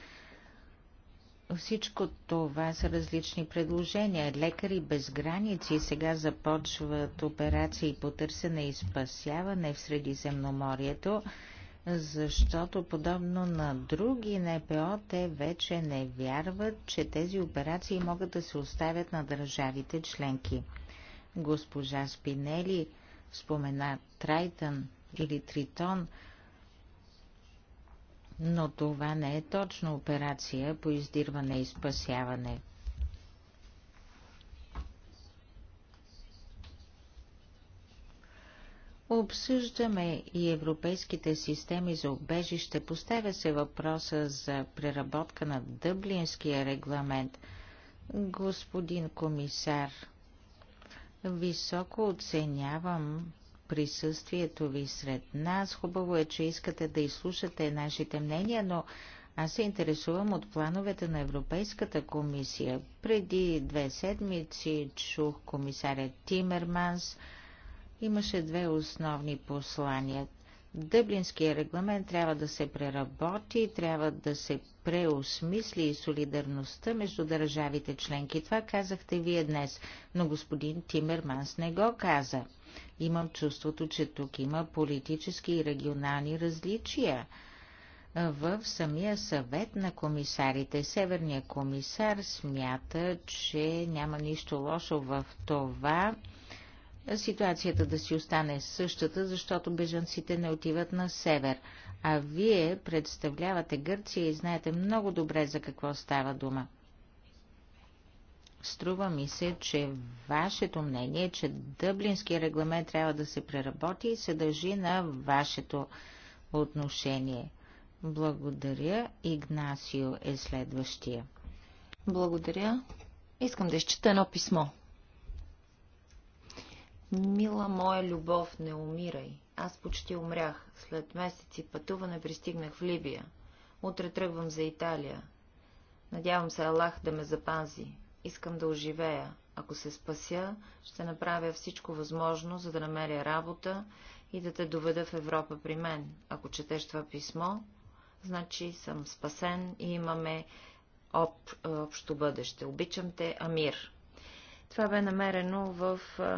всичко това са различни предложения. Лекари без граници сега започват операции по търсене и спасяване в Средиземноморието, защото подобно на други НПО, те вече не вярват, че тези операции могат да се оставят на държавите членки. Госпожа Спинели спомена Трайтън или Тритон – но това не е точно операция по издирване и спасяване. Обсъждаме и европейските системи за обежище. Поставя се въпроса за преработка на Дъблинския регламент. Господин комисар, високо оценявам присъствието ви сред нас. Хубаво е, че искате да изслушате нашите мнения, но аз се интересувам от плановете на Европейската комисия. Преди две седмици чух комисаря Тимерманс. Имаше две основни послания. Дъблинският регламент трябва да се преработи, трябва да се преосмисли и солидарността между държавите членки. Това казахте вие днес, но господин Тимерманс не го каза. Имам чувството, че тук има политически и регионални различия. В самия съвет на комисарите Северния комисар смята, че няма нищо лошо в това ситуацията да си остане същата, защото бежанците не отиват на север. А вие представлявате Гърция и знаете много добре за какво става дума. Струва ми се, че вашето мнение, че Дъблинския регламент трябва да се преработи, се дължи на вашето отношение. Благодаря. Игнасио е следващия. Благодаря. Искам да изчета едно писмо. Мила моя любов, не умирай. Аз почти умрях. След месеци пътуване пристигнах в Либия. Утре тръгвам за Италия. Надявам се Аллах да ме запази. Искам да оживея. Ако се спася, ще направя всичко възможно, за да намеря работа и да те доведа в Европа при мен. Ако четеш това писмо, значи съм спасен и имаме об, е, общо бъдеще. Обичам те, Амир. Това бе намерено в е,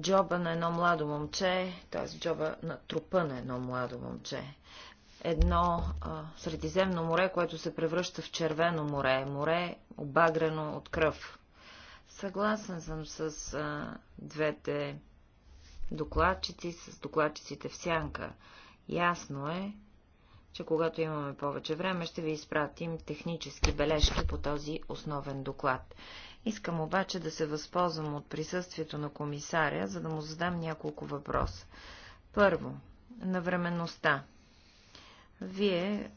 джоба на едно младо момче, т.е. джоба на трупа на едно младо момче едно а, Средиземно море, което се превръща в Червено море, море обагрено от кръв. Съгласен съм с а, двете докладчици, с докладчиците в сянка. Ясно е, че когато имаме повече време, ще ви изпратим технически бележки по този основен доклад. Искам обаче да се възползвам от присъствието на комисаря, за да му задам няколко въпроса. Първо, на временността. Вие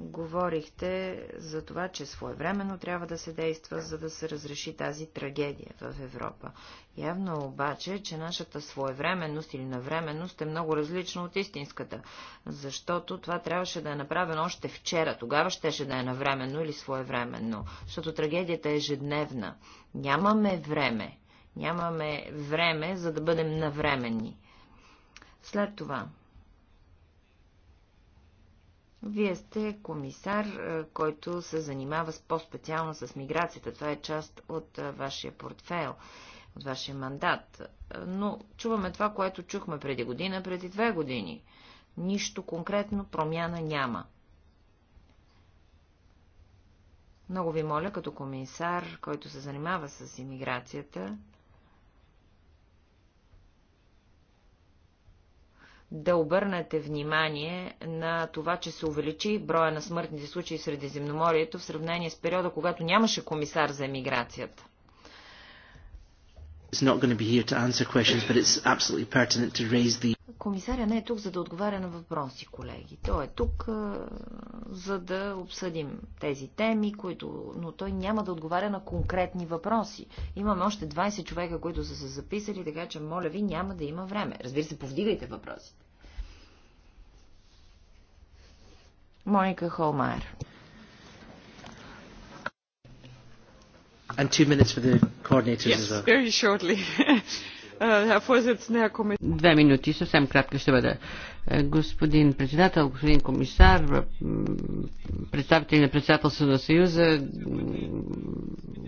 говорихте за това, че своевременно трябва да се действа, за да се разреши тази трагедия в Европа. Явно обаче, че нашата своевременност или навременност е много различна от истинската, защото това трябваше да е направено още вчера, тогава щеше да е навременно или своевременно, защото трагедията е ежедневна. Нямаме време. Нямаме време, за да бъдем навременни. След това, вие сте комисар, е, който се занимава по-специално с миграцията. Това е част от е, вашия портфел, от вашия мандат. Е, но чуваме това, което чухме преди година, преди две години. Нищо конкретно промяна няма. Много ви моля, като комисар, който се занимава с иммиграцията, да обърнете внимание на това, че се увеличи броя на смъртните случаи в Средиземноморието в сравнение с периода, когато нямаше комисар за емиграцията. It's not going to be here to answer questions, but it's absolutely pertinent to raise the Комисаря не е тук, за да отговаря на въпроси, колеги. Той е тук, за да обсъдим тези теми, които... но той няма да отговаря на конкретни въпроси. Имаме още 20 човека, които са се записали, така че, моля ви, няма да има време. Разбира се, повдигайте въпросите. Моника Холмайер. And two minutes for the coordinators yes, as well. Very shortly. Äh, Две минути, съвсем кратка ще бъде. Господин председател, господин комисар, представители на председателство на Съюза,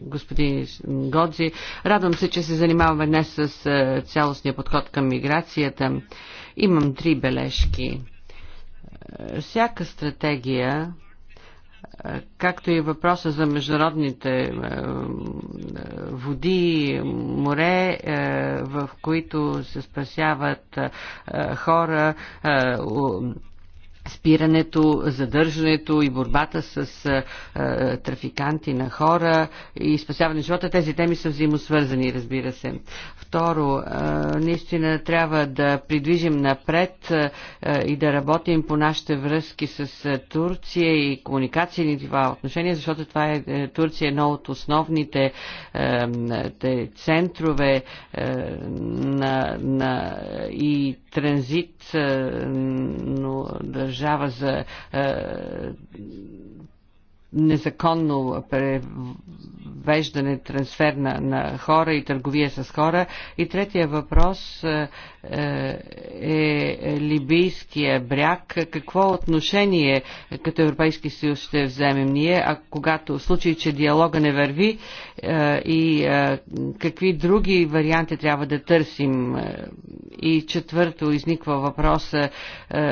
господин Годзи, радвам се, че се занимаваме днес с е, цялостния подход към миграцията. Имам три бележки. Е, всяка стратегия както и въпроса за международните е, води, море, е, в които се спасяват е, хора, спирането, задържането и борбата с а, а, трафиканти на хора и спасяване на живота. Тези теми са взаимосвързани, разбира се. Второ, а, наистина трябва да придвижим напред а, и да работим по нашите връзки с а, Турция и комуникации на това отношение, защото това е, е, Турция е едно от основните а, те, центрове а, е, на, на, и транзит а, е, но, държава държава за е, незаконно превеждане, трансфер на, на хора и търговия с хора. И третия въпрос е, е, е либийския бряг. Какво отношение като Европейски съюз ще вземем ние, а когато в случай, че диалога не върви е, и е, какви други варианти трябва да търсим? И четвърто, изниква въпроса е,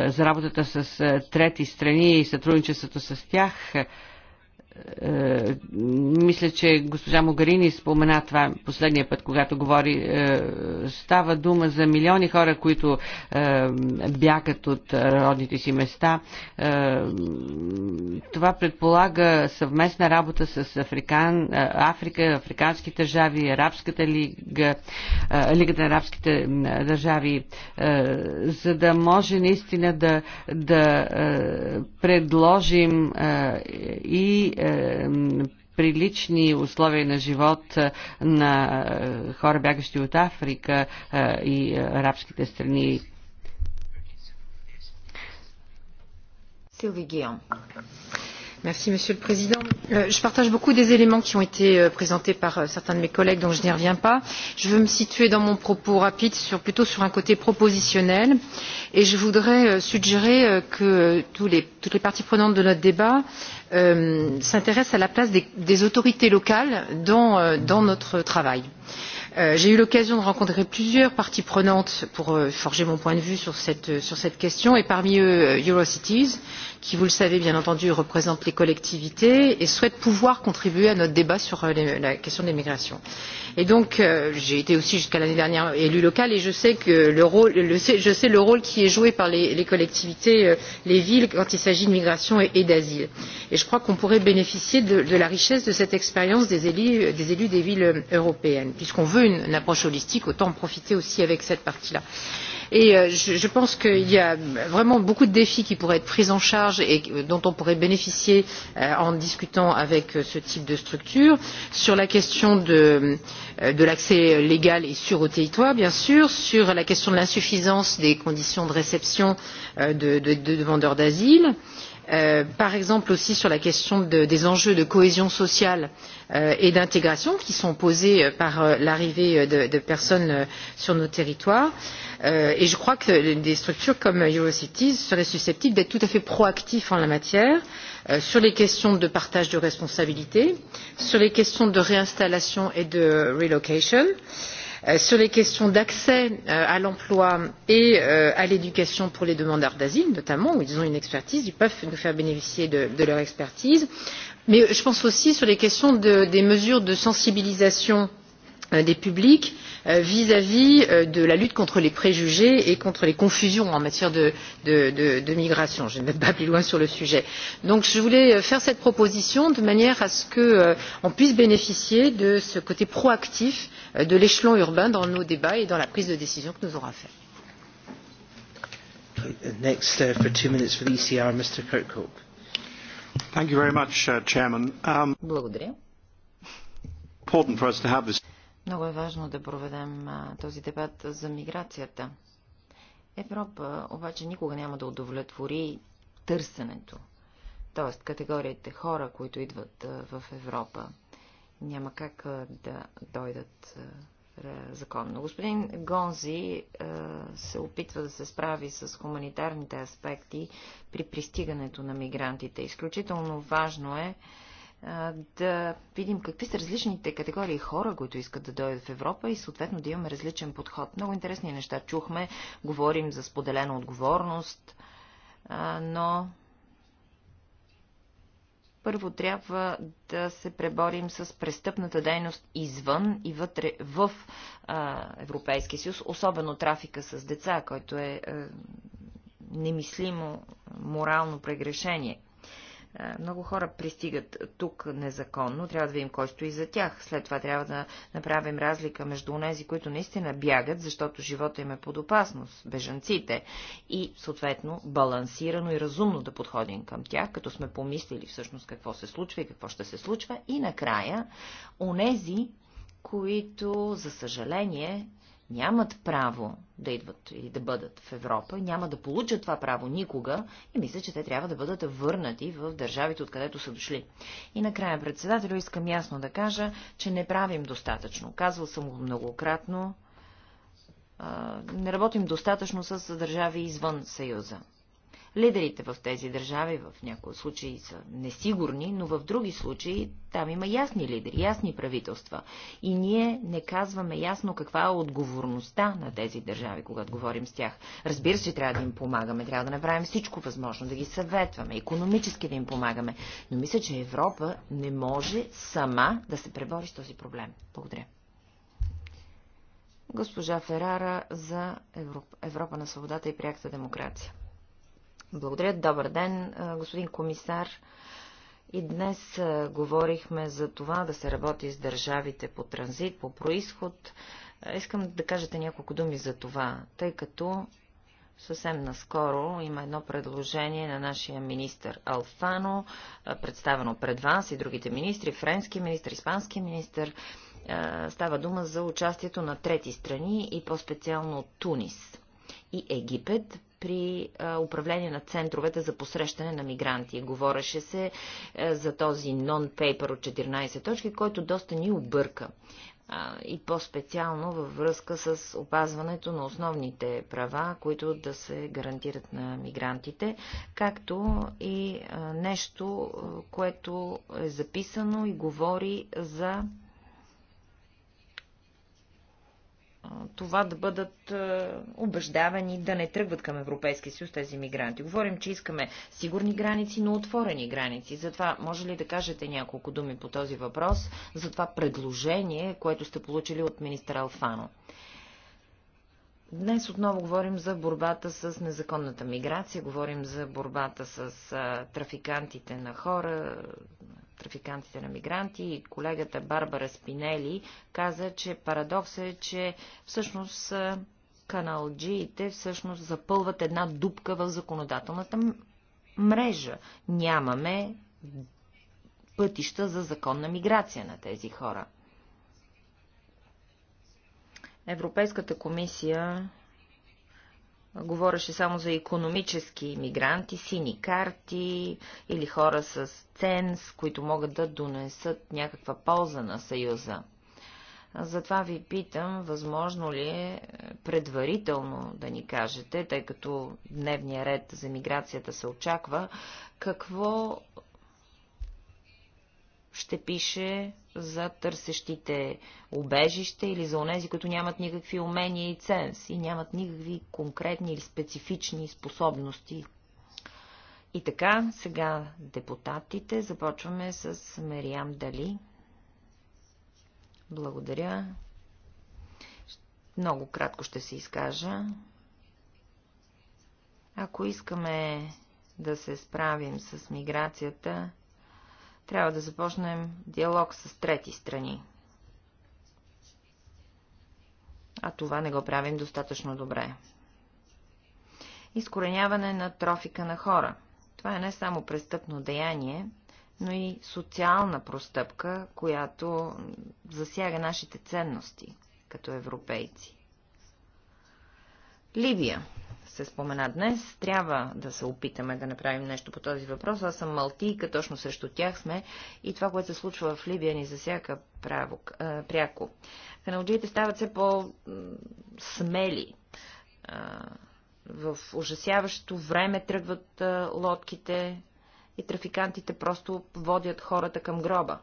за работата с е, трети страни и сътрудничеството с тях е, мисля, че госпожа Могарини спомена това последния път, когато говори. Е, става дума за милиони хора, които е, бягат от е, родните си места. Е, това предполага съвместна работа с Африкан, е, Африка, африкански държави, Арабската лига, е, Лигата на арабските държави, е, за да може наистина да, да е, предложим е, и е, прилични условия на живот на хора бягащи от Африка и арабските страни. Силви Гион monsieur le président je partage beaucoup des éléments qui ont été présentés par certains de mes collègues donc je n'y reviens pas. je veux me situer dans mon propos rapide plutôt sur un côté propositionnel et je voudrais suggérer que toutes les parties prenantes de notre débat s'intéressent à la place des autorités locales dans notre travail. je j'ai eu l'occasion de rencontrer plusieurs parties prenantes pour forger mon point de vue sur cette question et parmi eux eurocities qui vous le savez bien entendu représente les collectivités et souhaite pouvoir contribuer à notre débat sur la question des migrations. j'ai été aussi jusqu'à l'année dernière élue locale et je sais le rôle qui est joué par les collectivités les villes quand il s'agit de migration et d'asile et je crois qu'on pourrait bénéficier de la richesse de cette expérience des élus des villes européennes puisqu'on veut une approche holistique autant en profiter aussi avec cette partie là. je pense qu'il y a vraiment beaucoup de défis qui pourraient être pris en charge et dont on pourrait bénéficier en discutant avec ce type de structure sur la question de l'accès légal et sûr au territoire bien sûr sur la question de l'insuffisance des conditions de réception de demandeurs d'asile sur par exemple aussi sur la question des enjeux de cohésion sociale et d'intégration qui sont posés par l'arrivée de personnes sur nos territoires et je crois que des structures comme eurocities seraient susceptibles d'être tout à fait proactives en la matière sur les questions de partage de responsabilités sur les questions de réinstallation et de relocation ainsi sur les questions d'accès à l'emploi et à l'éducation pour les demandeurs d'asile notamment où ils ont une expertise ils peuvent nous faire bénéficier de leur expertise mais je pense aussi sur les questions des mesures de sensibilisation des publics vis à vis de la lutte contre les préjugés et contre les confusions en matière de migration. je même pas plus loin sur le sujet. donc je voulais faire cette proposition de manière à ce qu'on puisse bénéficier de ce côté proactif de l'échelon urbain dans nos débats et dans la prise de décision que nous aurons à faire. Next, uh, for two minutes for the ECR, Mr. Kirkhope. Thank you very much, uh, Chairman. Um, Благодаря. Important for us to have this. Много е важно да проведем а, този дебат за миграцията. Европа обаче никога няма да удовлетвори търсенето, т.е. категориите хора, които идват а, в Европа няма как да дойдат законно. Господин Гонзи се опитва да се справи с хуманитарните аспекти при пристигането на мигрантите. Изключително важно е да видим какви са различните категории хора, които искат да дойдат в Европа и съответно да имаме различен подход. Много интересни неща чухме, говорим за споделена отговорност, но първо трябва да се преборим с престъпната дейност извън и вътре в а, Европейския съюз, особено трафика с деца, който е а, немислимо морално прегрешение. Е, много хора пристигат тук незаконно, трябва да видим кой стои за тях. След това трябва да направим разлика между онези, които наистина бягат, защото живота им е под опасност, бежанците, и съответно балансирано и разумно да подходим към тях, като сме помислили всъщност какво се случва и какво ще се случва. И накрая, онези, които, за съжаление, нямат право да идват или да бъдат в Европа, няма да получат това право никога и мисля, че те трябва да бъдат върнати в държавите, откъдето са дошли. И накрая, председателю, искам ясно да кажа, че не правим достатъчно. Казвал съм го многократно. Не работим достатъчно с държави извън Съюза. Лидерите в тези държави в някои случаи са несигурни, но в други случаи там има ясни лидери, ясни правителства. И ние не казваме ясно каква е отговорността на тези държави, когато говорим с тях. Разбира се, трябва да им помагаме, трябва да направим всичко възможно, да ги съветваме, економически да им помагаме. Но мисля, че Европа не може сама да се пребори с този проблем. Благодаря госпожа Ферара за Европа, Европа на свободата и пряката демокрация. Благодаря. Добър ден, господин комисар. И днес говорихме за това да се работи с държавите по транзит, по происход. Искам да кажете няколко думи за това, тъй като съвсем наскоро има едно предложение на нашия министр Алфано, представено пред вас и другите министри, френски министр, испански министр. Става дума за участието на трети страни и по-специално Тунис и Египет при управление на центровете за посрещане на мигранти. Говореше се за този нон-пейпер от 14 точки, който доста ни обърка и по-специално във връзка с опазването на основните права, които да се гарантират на мигрантите, както и нещо, което е записано и говори за това да бъдат убеждавани да не тръгват към Европейския съюз тези мигранти. Говорим, че искаме сигурни граници, но отворени граници. Затова може ли да кажете няколко думи по този въпрос, за това предложение, което сте получили от министър Алфано? Днес отново говорим за борбата с незаконната миграция, говорим за борбата с трафикантите на хора, трафикантите на мигранти и колегата Барбара Спинели каза, че парадоксът е, че всъщност каналджиите всъщност запълват една дупка в законодателната мрежа. Нямаме пътища за законна миграция на тези хора. Европейската комисия говореше само за економически мигранти, сини карти или хора с ценз, които могат да донесат някаква полза на Съюза. Затова ви питам, възможно ли е предварително да ни кажете, тъй като дневния ред за миграцията се очаква, какво ще пише за търсещите обежище или за онези, които нямат никакви умения и ценз и нямат никакви конкретни или специфични способности. И така, сега депутатите. Започваме с Мериам Дали. Благодаря. Много кратко ще се изкажа. Ако искаме да се справим с миграцията, трябва да започнем диалог с трети страни. А това не го правим достатъчно добре. Изкореняване на трофика на хора. Това е не само престъпно деяние, но и социална простъпка, която засяга нашите ценности като европейци. Либия се спомена днес. Трябва да се опитаме да направим нещо по този въпрос. Аз съм малтийка, точно срещу тях сме и това, което се случва в Либия, ни засяга право, а, пряко. Каналджиите стават все по-смели. в ужасяващо време тръгват лодките и трафикантите просто водят хората към гроба.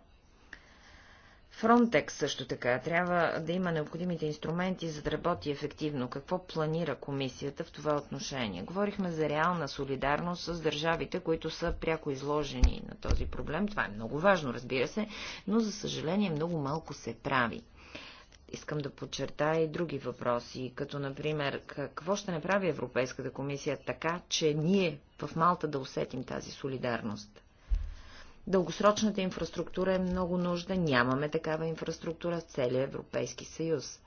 Фронтекс също така трябва да има необходимите инструменти, за да работи ефективно. Какво планира комисията в това отношение? Говорихме за реална солидарност с държавите, които са пряко изложени на този проблем. Това е много важно, разбира се, но за съжаление много малко се прави. Искам да подчертая и други въпроси, като например, какво ще направи Европейската комисия така, че ние в Малта да усетим тази солидарност? Дългосрочната инфраструктура е много нужда, нямаме такава инфраструктура в целия Европейски съюз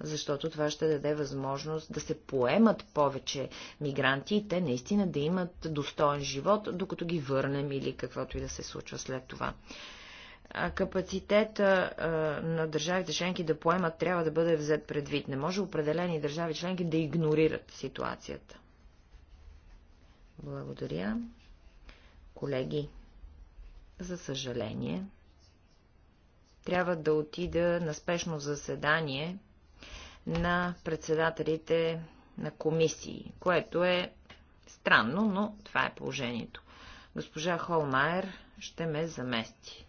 защото това ще даде възможност да се поемат повече мигранти и те наистина да имат достоен живот, докато ги върнем или каквото и да се случва след това. Капацитета на държавите членки да поемат трябва да бъде взет предвид. Не може определени държави членки да игнорират ситуацията. Благодаря. Колеги, за съжаление, трябва да отида на спешно заседание на председателите на комисии, което е странно, но това е положението. Госпожа Холмайер ще ме замести.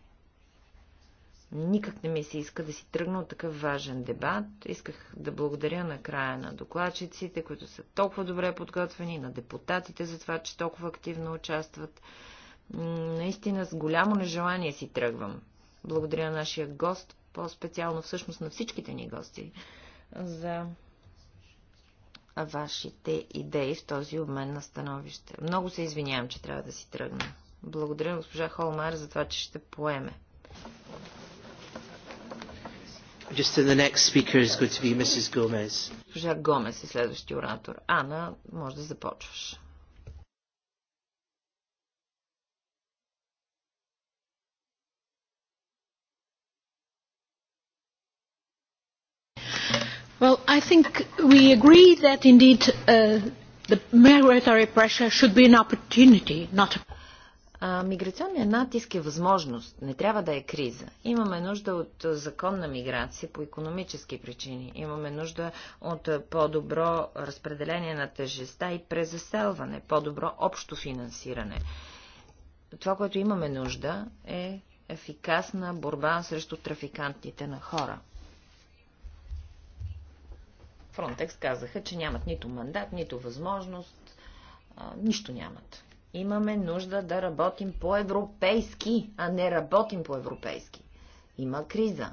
Никак не ми се иска да си тръгна от такъв важен дебат. Исках да благодаря на края на докладчиците, които са толкова добре подготвени, на депутатите за това, че толкова активно участват. Наистина с голямо нежелание си тръгвам. Благодаря на нашия гост, по-специално всъщност на всичките ни гости, за вашите идеи в този обмен на становище. Много се извинявам, че трябва да си тръгна. Благодаря госпожа Холмар за това, че ще поеме. Just the next speaker is going to be Mrs. Gomez. Госпожа Гомес е следващия оратор. Ана, може да започваш. Well, I think we agree that indeed uh, the migratory pressure should be an opportunity, not a а, миграционният натиск е възможност, не трябва да е криза. Имаме нужда от законна миграция по економически причини. Имаме нужда от по-добро разпределение на тежеста и презаселване, по-добро общо финансиране. Това, което имаме нужда е ефикасна борба срещу трафикантите на хора. Фронтекс казаха, че нямат нито мандат, нито възможност, а, нищо нямат. Имаме нужда да работим по-европейски, а не работим по-европейски. Има криза.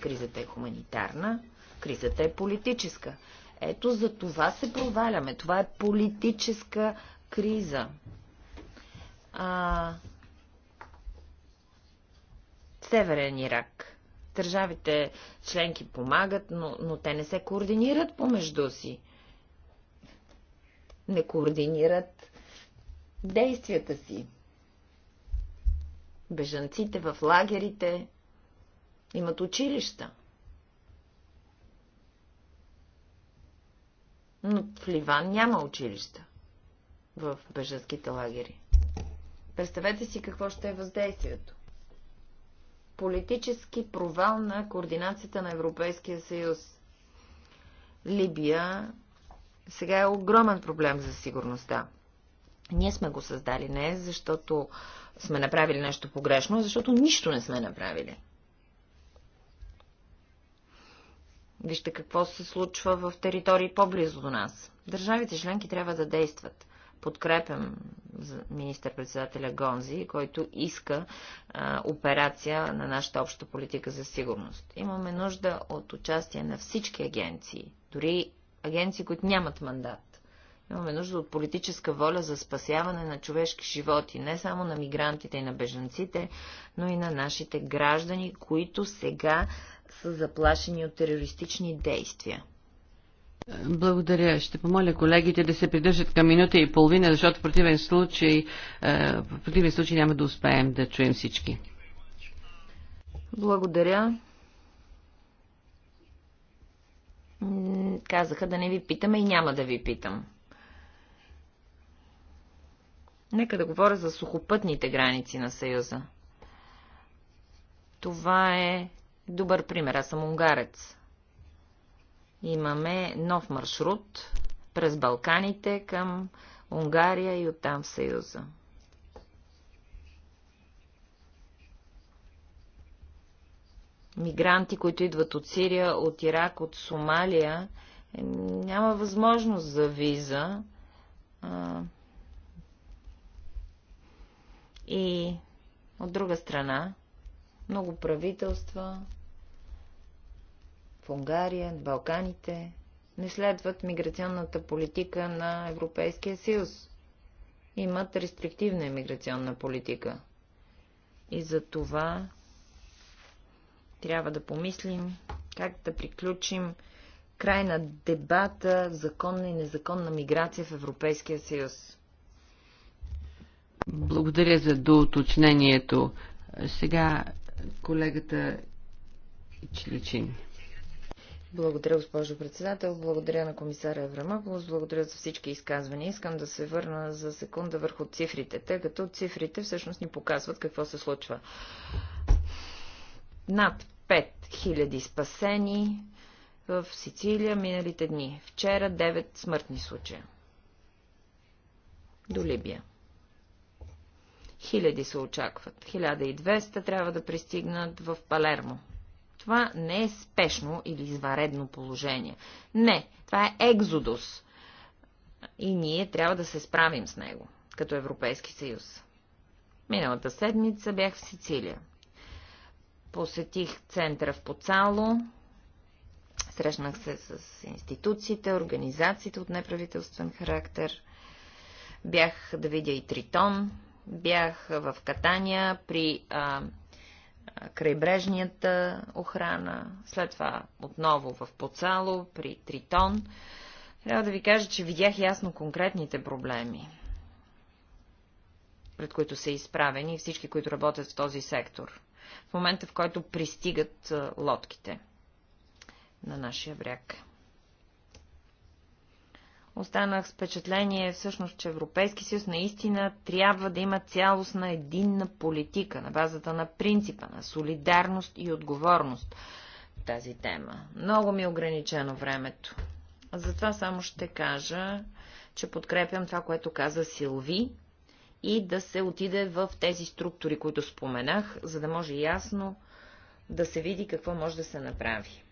Кризата е хуманитарна, кризата е политическа. Ето за това се проваляме. Това е политическа криза. А... Северен Ирак. Държавите членки помагат, но, но те не се координират помежду си. Не координират действията си. Бежанците в лагерите имат училища. Но в Ливан няма училища в бежанските лагери. Представете си какво ще е въздействието политически провал на координацията на Европейския съюз. Либия сега е огромен проблем за сигурността. Ние сме го създали не защото сме направили нещо погрешно, а защото нищо не сме направили. Вижте какво се случва в територии по-близо до нас. Държавите членки трябва да действат подкрепям министър-председателя Гонзи, който иска а, операция на нашата обща политика за сигурност. Имаме нужда от участие на всички агенции, дори агенции, които нямат мандат. Имаме нужда от политическа воля за спасяване на човешки животи, не само на мигрантите и на бежанците, но и на нашите граждани, които сега са заплашени от терористични действия. Благодаря. Ще помоля колегите да се придържат към минута и половина, защото в противен случай, е, в противен случай няма да успеем да чуем всички. Благодаря. Казаха да не ви питаме и няма да ви питам. Нека да говоря за сухопътните граници на Съюза. Това е добър пример. Аз съм унгарец имаме нов маршрут през Балканите към Унгария и оттам в Съюза. Мигранти, които идват от Сирия, от Ирак, от Сомалия, е, няма възможност за виза. И от друга страна, много правителства, в Унгария, Балканите, не следват миграционната политика на Европейския съюз. Имат рестриктивна миграционна политика. И за това трябва да помислим как да приключим край на дебата законна и незаконна миграция в Европейския съюз. Благодаря за доуточнението. Сега колегата Чиличин. Благодаря, госпожо председател. Благодаря на комисаря Еврамополос. Благодаря за всички изказвания. Искам да се върна за секунда върху цифрите, тъй като цифрите всъщност ни показват какво се случва. Над 5000 спасени в Сицилия миналите дни. Вчера 9 смъртни случая. До Либия. Хиляди се очакват. 1200 трябва да пристигнат в Палермо това не е спешно или изваредно положение. Не, това е екзодус. И ние трябва да се справим с него, като Европейски съюз. Миналата седмица бях в Сицилия. Посетих центъра в Поцало, срещнах се с институциите, организациите от неправителствен характер, бях да видя и Тритон, бях в Катания при а, крайбрежнията охрана, след това отново в Поцало, при Тритон. Трябва да ви кажа, че видях ясно конкретните проблеми, пред които са изправени всички, които работят в този сектор, в момента в който пристигат лодките на нашия бряг останах с впечатление всъщност, че Европейски съюз наистина трябва да има цялостна единна политика на базата на принципа на солидарност и отговорност тази тема. Много ми е ограничено времето. Затова само ще кажа, че подкрепям това, което каза Силви и да се отиде в тези структури, които споменах, за да може ясно да се види какво може да се направи.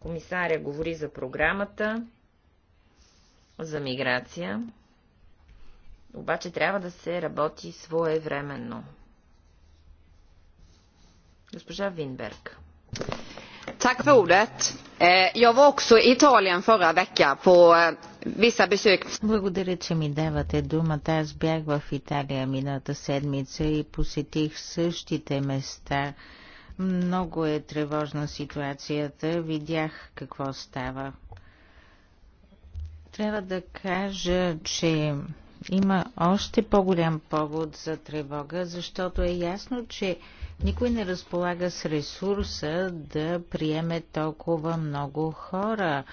Комисаря говори за програмата, за миграция, обаче трябва да се работи своевременно. Госпожа Винберг. Tack för ordet. Eh, jag var också i Italien förra veckan på eh, vissa besök. Благодаря, че ми давате думата. Аз бях в Италия миналата седмица и посетих същите места. Много е тревожна ситуацията. Видях какво става. Трябва да кажа, че има още по-голям повод за тревога, защото е ясно, че никой не разполага с ресурса да приеме толкова много хора.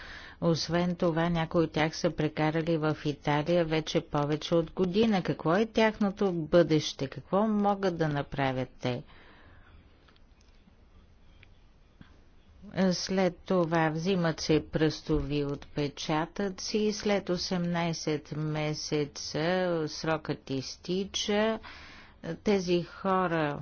Освен това, някои от тях са прекарали в Италия вече повече от година. Какво е тяхното бъдеще? Какво могат да направят те? Е, след това взимат се пръстови отпечатъци, след 18 месеца срокът изтича. Тези хора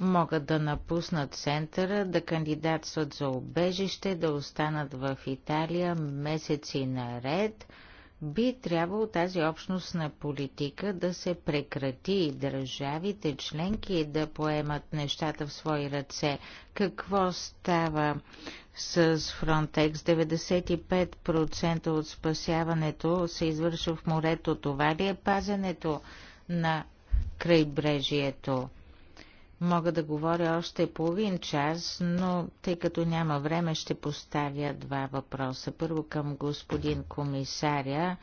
могат да напуснат центъра, да кандидатстват за обежище, да останат в Италия месеци наред – би трябвало тази общност на политика да се прекрати и държавите членки да поемат нещата в свои ръце. Какво става с Frontex? 95% от спасяването се извършва в морето. Това ли е пазенето на крайбрежието? Мога да говоря още половин час, но тъй като няма време, ще поставя два въпроса. Първо към господин комисаря.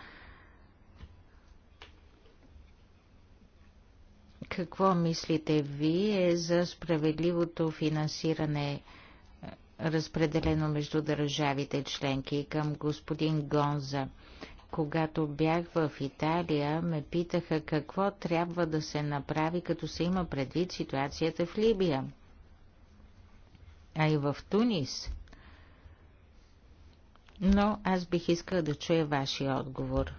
Какво мислите вие за справедливото финансиране, е, разпределено между държавите членки към господин Гонза? Когато бях в Италия, ме питаха какво трябва да се направи, като се има предвид ситуацията в Либия, а и в Тунис. Но аз бих искал да чуя вашия отговор.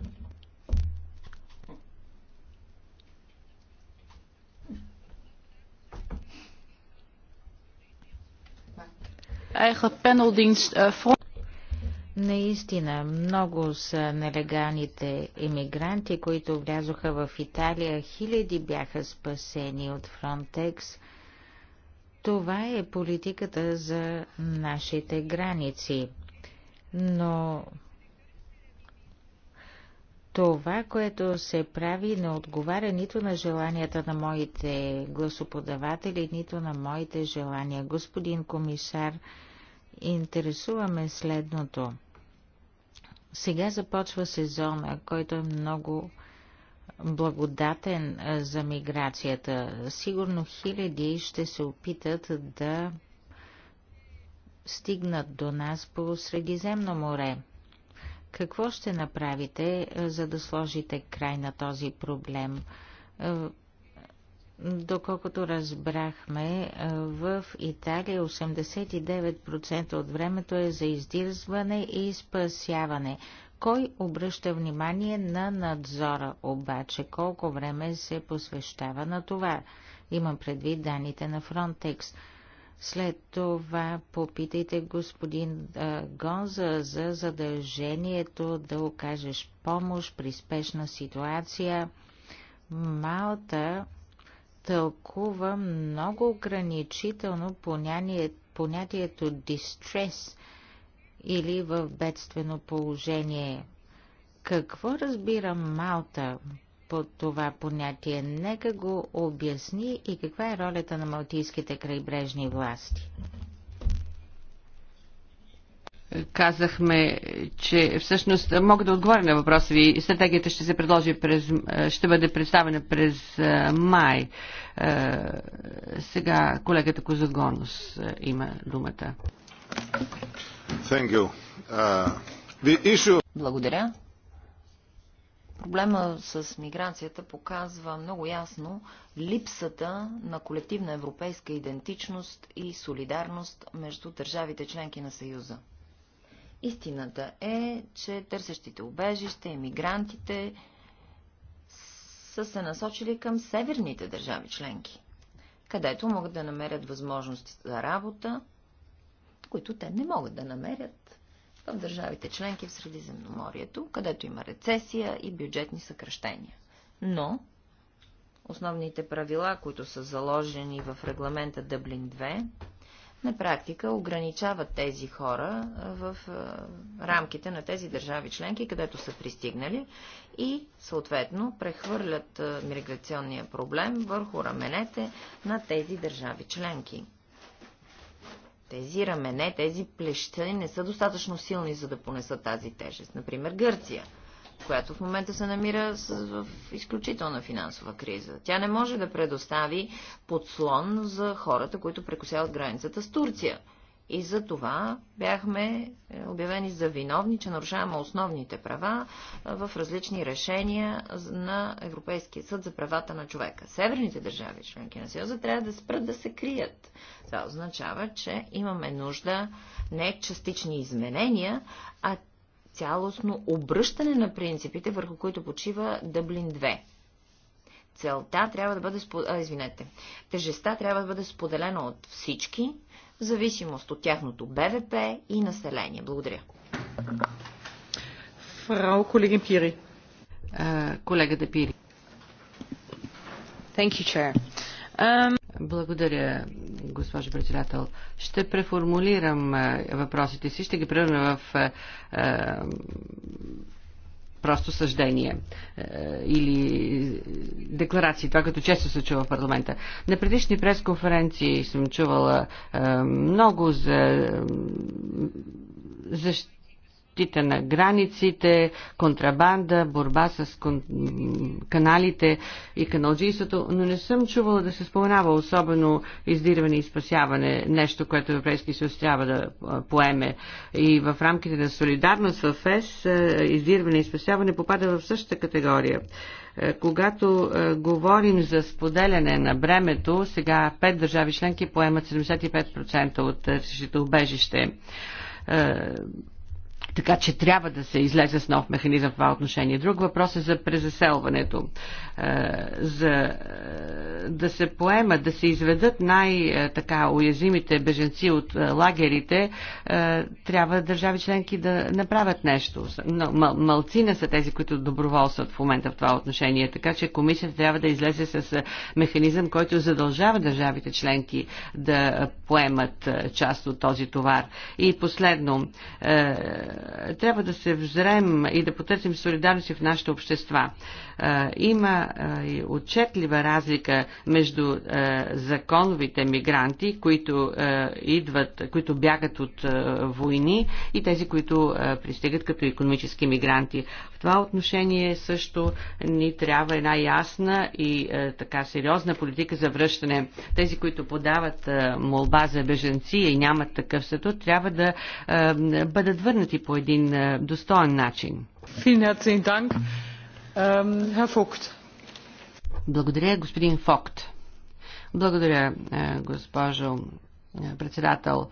eigen paneldienst eh, Наистина, много са нелегалните емигранти, които влязоха в Италия. Хиляди бяха спасени от Фронтекс. Това е политиката за нашите граници. Но това, което се прави, не отговаря нито на желанията на моите гласоподаватели, нито на моите желания. Господин комисар, интересуваме следното. Сега започва сезона, който е много благодатен за миграцията. Сигурно хиляди ще се опитат да стигнат до нас по Средиземно море. Какво ще направите, за да сложите край на този проблем? Доколкото разбрахме, в Италия 89% от времето е за издирзване и спасяване. Кой обръща внимание на надзора обаче? Колко време се посвещава на това? Имам предвид данните на Frontex. След това попитайте господин а, Гонза за задължението да окажеш помощ при спешна ситуация. Малта тълкува много ограничително понятието дистрес или в бедствено положение. Какво разбира Малта под това понятие? Нека го обясни и каква е ролята на малтийските крайбрежни власти казахме, че всъщност мога да отговоря на въпроса ви. Стратегията ще се предложи през, е, ще бъде представена през е, май. Е, сега колегата Козагонос има думата. Thank you. Uh, issue... Благодаря. Проблема с миграцията показва много ясно липсата на колективна европейска идентичност и солидарност между държавите членки на Съюза. Истината е, че търсещите убежище, емигрантите са се насочили към северните държави членки, където могат да намерят възможности за работа, които те не могат да намерят в държавите членки в Средиземноморието, където има рецесия и бюджетни съкръщения. Но основните правила, които са заложени в регламента Дъблин 2, на практика ограничават тези хора в рамките на тези държави членки, където са пристигнали и съответно прехвърлят миграционния проблем върху раменете на тези държави членки. Тези рамене, тези плеща не са достатъчно силни, за да понесат тази тежест. Например, Гърция – която в момента се намира в изключителна финансова криза. Тя не може да предостави подслон за хората, които прекусяват границата с Турция. И за това бяхме е, обявени за виновни, че нарушаваме основните права е, в различни решения на Европейския съд за правата на човека. Северните държави, членки на Съюза, трябва да спрат да се крият. Това означава, че имаме нужда не частични изменения, а цялостно обръщане на принципите, върху които почива Дъблин 2. Целта трябва да бъде, а, извинете, тежеста трябва да бъде споделена от всички, в зависимост от тяхното БВП и население. Благодаря. Фрау колеги Пири. Колегата Пири. Thank you, Chair. Um... Благодаря, госпожо председател. Ще преформулирам е, въпросите си, ще ги превърна в е, е, просто съждение или декларации, това като често се чува в парламента. На предишни пресконференции съм чувала много за защита защита на границите, контрабанда, борба с кон... каналите и каналджийството, но не съм чувала да се споменава особено издирване и спасяване, нещо, което Европейския съюз трябва да поеме. И в рамките на солидарност в ЕС, издирване и спасяване попада в същата категория когато говорим за споделяне на бремето, сега пет държави членки поемат 75% от решито убежище така че трябва да се излезе с нов механизъм в това отношение. Друг въпрос е за презаселването. Е, за е, да се поемат, да се изведат най-така уязвимите беженци от е, лагерите, трябва държави членки да направят нещо. Малцина са тези, които доброволстват в момента в това отношение. Така че комисията трябва да излезе с механизъм, който задължава държавите членки да поемат част от този товар. И последно, трябва да се взрем и да потърсим солидарност в нашите общества. Има отчетлива разлика между законовите мигранти, които идват, които бягат от войни и тези, които пристигат като економически мигранти това отношение също ни трябва една ясна и е, така сериозна политика за връщане. Тези, които подават е, молба за беженци и нямат такъв статут, трябва да е, бъдат върнати по един е, достоен начин. Благодаря, господин Фокт. Благодаря, е, госпожо е, председател.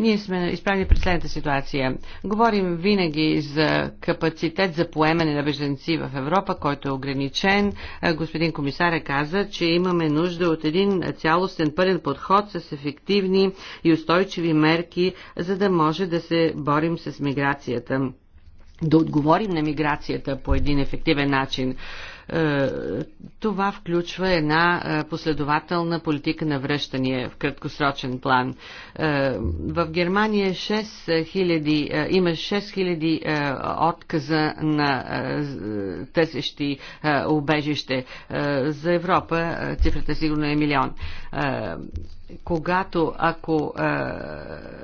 Ние сме изправени пред следната ситуация. Говорим винаги за капацитет за поемане на беженци в Европа, който е ограничен. Господин комисаря каза, че имаме нужда от един цялостен пълен подход с ефективни и устойчиви мерки, за да може да се борим с миграцията да отговорим на миграцията по един ефективен начин. Е, това включва една е, последователна политика на връщане в краткосрочен план. Е, в Германия 6000, има 6000 отказа на търсещи убежище. За Европа цифрата сигурно е милион когато ако а, е, а,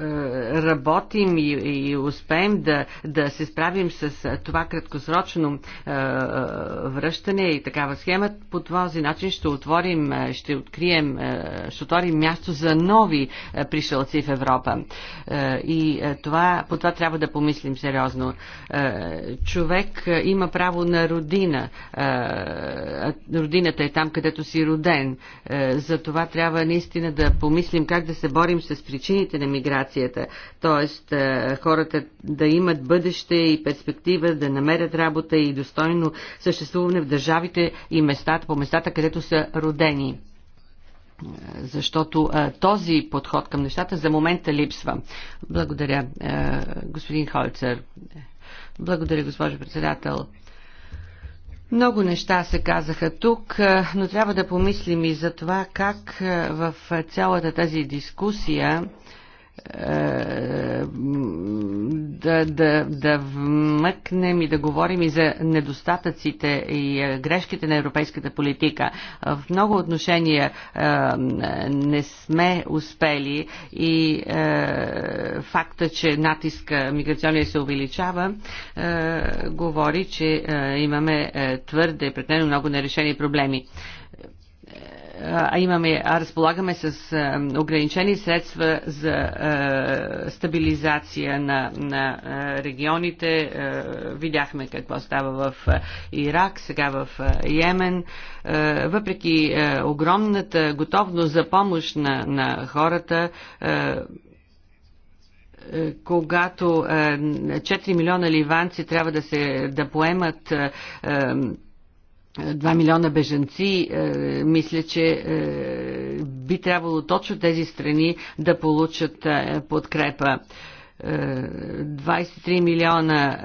е, работим и, и успеем да, да се справим с това краткосрочно а, е, връщане и такава схема, по този начин ще отворим, ще открием, ще отворим място за нови е, пришелци в Европа. А, и това, по това трябва да помислим сериозно. А, човек има право на родина. А, родината е там, където си роден. А, за това трябва наистина да помислим как да се борим с причините на миграцията, т.е. хората да имат бъдеще и перспектива, да намерят работа и достойно съществуване в държавите и местата, по местата, където са родени е, защото а, е, този подход към нещата за момента липсва. Благодаря, а, е, господин Холцер. Благодаря, госпожо председател. Много неща се казаха тук, но трябва да помислим и за това как в цялата тази дискусия е, да, да, да вмъкнем и да говорим и за недостатъците и е, грешките на европейската политика. В много отношения е, не сме успели и факта, че натиска миграционния се увеличава, говори, че имаме твърде, прекалено много нерешени проблеми а имаме, а разполагаме с а, ограничени средства за а, стабилизация на, на а, регионите. А, видяхме какво става в а, Ирак, сега в а, Йемен. А, въпреки а, огромната готовност за помощ на, на хората, а, когато 4 милиона ливанци трябва да се да поемат 2 милиона бежанци, е, мисля, че е, би трябвало точно тези страни да получат е, подкрепа. 23 милиона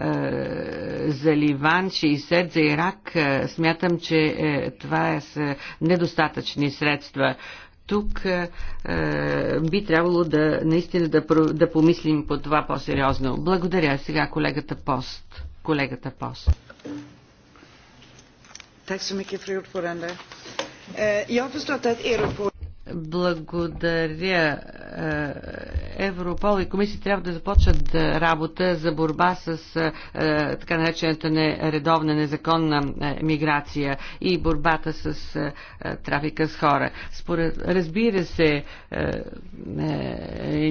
за Ливан, 60 за Ирак. Смятам, че това са недостатъчни средства. Тук би трябвало да наистина да, да помислим по това по-сериозно. Благодаря сега колегата Пост. Колегата Пост. Eh, Благодаря. Е, Европол и комисия трябва да започнат работа за борба с е, е, така наречената нередовна, незаконна миграция и борбата с трафика с хора. Според, разбира се,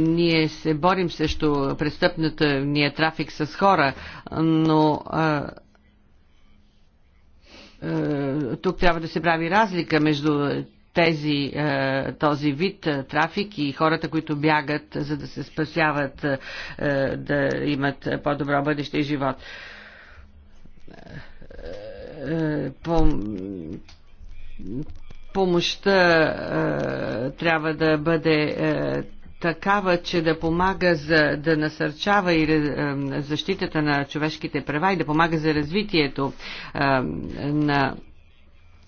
ние се борим срещу престъпната ние трафик с хора, но е, тук трябва да се прави разлика между тези, е, този вид е, трафик и хората, които бягат, за да се спасяват, да имат по-добро бъдеще и живот. По помощта трябва да бъде такава, че да помага за, да насърчава и защитата на човешките права и да помага за развитието на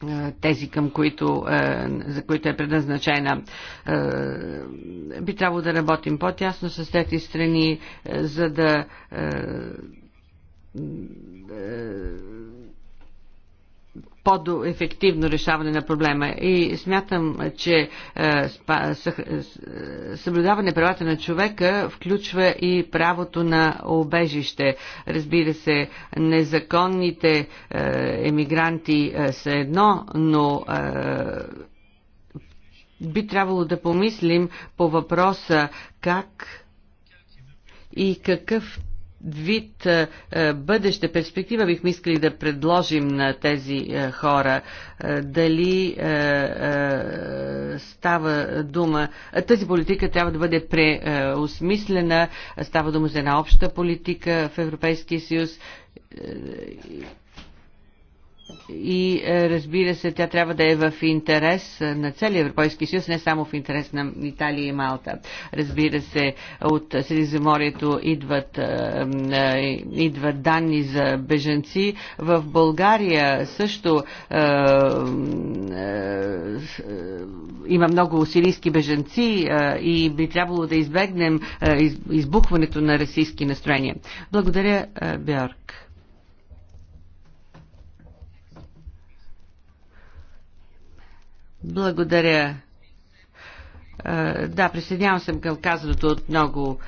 е, тези, към които, е, за които е предназначена. Е, би трябвало да работим по-тясно с тези страни, за да по-ефективно решаване на проблема. И смятам, че е, е, е, съблюдаване правата на човека включва и правото на обежище. Разбира се, незаконните емигранти са едно, но би трябвало да помислим по въпроса как и какъв вид е, е, бъдеща перспектива бихме искали да предложим на тези е, хора? Дали става дума... Тази политика трябва да бъде преосмислена. Става дума за една обща политика в Европейския съюз и е, разбира се, тя трябва да е в интерес е, на целия Европейски съюз, не само в интерес на Италия и Малта. Разбира се, от Средиземорието идват, е, идват данни за беженци. В България също е, е, има много сирийски беженци е, и би трябвало да избегнем избухването на расистски настроения. Благодаря, Бьорк. Благодаря. Да, присъединявам се към казаното от много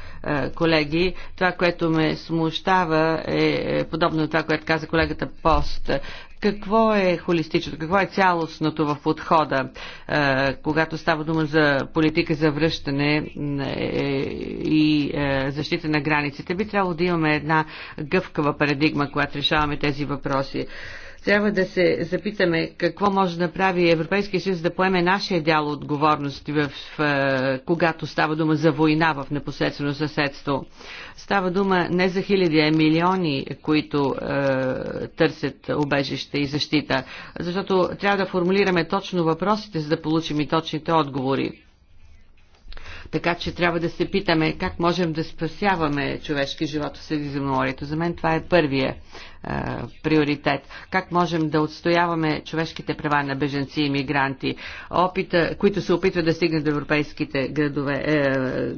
колеги. Това, което ме смущава е, е подобно на това, което каза колегата Пост. Какво е холистичното, какво е цялостното в подхода, когато става дума за политика за връщане е, и защита на границите? Би трябвало да имаме една гъвкава парадигма, която решаваме тези въпроси. Трябва да се запитаме какво може да направи Европейския съюз да поеме нашия дял отговорност, в, в, когато става дума за война в непосредствено съседство. Става дума не за хиляди, а милиони, които е, търсят обежище и защита, защото трябва да формулираме точно въпросите, за да получим и точните отговори. Така че трябва да се питаме как можем да спасяваме човешки живот в Средиземноморието. За мен това е първия а, е, приоритет. Как можем да отстояваме човешките права на беженци и мигранти, опита, които се опитват да стигнат до европейските градове, е, е,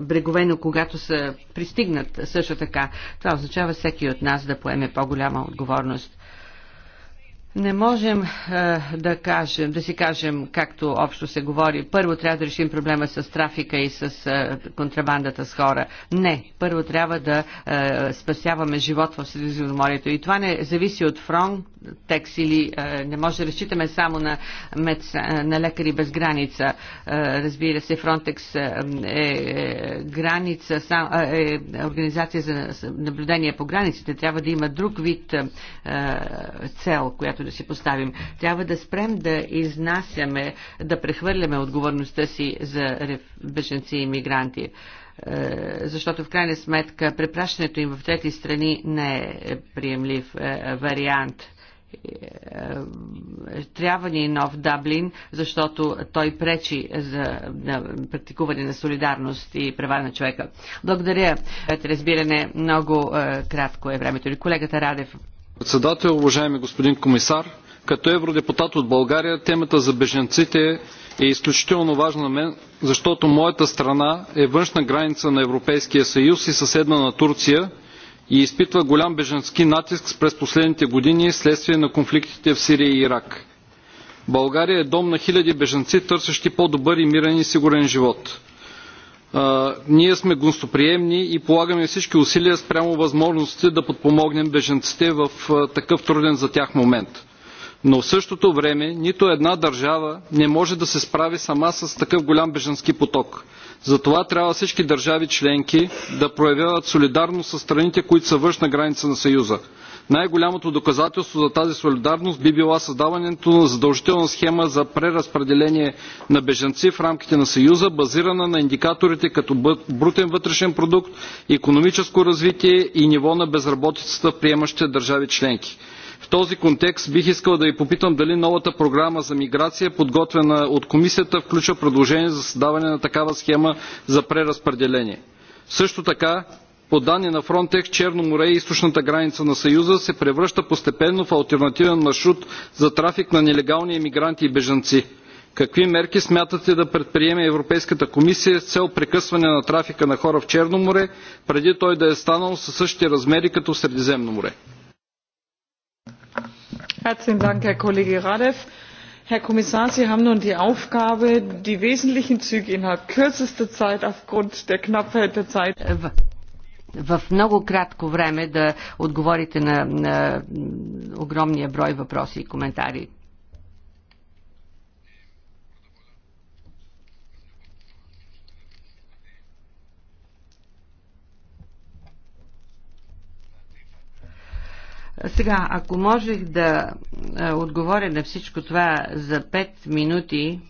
брегове, но когато са пристигнат също така, това означава всеки от нас да поеме по-голяма отговорност. Не можем е, да, кажем, да си кажем, както общо се говори, първо трябва да решим проблема с трафика и с е, контрабандата с хора. Не, първо трябва да е, спасяваме живот в Средиземноморието. И това не зависи от фронт, текст или е, не може да разчитаме само на, мед, е, на лекари без граница. Е, разбира се, Фронтекс е, е, граница, сам, е, е организация за наблюдение по границите. Трябва да има друг вид е, е цел, която която да си поставим. Трябва да спрем да изнасяме, да прехвърляме отговорността си за беженци и мигранти е, защото в крайна сметка препращането им в трети страни не е приемлив е, вариант. Е, трябва ни нов Даблин, защото той пречи за практикуване на солидарност и права на човека. Благодаря. Разбиране, много кратко е времето. Колегата Радев Председател, уважаеми господин комисар, като евродепутат от България темата за беженците е изключително важна на мен, защото моята страна е външна граница на Европейския съюз и съседна на Турция и изпитва голям беженски натиск през последните години следствие на конфликтите в Сирия и Ирак. България е дом на хиляди беженци, търсещи по-добър и мирен и сигурен живот ние сме гостоприемни и полагаме всички усилия спрямо възможностите да подпомогнем беженците в такъв труден за тях момент. Но в същото време нито една държава не може да се справи сама с такъв голям беженски поток. Затова трябва всички държави членки да проявяват солидарност с страните, които са външна граница на Съюза – най-голямото доказателство за тази солидарност би била създаването на задължителна схема за преразпределение на бежанци в рамките на Съюза, базирана на индикаторите като брутен вътрешен продукт, економическо развитие и ниво на безработицата в приемащите държави членки. В този контекст бих искал да ви попитам дали новата програма за миграция, подготвена от комисията, включва предложение за създаване на такава схема за преразпределение. Също така по данни на Фронтекс, Черно море и източната граница на Съюза се превръща постепенно в алтернативен маршрут за трафик на нелегални емигранти и бежанци. Какви мерки смятате да предприеме Европейската комисия с цел прекъсване на трафика на хора в Черно море, преди той да е станал със същите размери като в Средиземно море? Herzlichen Dank, Herr Kollege Radev. Herr Kommissar, Sie haben nun die Aufgabe, die wesentlichen Züge innerhalb kürzester Zeit aufgrund der Knappheit der Zeit. Äh, в много кратко време да отговорите на, на огромния брой въпроси и коментари. Сега, ако можех да е, отговоря на всичко това за 5 минути,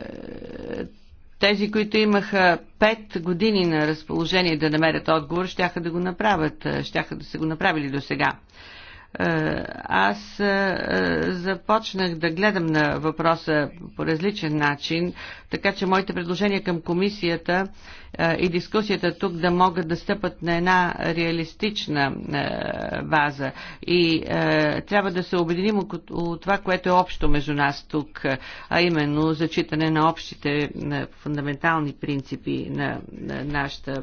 е, тези, които имаха пет години на разположение да намерят отговор, щяха да го направят, щяха да се го направили до сега. Е, аз е, е, започнах да гледам на въпроса по различен начин, така че моите предложения към комисията и дискусията тук да могат да стъпат на една реалистична база. И трябва да се обединим около това, което е общо между нас тук, а именно зачитане на общите фундаментални принципи на, нашата,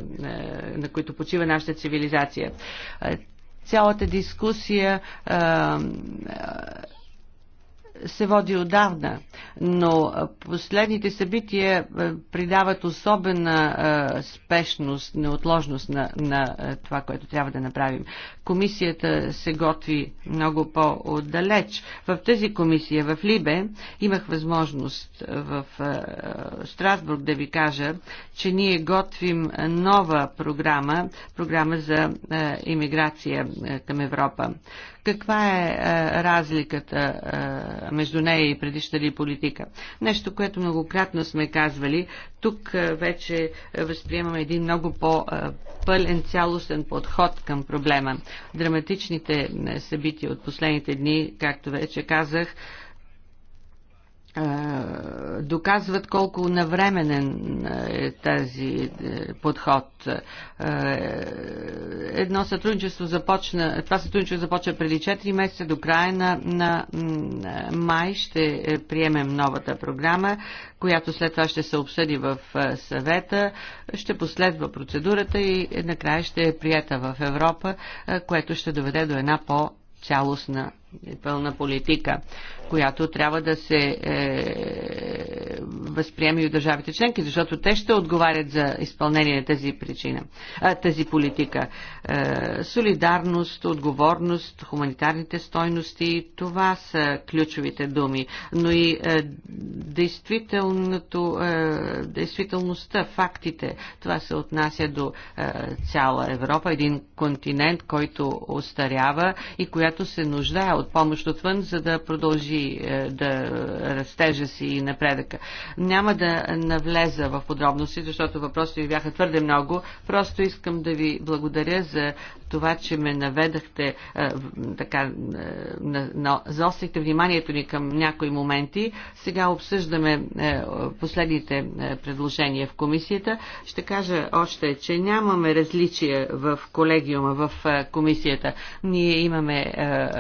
на които почива нашата цивилизация. Цялата дискусия се води отдавна, но последните събития придават особена спешност, неотложност на, на това, което трябва да направим. Комисията се готви много по-отдалеч. В тази комисия, в Либе, имах възможност в Страсбург да ви кажа, че ние готвим нова програма, програма за иммиграция към Европа каква е, е разликата е, между нея и предишната ли политика? Нещо, което многократно сме казвали. Тук е, вече възприемаме един много по-пълен цялостен подход към проблема. Драматичните събития от последните дни, както вече казах, доказват колко навременен е тази е, подход. Е, едно сътрудничество започна, това сътрудничество започва преди 4 месеца, до края на, на май ще е, приемем новата програма, която след това ще се обсъди в съвета, ще последва процедурата и накрая ще е прията в Европа, което ще доведе до една по-цялостна пълна политика, която трябва да се е, възприеме и от държавите членки, защото те ще отговарят за изпълнение на тази причина, а, тази политика. Е, солидарност, отговорност, хуманитарните стойности, това са ключовите думи, но и е, действителното, е, действителността, фактите, това се отнася до е, цяла Европа, един континент, който остарява и която се нуждае от помощ отвън, за да продължи е, да растежа си и напредъка. Няма да навлеза в подробности, защото въпросите ви бяха твърде много. Просто искам да ви благодаря за това, че ме наведахте, е, така, е, на, на, заострихте вниманието ни към някои моменти. Сега обсъждаме е, последните предложения в комисията. Ще кажа още, че нямаме различия в колегиума, в комисията. Ние имаме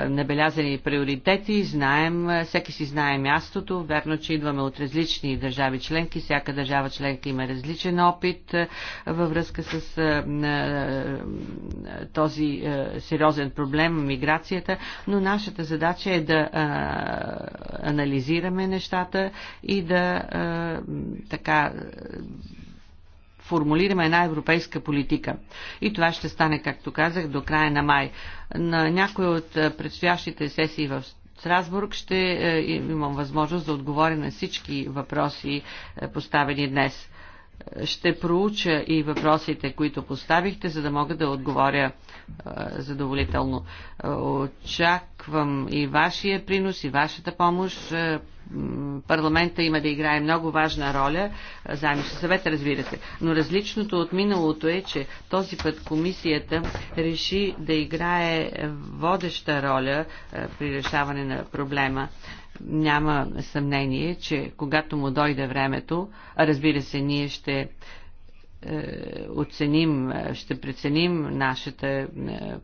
набелязани приоритети, знаем, всеки си знае мястото. Верно, че идваме от различни държави членки, всяка държава членка има различен опит във връзка с този този е, сериозен проблем, миграцията, но нашата задача е да е, анализираме нещата и да е, така формулираме една европейска политика. И това ще стане, както казах, до края на май. На някои от предстоящите сесии в Страсбург ще имам възможност да отговоря на всички въпроси поставени днес ще проуча и въпросите, които поставихте, за да мога да отговоря задоволително. Очаквам и вашия принос, и вашата помощ. Парламента има да играе много важна роля, заедно с съвета, разбира се. Но различното от миналото е, че този път комисията реши да играе водеща роля при решаване на проблема няма съмнение, че когато му дойде времето, а разбира се, ние ще е, оценим, е, ще преценим нашата е,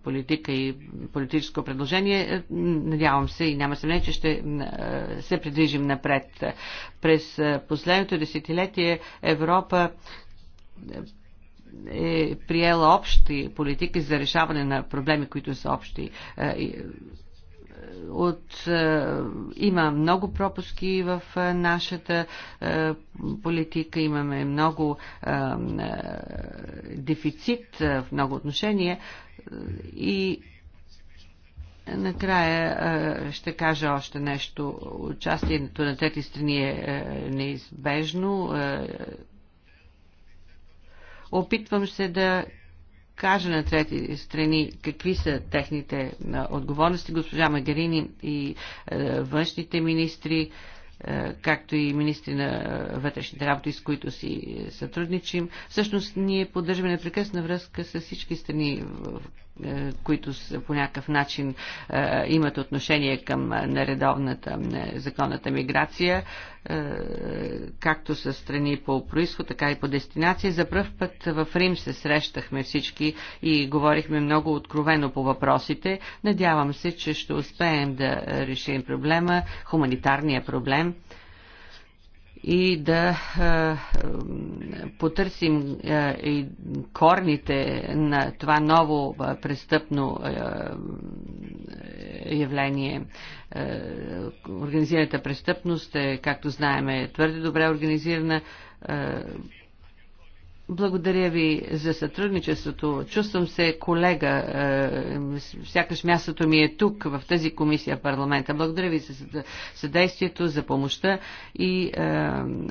политика и политическо предложение, надявам се и няма съмнение, че ще се придвижим напред. През последното десетилетие Европа е приела общи политики за решаване на проблеми, които са общи от, е, има много пропуски в е, нашата е, политика, имаме много дефицит в много отношения и Накрая ще кажа още нещо. Участието на трети страни е неизбежно. Опитвам се да каже на трети страни какви са техните отговорности. Госпожа Магарини и външните министри, както и министри на вътрешните работи, с които си сътрудничим. Всъщност ние поддържаме непрекъсна връзка с всички страни е, които по някакъв начин е, имат отношение към е, нередовната законната миграция, както с страни по происход, така и по дестинация. За пръв път в Рим се срещахме всички и говорихме много откровено по въпросите. Надявам се, че ще успеем да решим проблема, хуманитарния проблем и да потърсим корните на това ново престъпно явление. Организираната престъпност е, както знаем, е твърде добре организирана благодаря ви за сътрудничеството. Чувствам се колега. Е, сякаш мястото ми е тук, в тази комисия в парламента. Благодаря ви за съдействието, за помощта и е,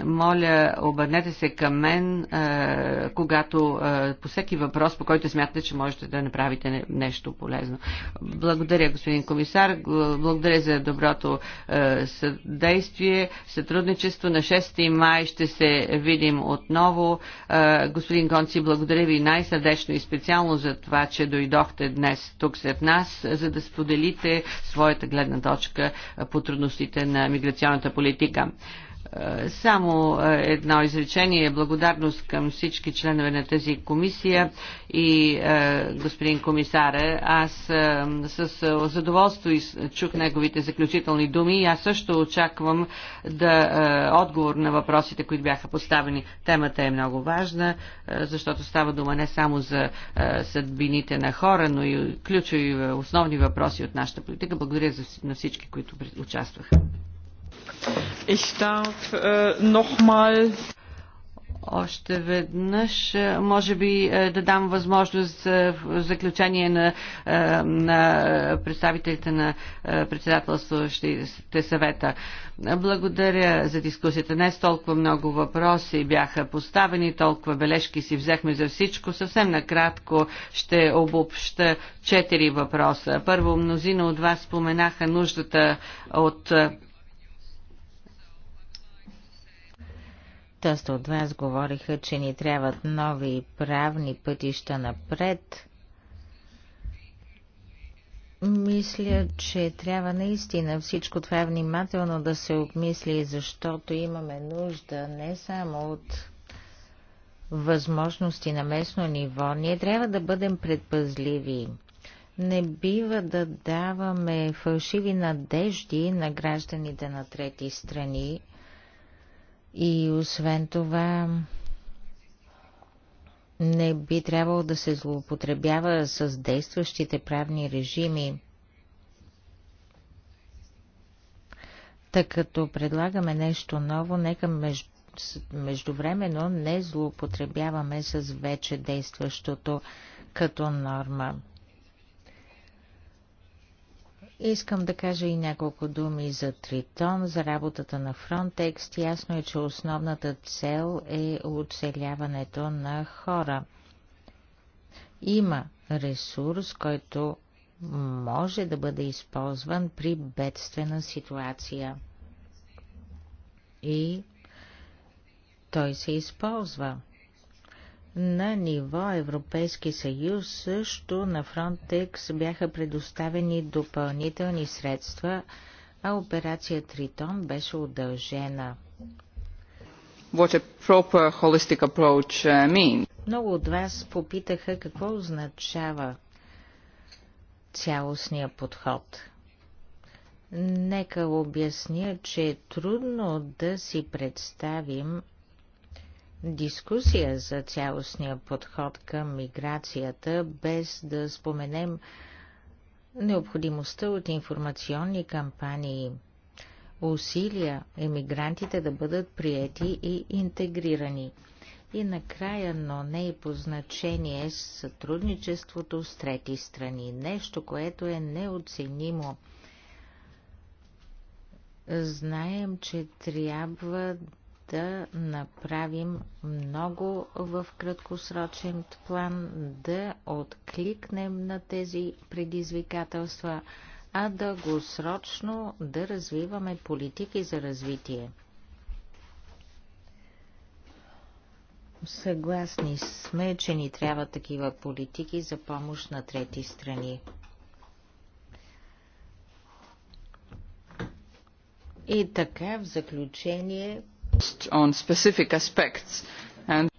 моля, обърнете се към мен, е, когато по всеки въпрос, по който смятате, че можете да направите нещо полезно. Благодаря, господин комисар. Благодаря за доброто съдействие, сътрудничество. На 6 май ще се видим отново. Господин Гонци, благодаря ви най-сърдечно и специално за това, че дойдохте днес тук сред нас, за да споделите своята гледна точка по трудностите на миграционната политика. Е, само е, едно изречение. Благодарност към всички членове на тази комисия и е, господин комисаре, Аз с задоволство чух неговите заключителни думи и аз също очаквам да отговор на въпросите, които бяха поставени. Темата е много важна, защото става дума не само за съдбините на хора, но и ключови основни въпроси от нашата политика. Благодаря на всички, които участваха. Ich darf äh, noch mal още веднъж. Е, може би е, да дам възможност за е, заключение на, на представителите на председателстващите съвета. Благодаря за дискусията. Днес толкова много въпроси бяха поставени, толкова бележки си взехме за всичко. Съвсем накратко ще обобща четири въпроса. Първо, мнозина от вас споменаха нуждата от Тъст от вас говориха, че ни трябват нови правни пътища напред. Мисля, че трябва наистина всичко това внимателно да се обмисли, защото имаме нужда не само от възможности на местно ниво. Ние трябва да бъдем предпазливи. Не бива да даваме фалшиви надежди на гражданите на трети страни, и освен това, не би трябвало да се злоупотребява с действащите правни режими. Така като предлагаме нещо ново, нека между междувременно не злоупотребяваме с вече действащото като норма. Искам да кажа и няколко думи за Тритон, за работата на Frontex. Ясно е, че основната цел е оцеляването на хора. Има ресурс, който може да бъде използван при бедствена ситуация. И той се използва. На ниво Европейски съюз също на Frontex бяха предоставени допълнителни средства, а операция Тритон беше удължена. What a proper holistic approach uh, means. Много от вас попитаха какво означава цялостния подход. Нека обясня, че е трудно да си представим дискусия за цялостния подход към миграцията, без да споменем необходимостта от информационни кампании, усилия емигрантите да бъдат приети и интегрирани. И накрая, но не и по значение, с сътрудничеството с трети страни. Нещо, което е неоценимо. Знаем, че трябва да направим много в краткосрочен план, да откликнем на тези предизвикателства, а дългосрочно да развиваме политики за развитие. Съгласни сме, че ни трябва такива политики за помощ на трети страни. И така, в заключение,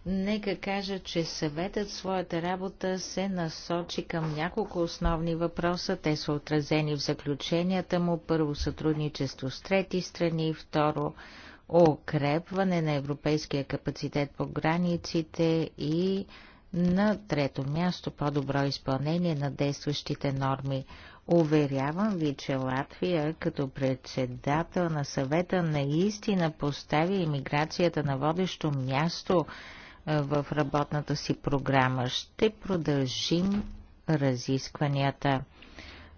Нека кажа, че съветът своята работа се насочи към няколко основни въпроса. Те са отразени в заключенията му. Първо, сътрудничество с трети страни. Второ, укрепване на европейския капацитет по границите и на трето място по-добро изпълнение на действащите норми. Уверявам ви, че Латвия като председател на съвета наистина постави иммиграцията на водещо място в работната си програма. Ще продължим разискванията,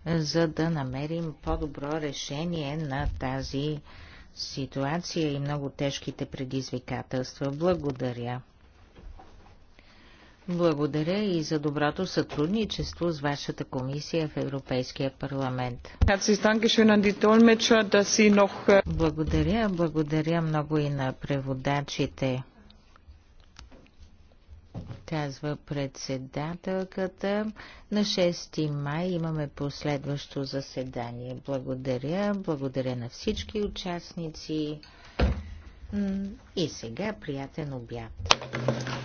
за да намерим по-добро решение на тази ситуация и много тежките предизвикателства. Благодаря. Благодаря и за доброто сътрудничество с вашата комисия в Европейския парламент. Äh, благодаря, благодаря много и на преводачите. Казва председателката. На 6 май имаме последващо заседание. Благодаря, благодаря на всички участници. И сега приятен обяд.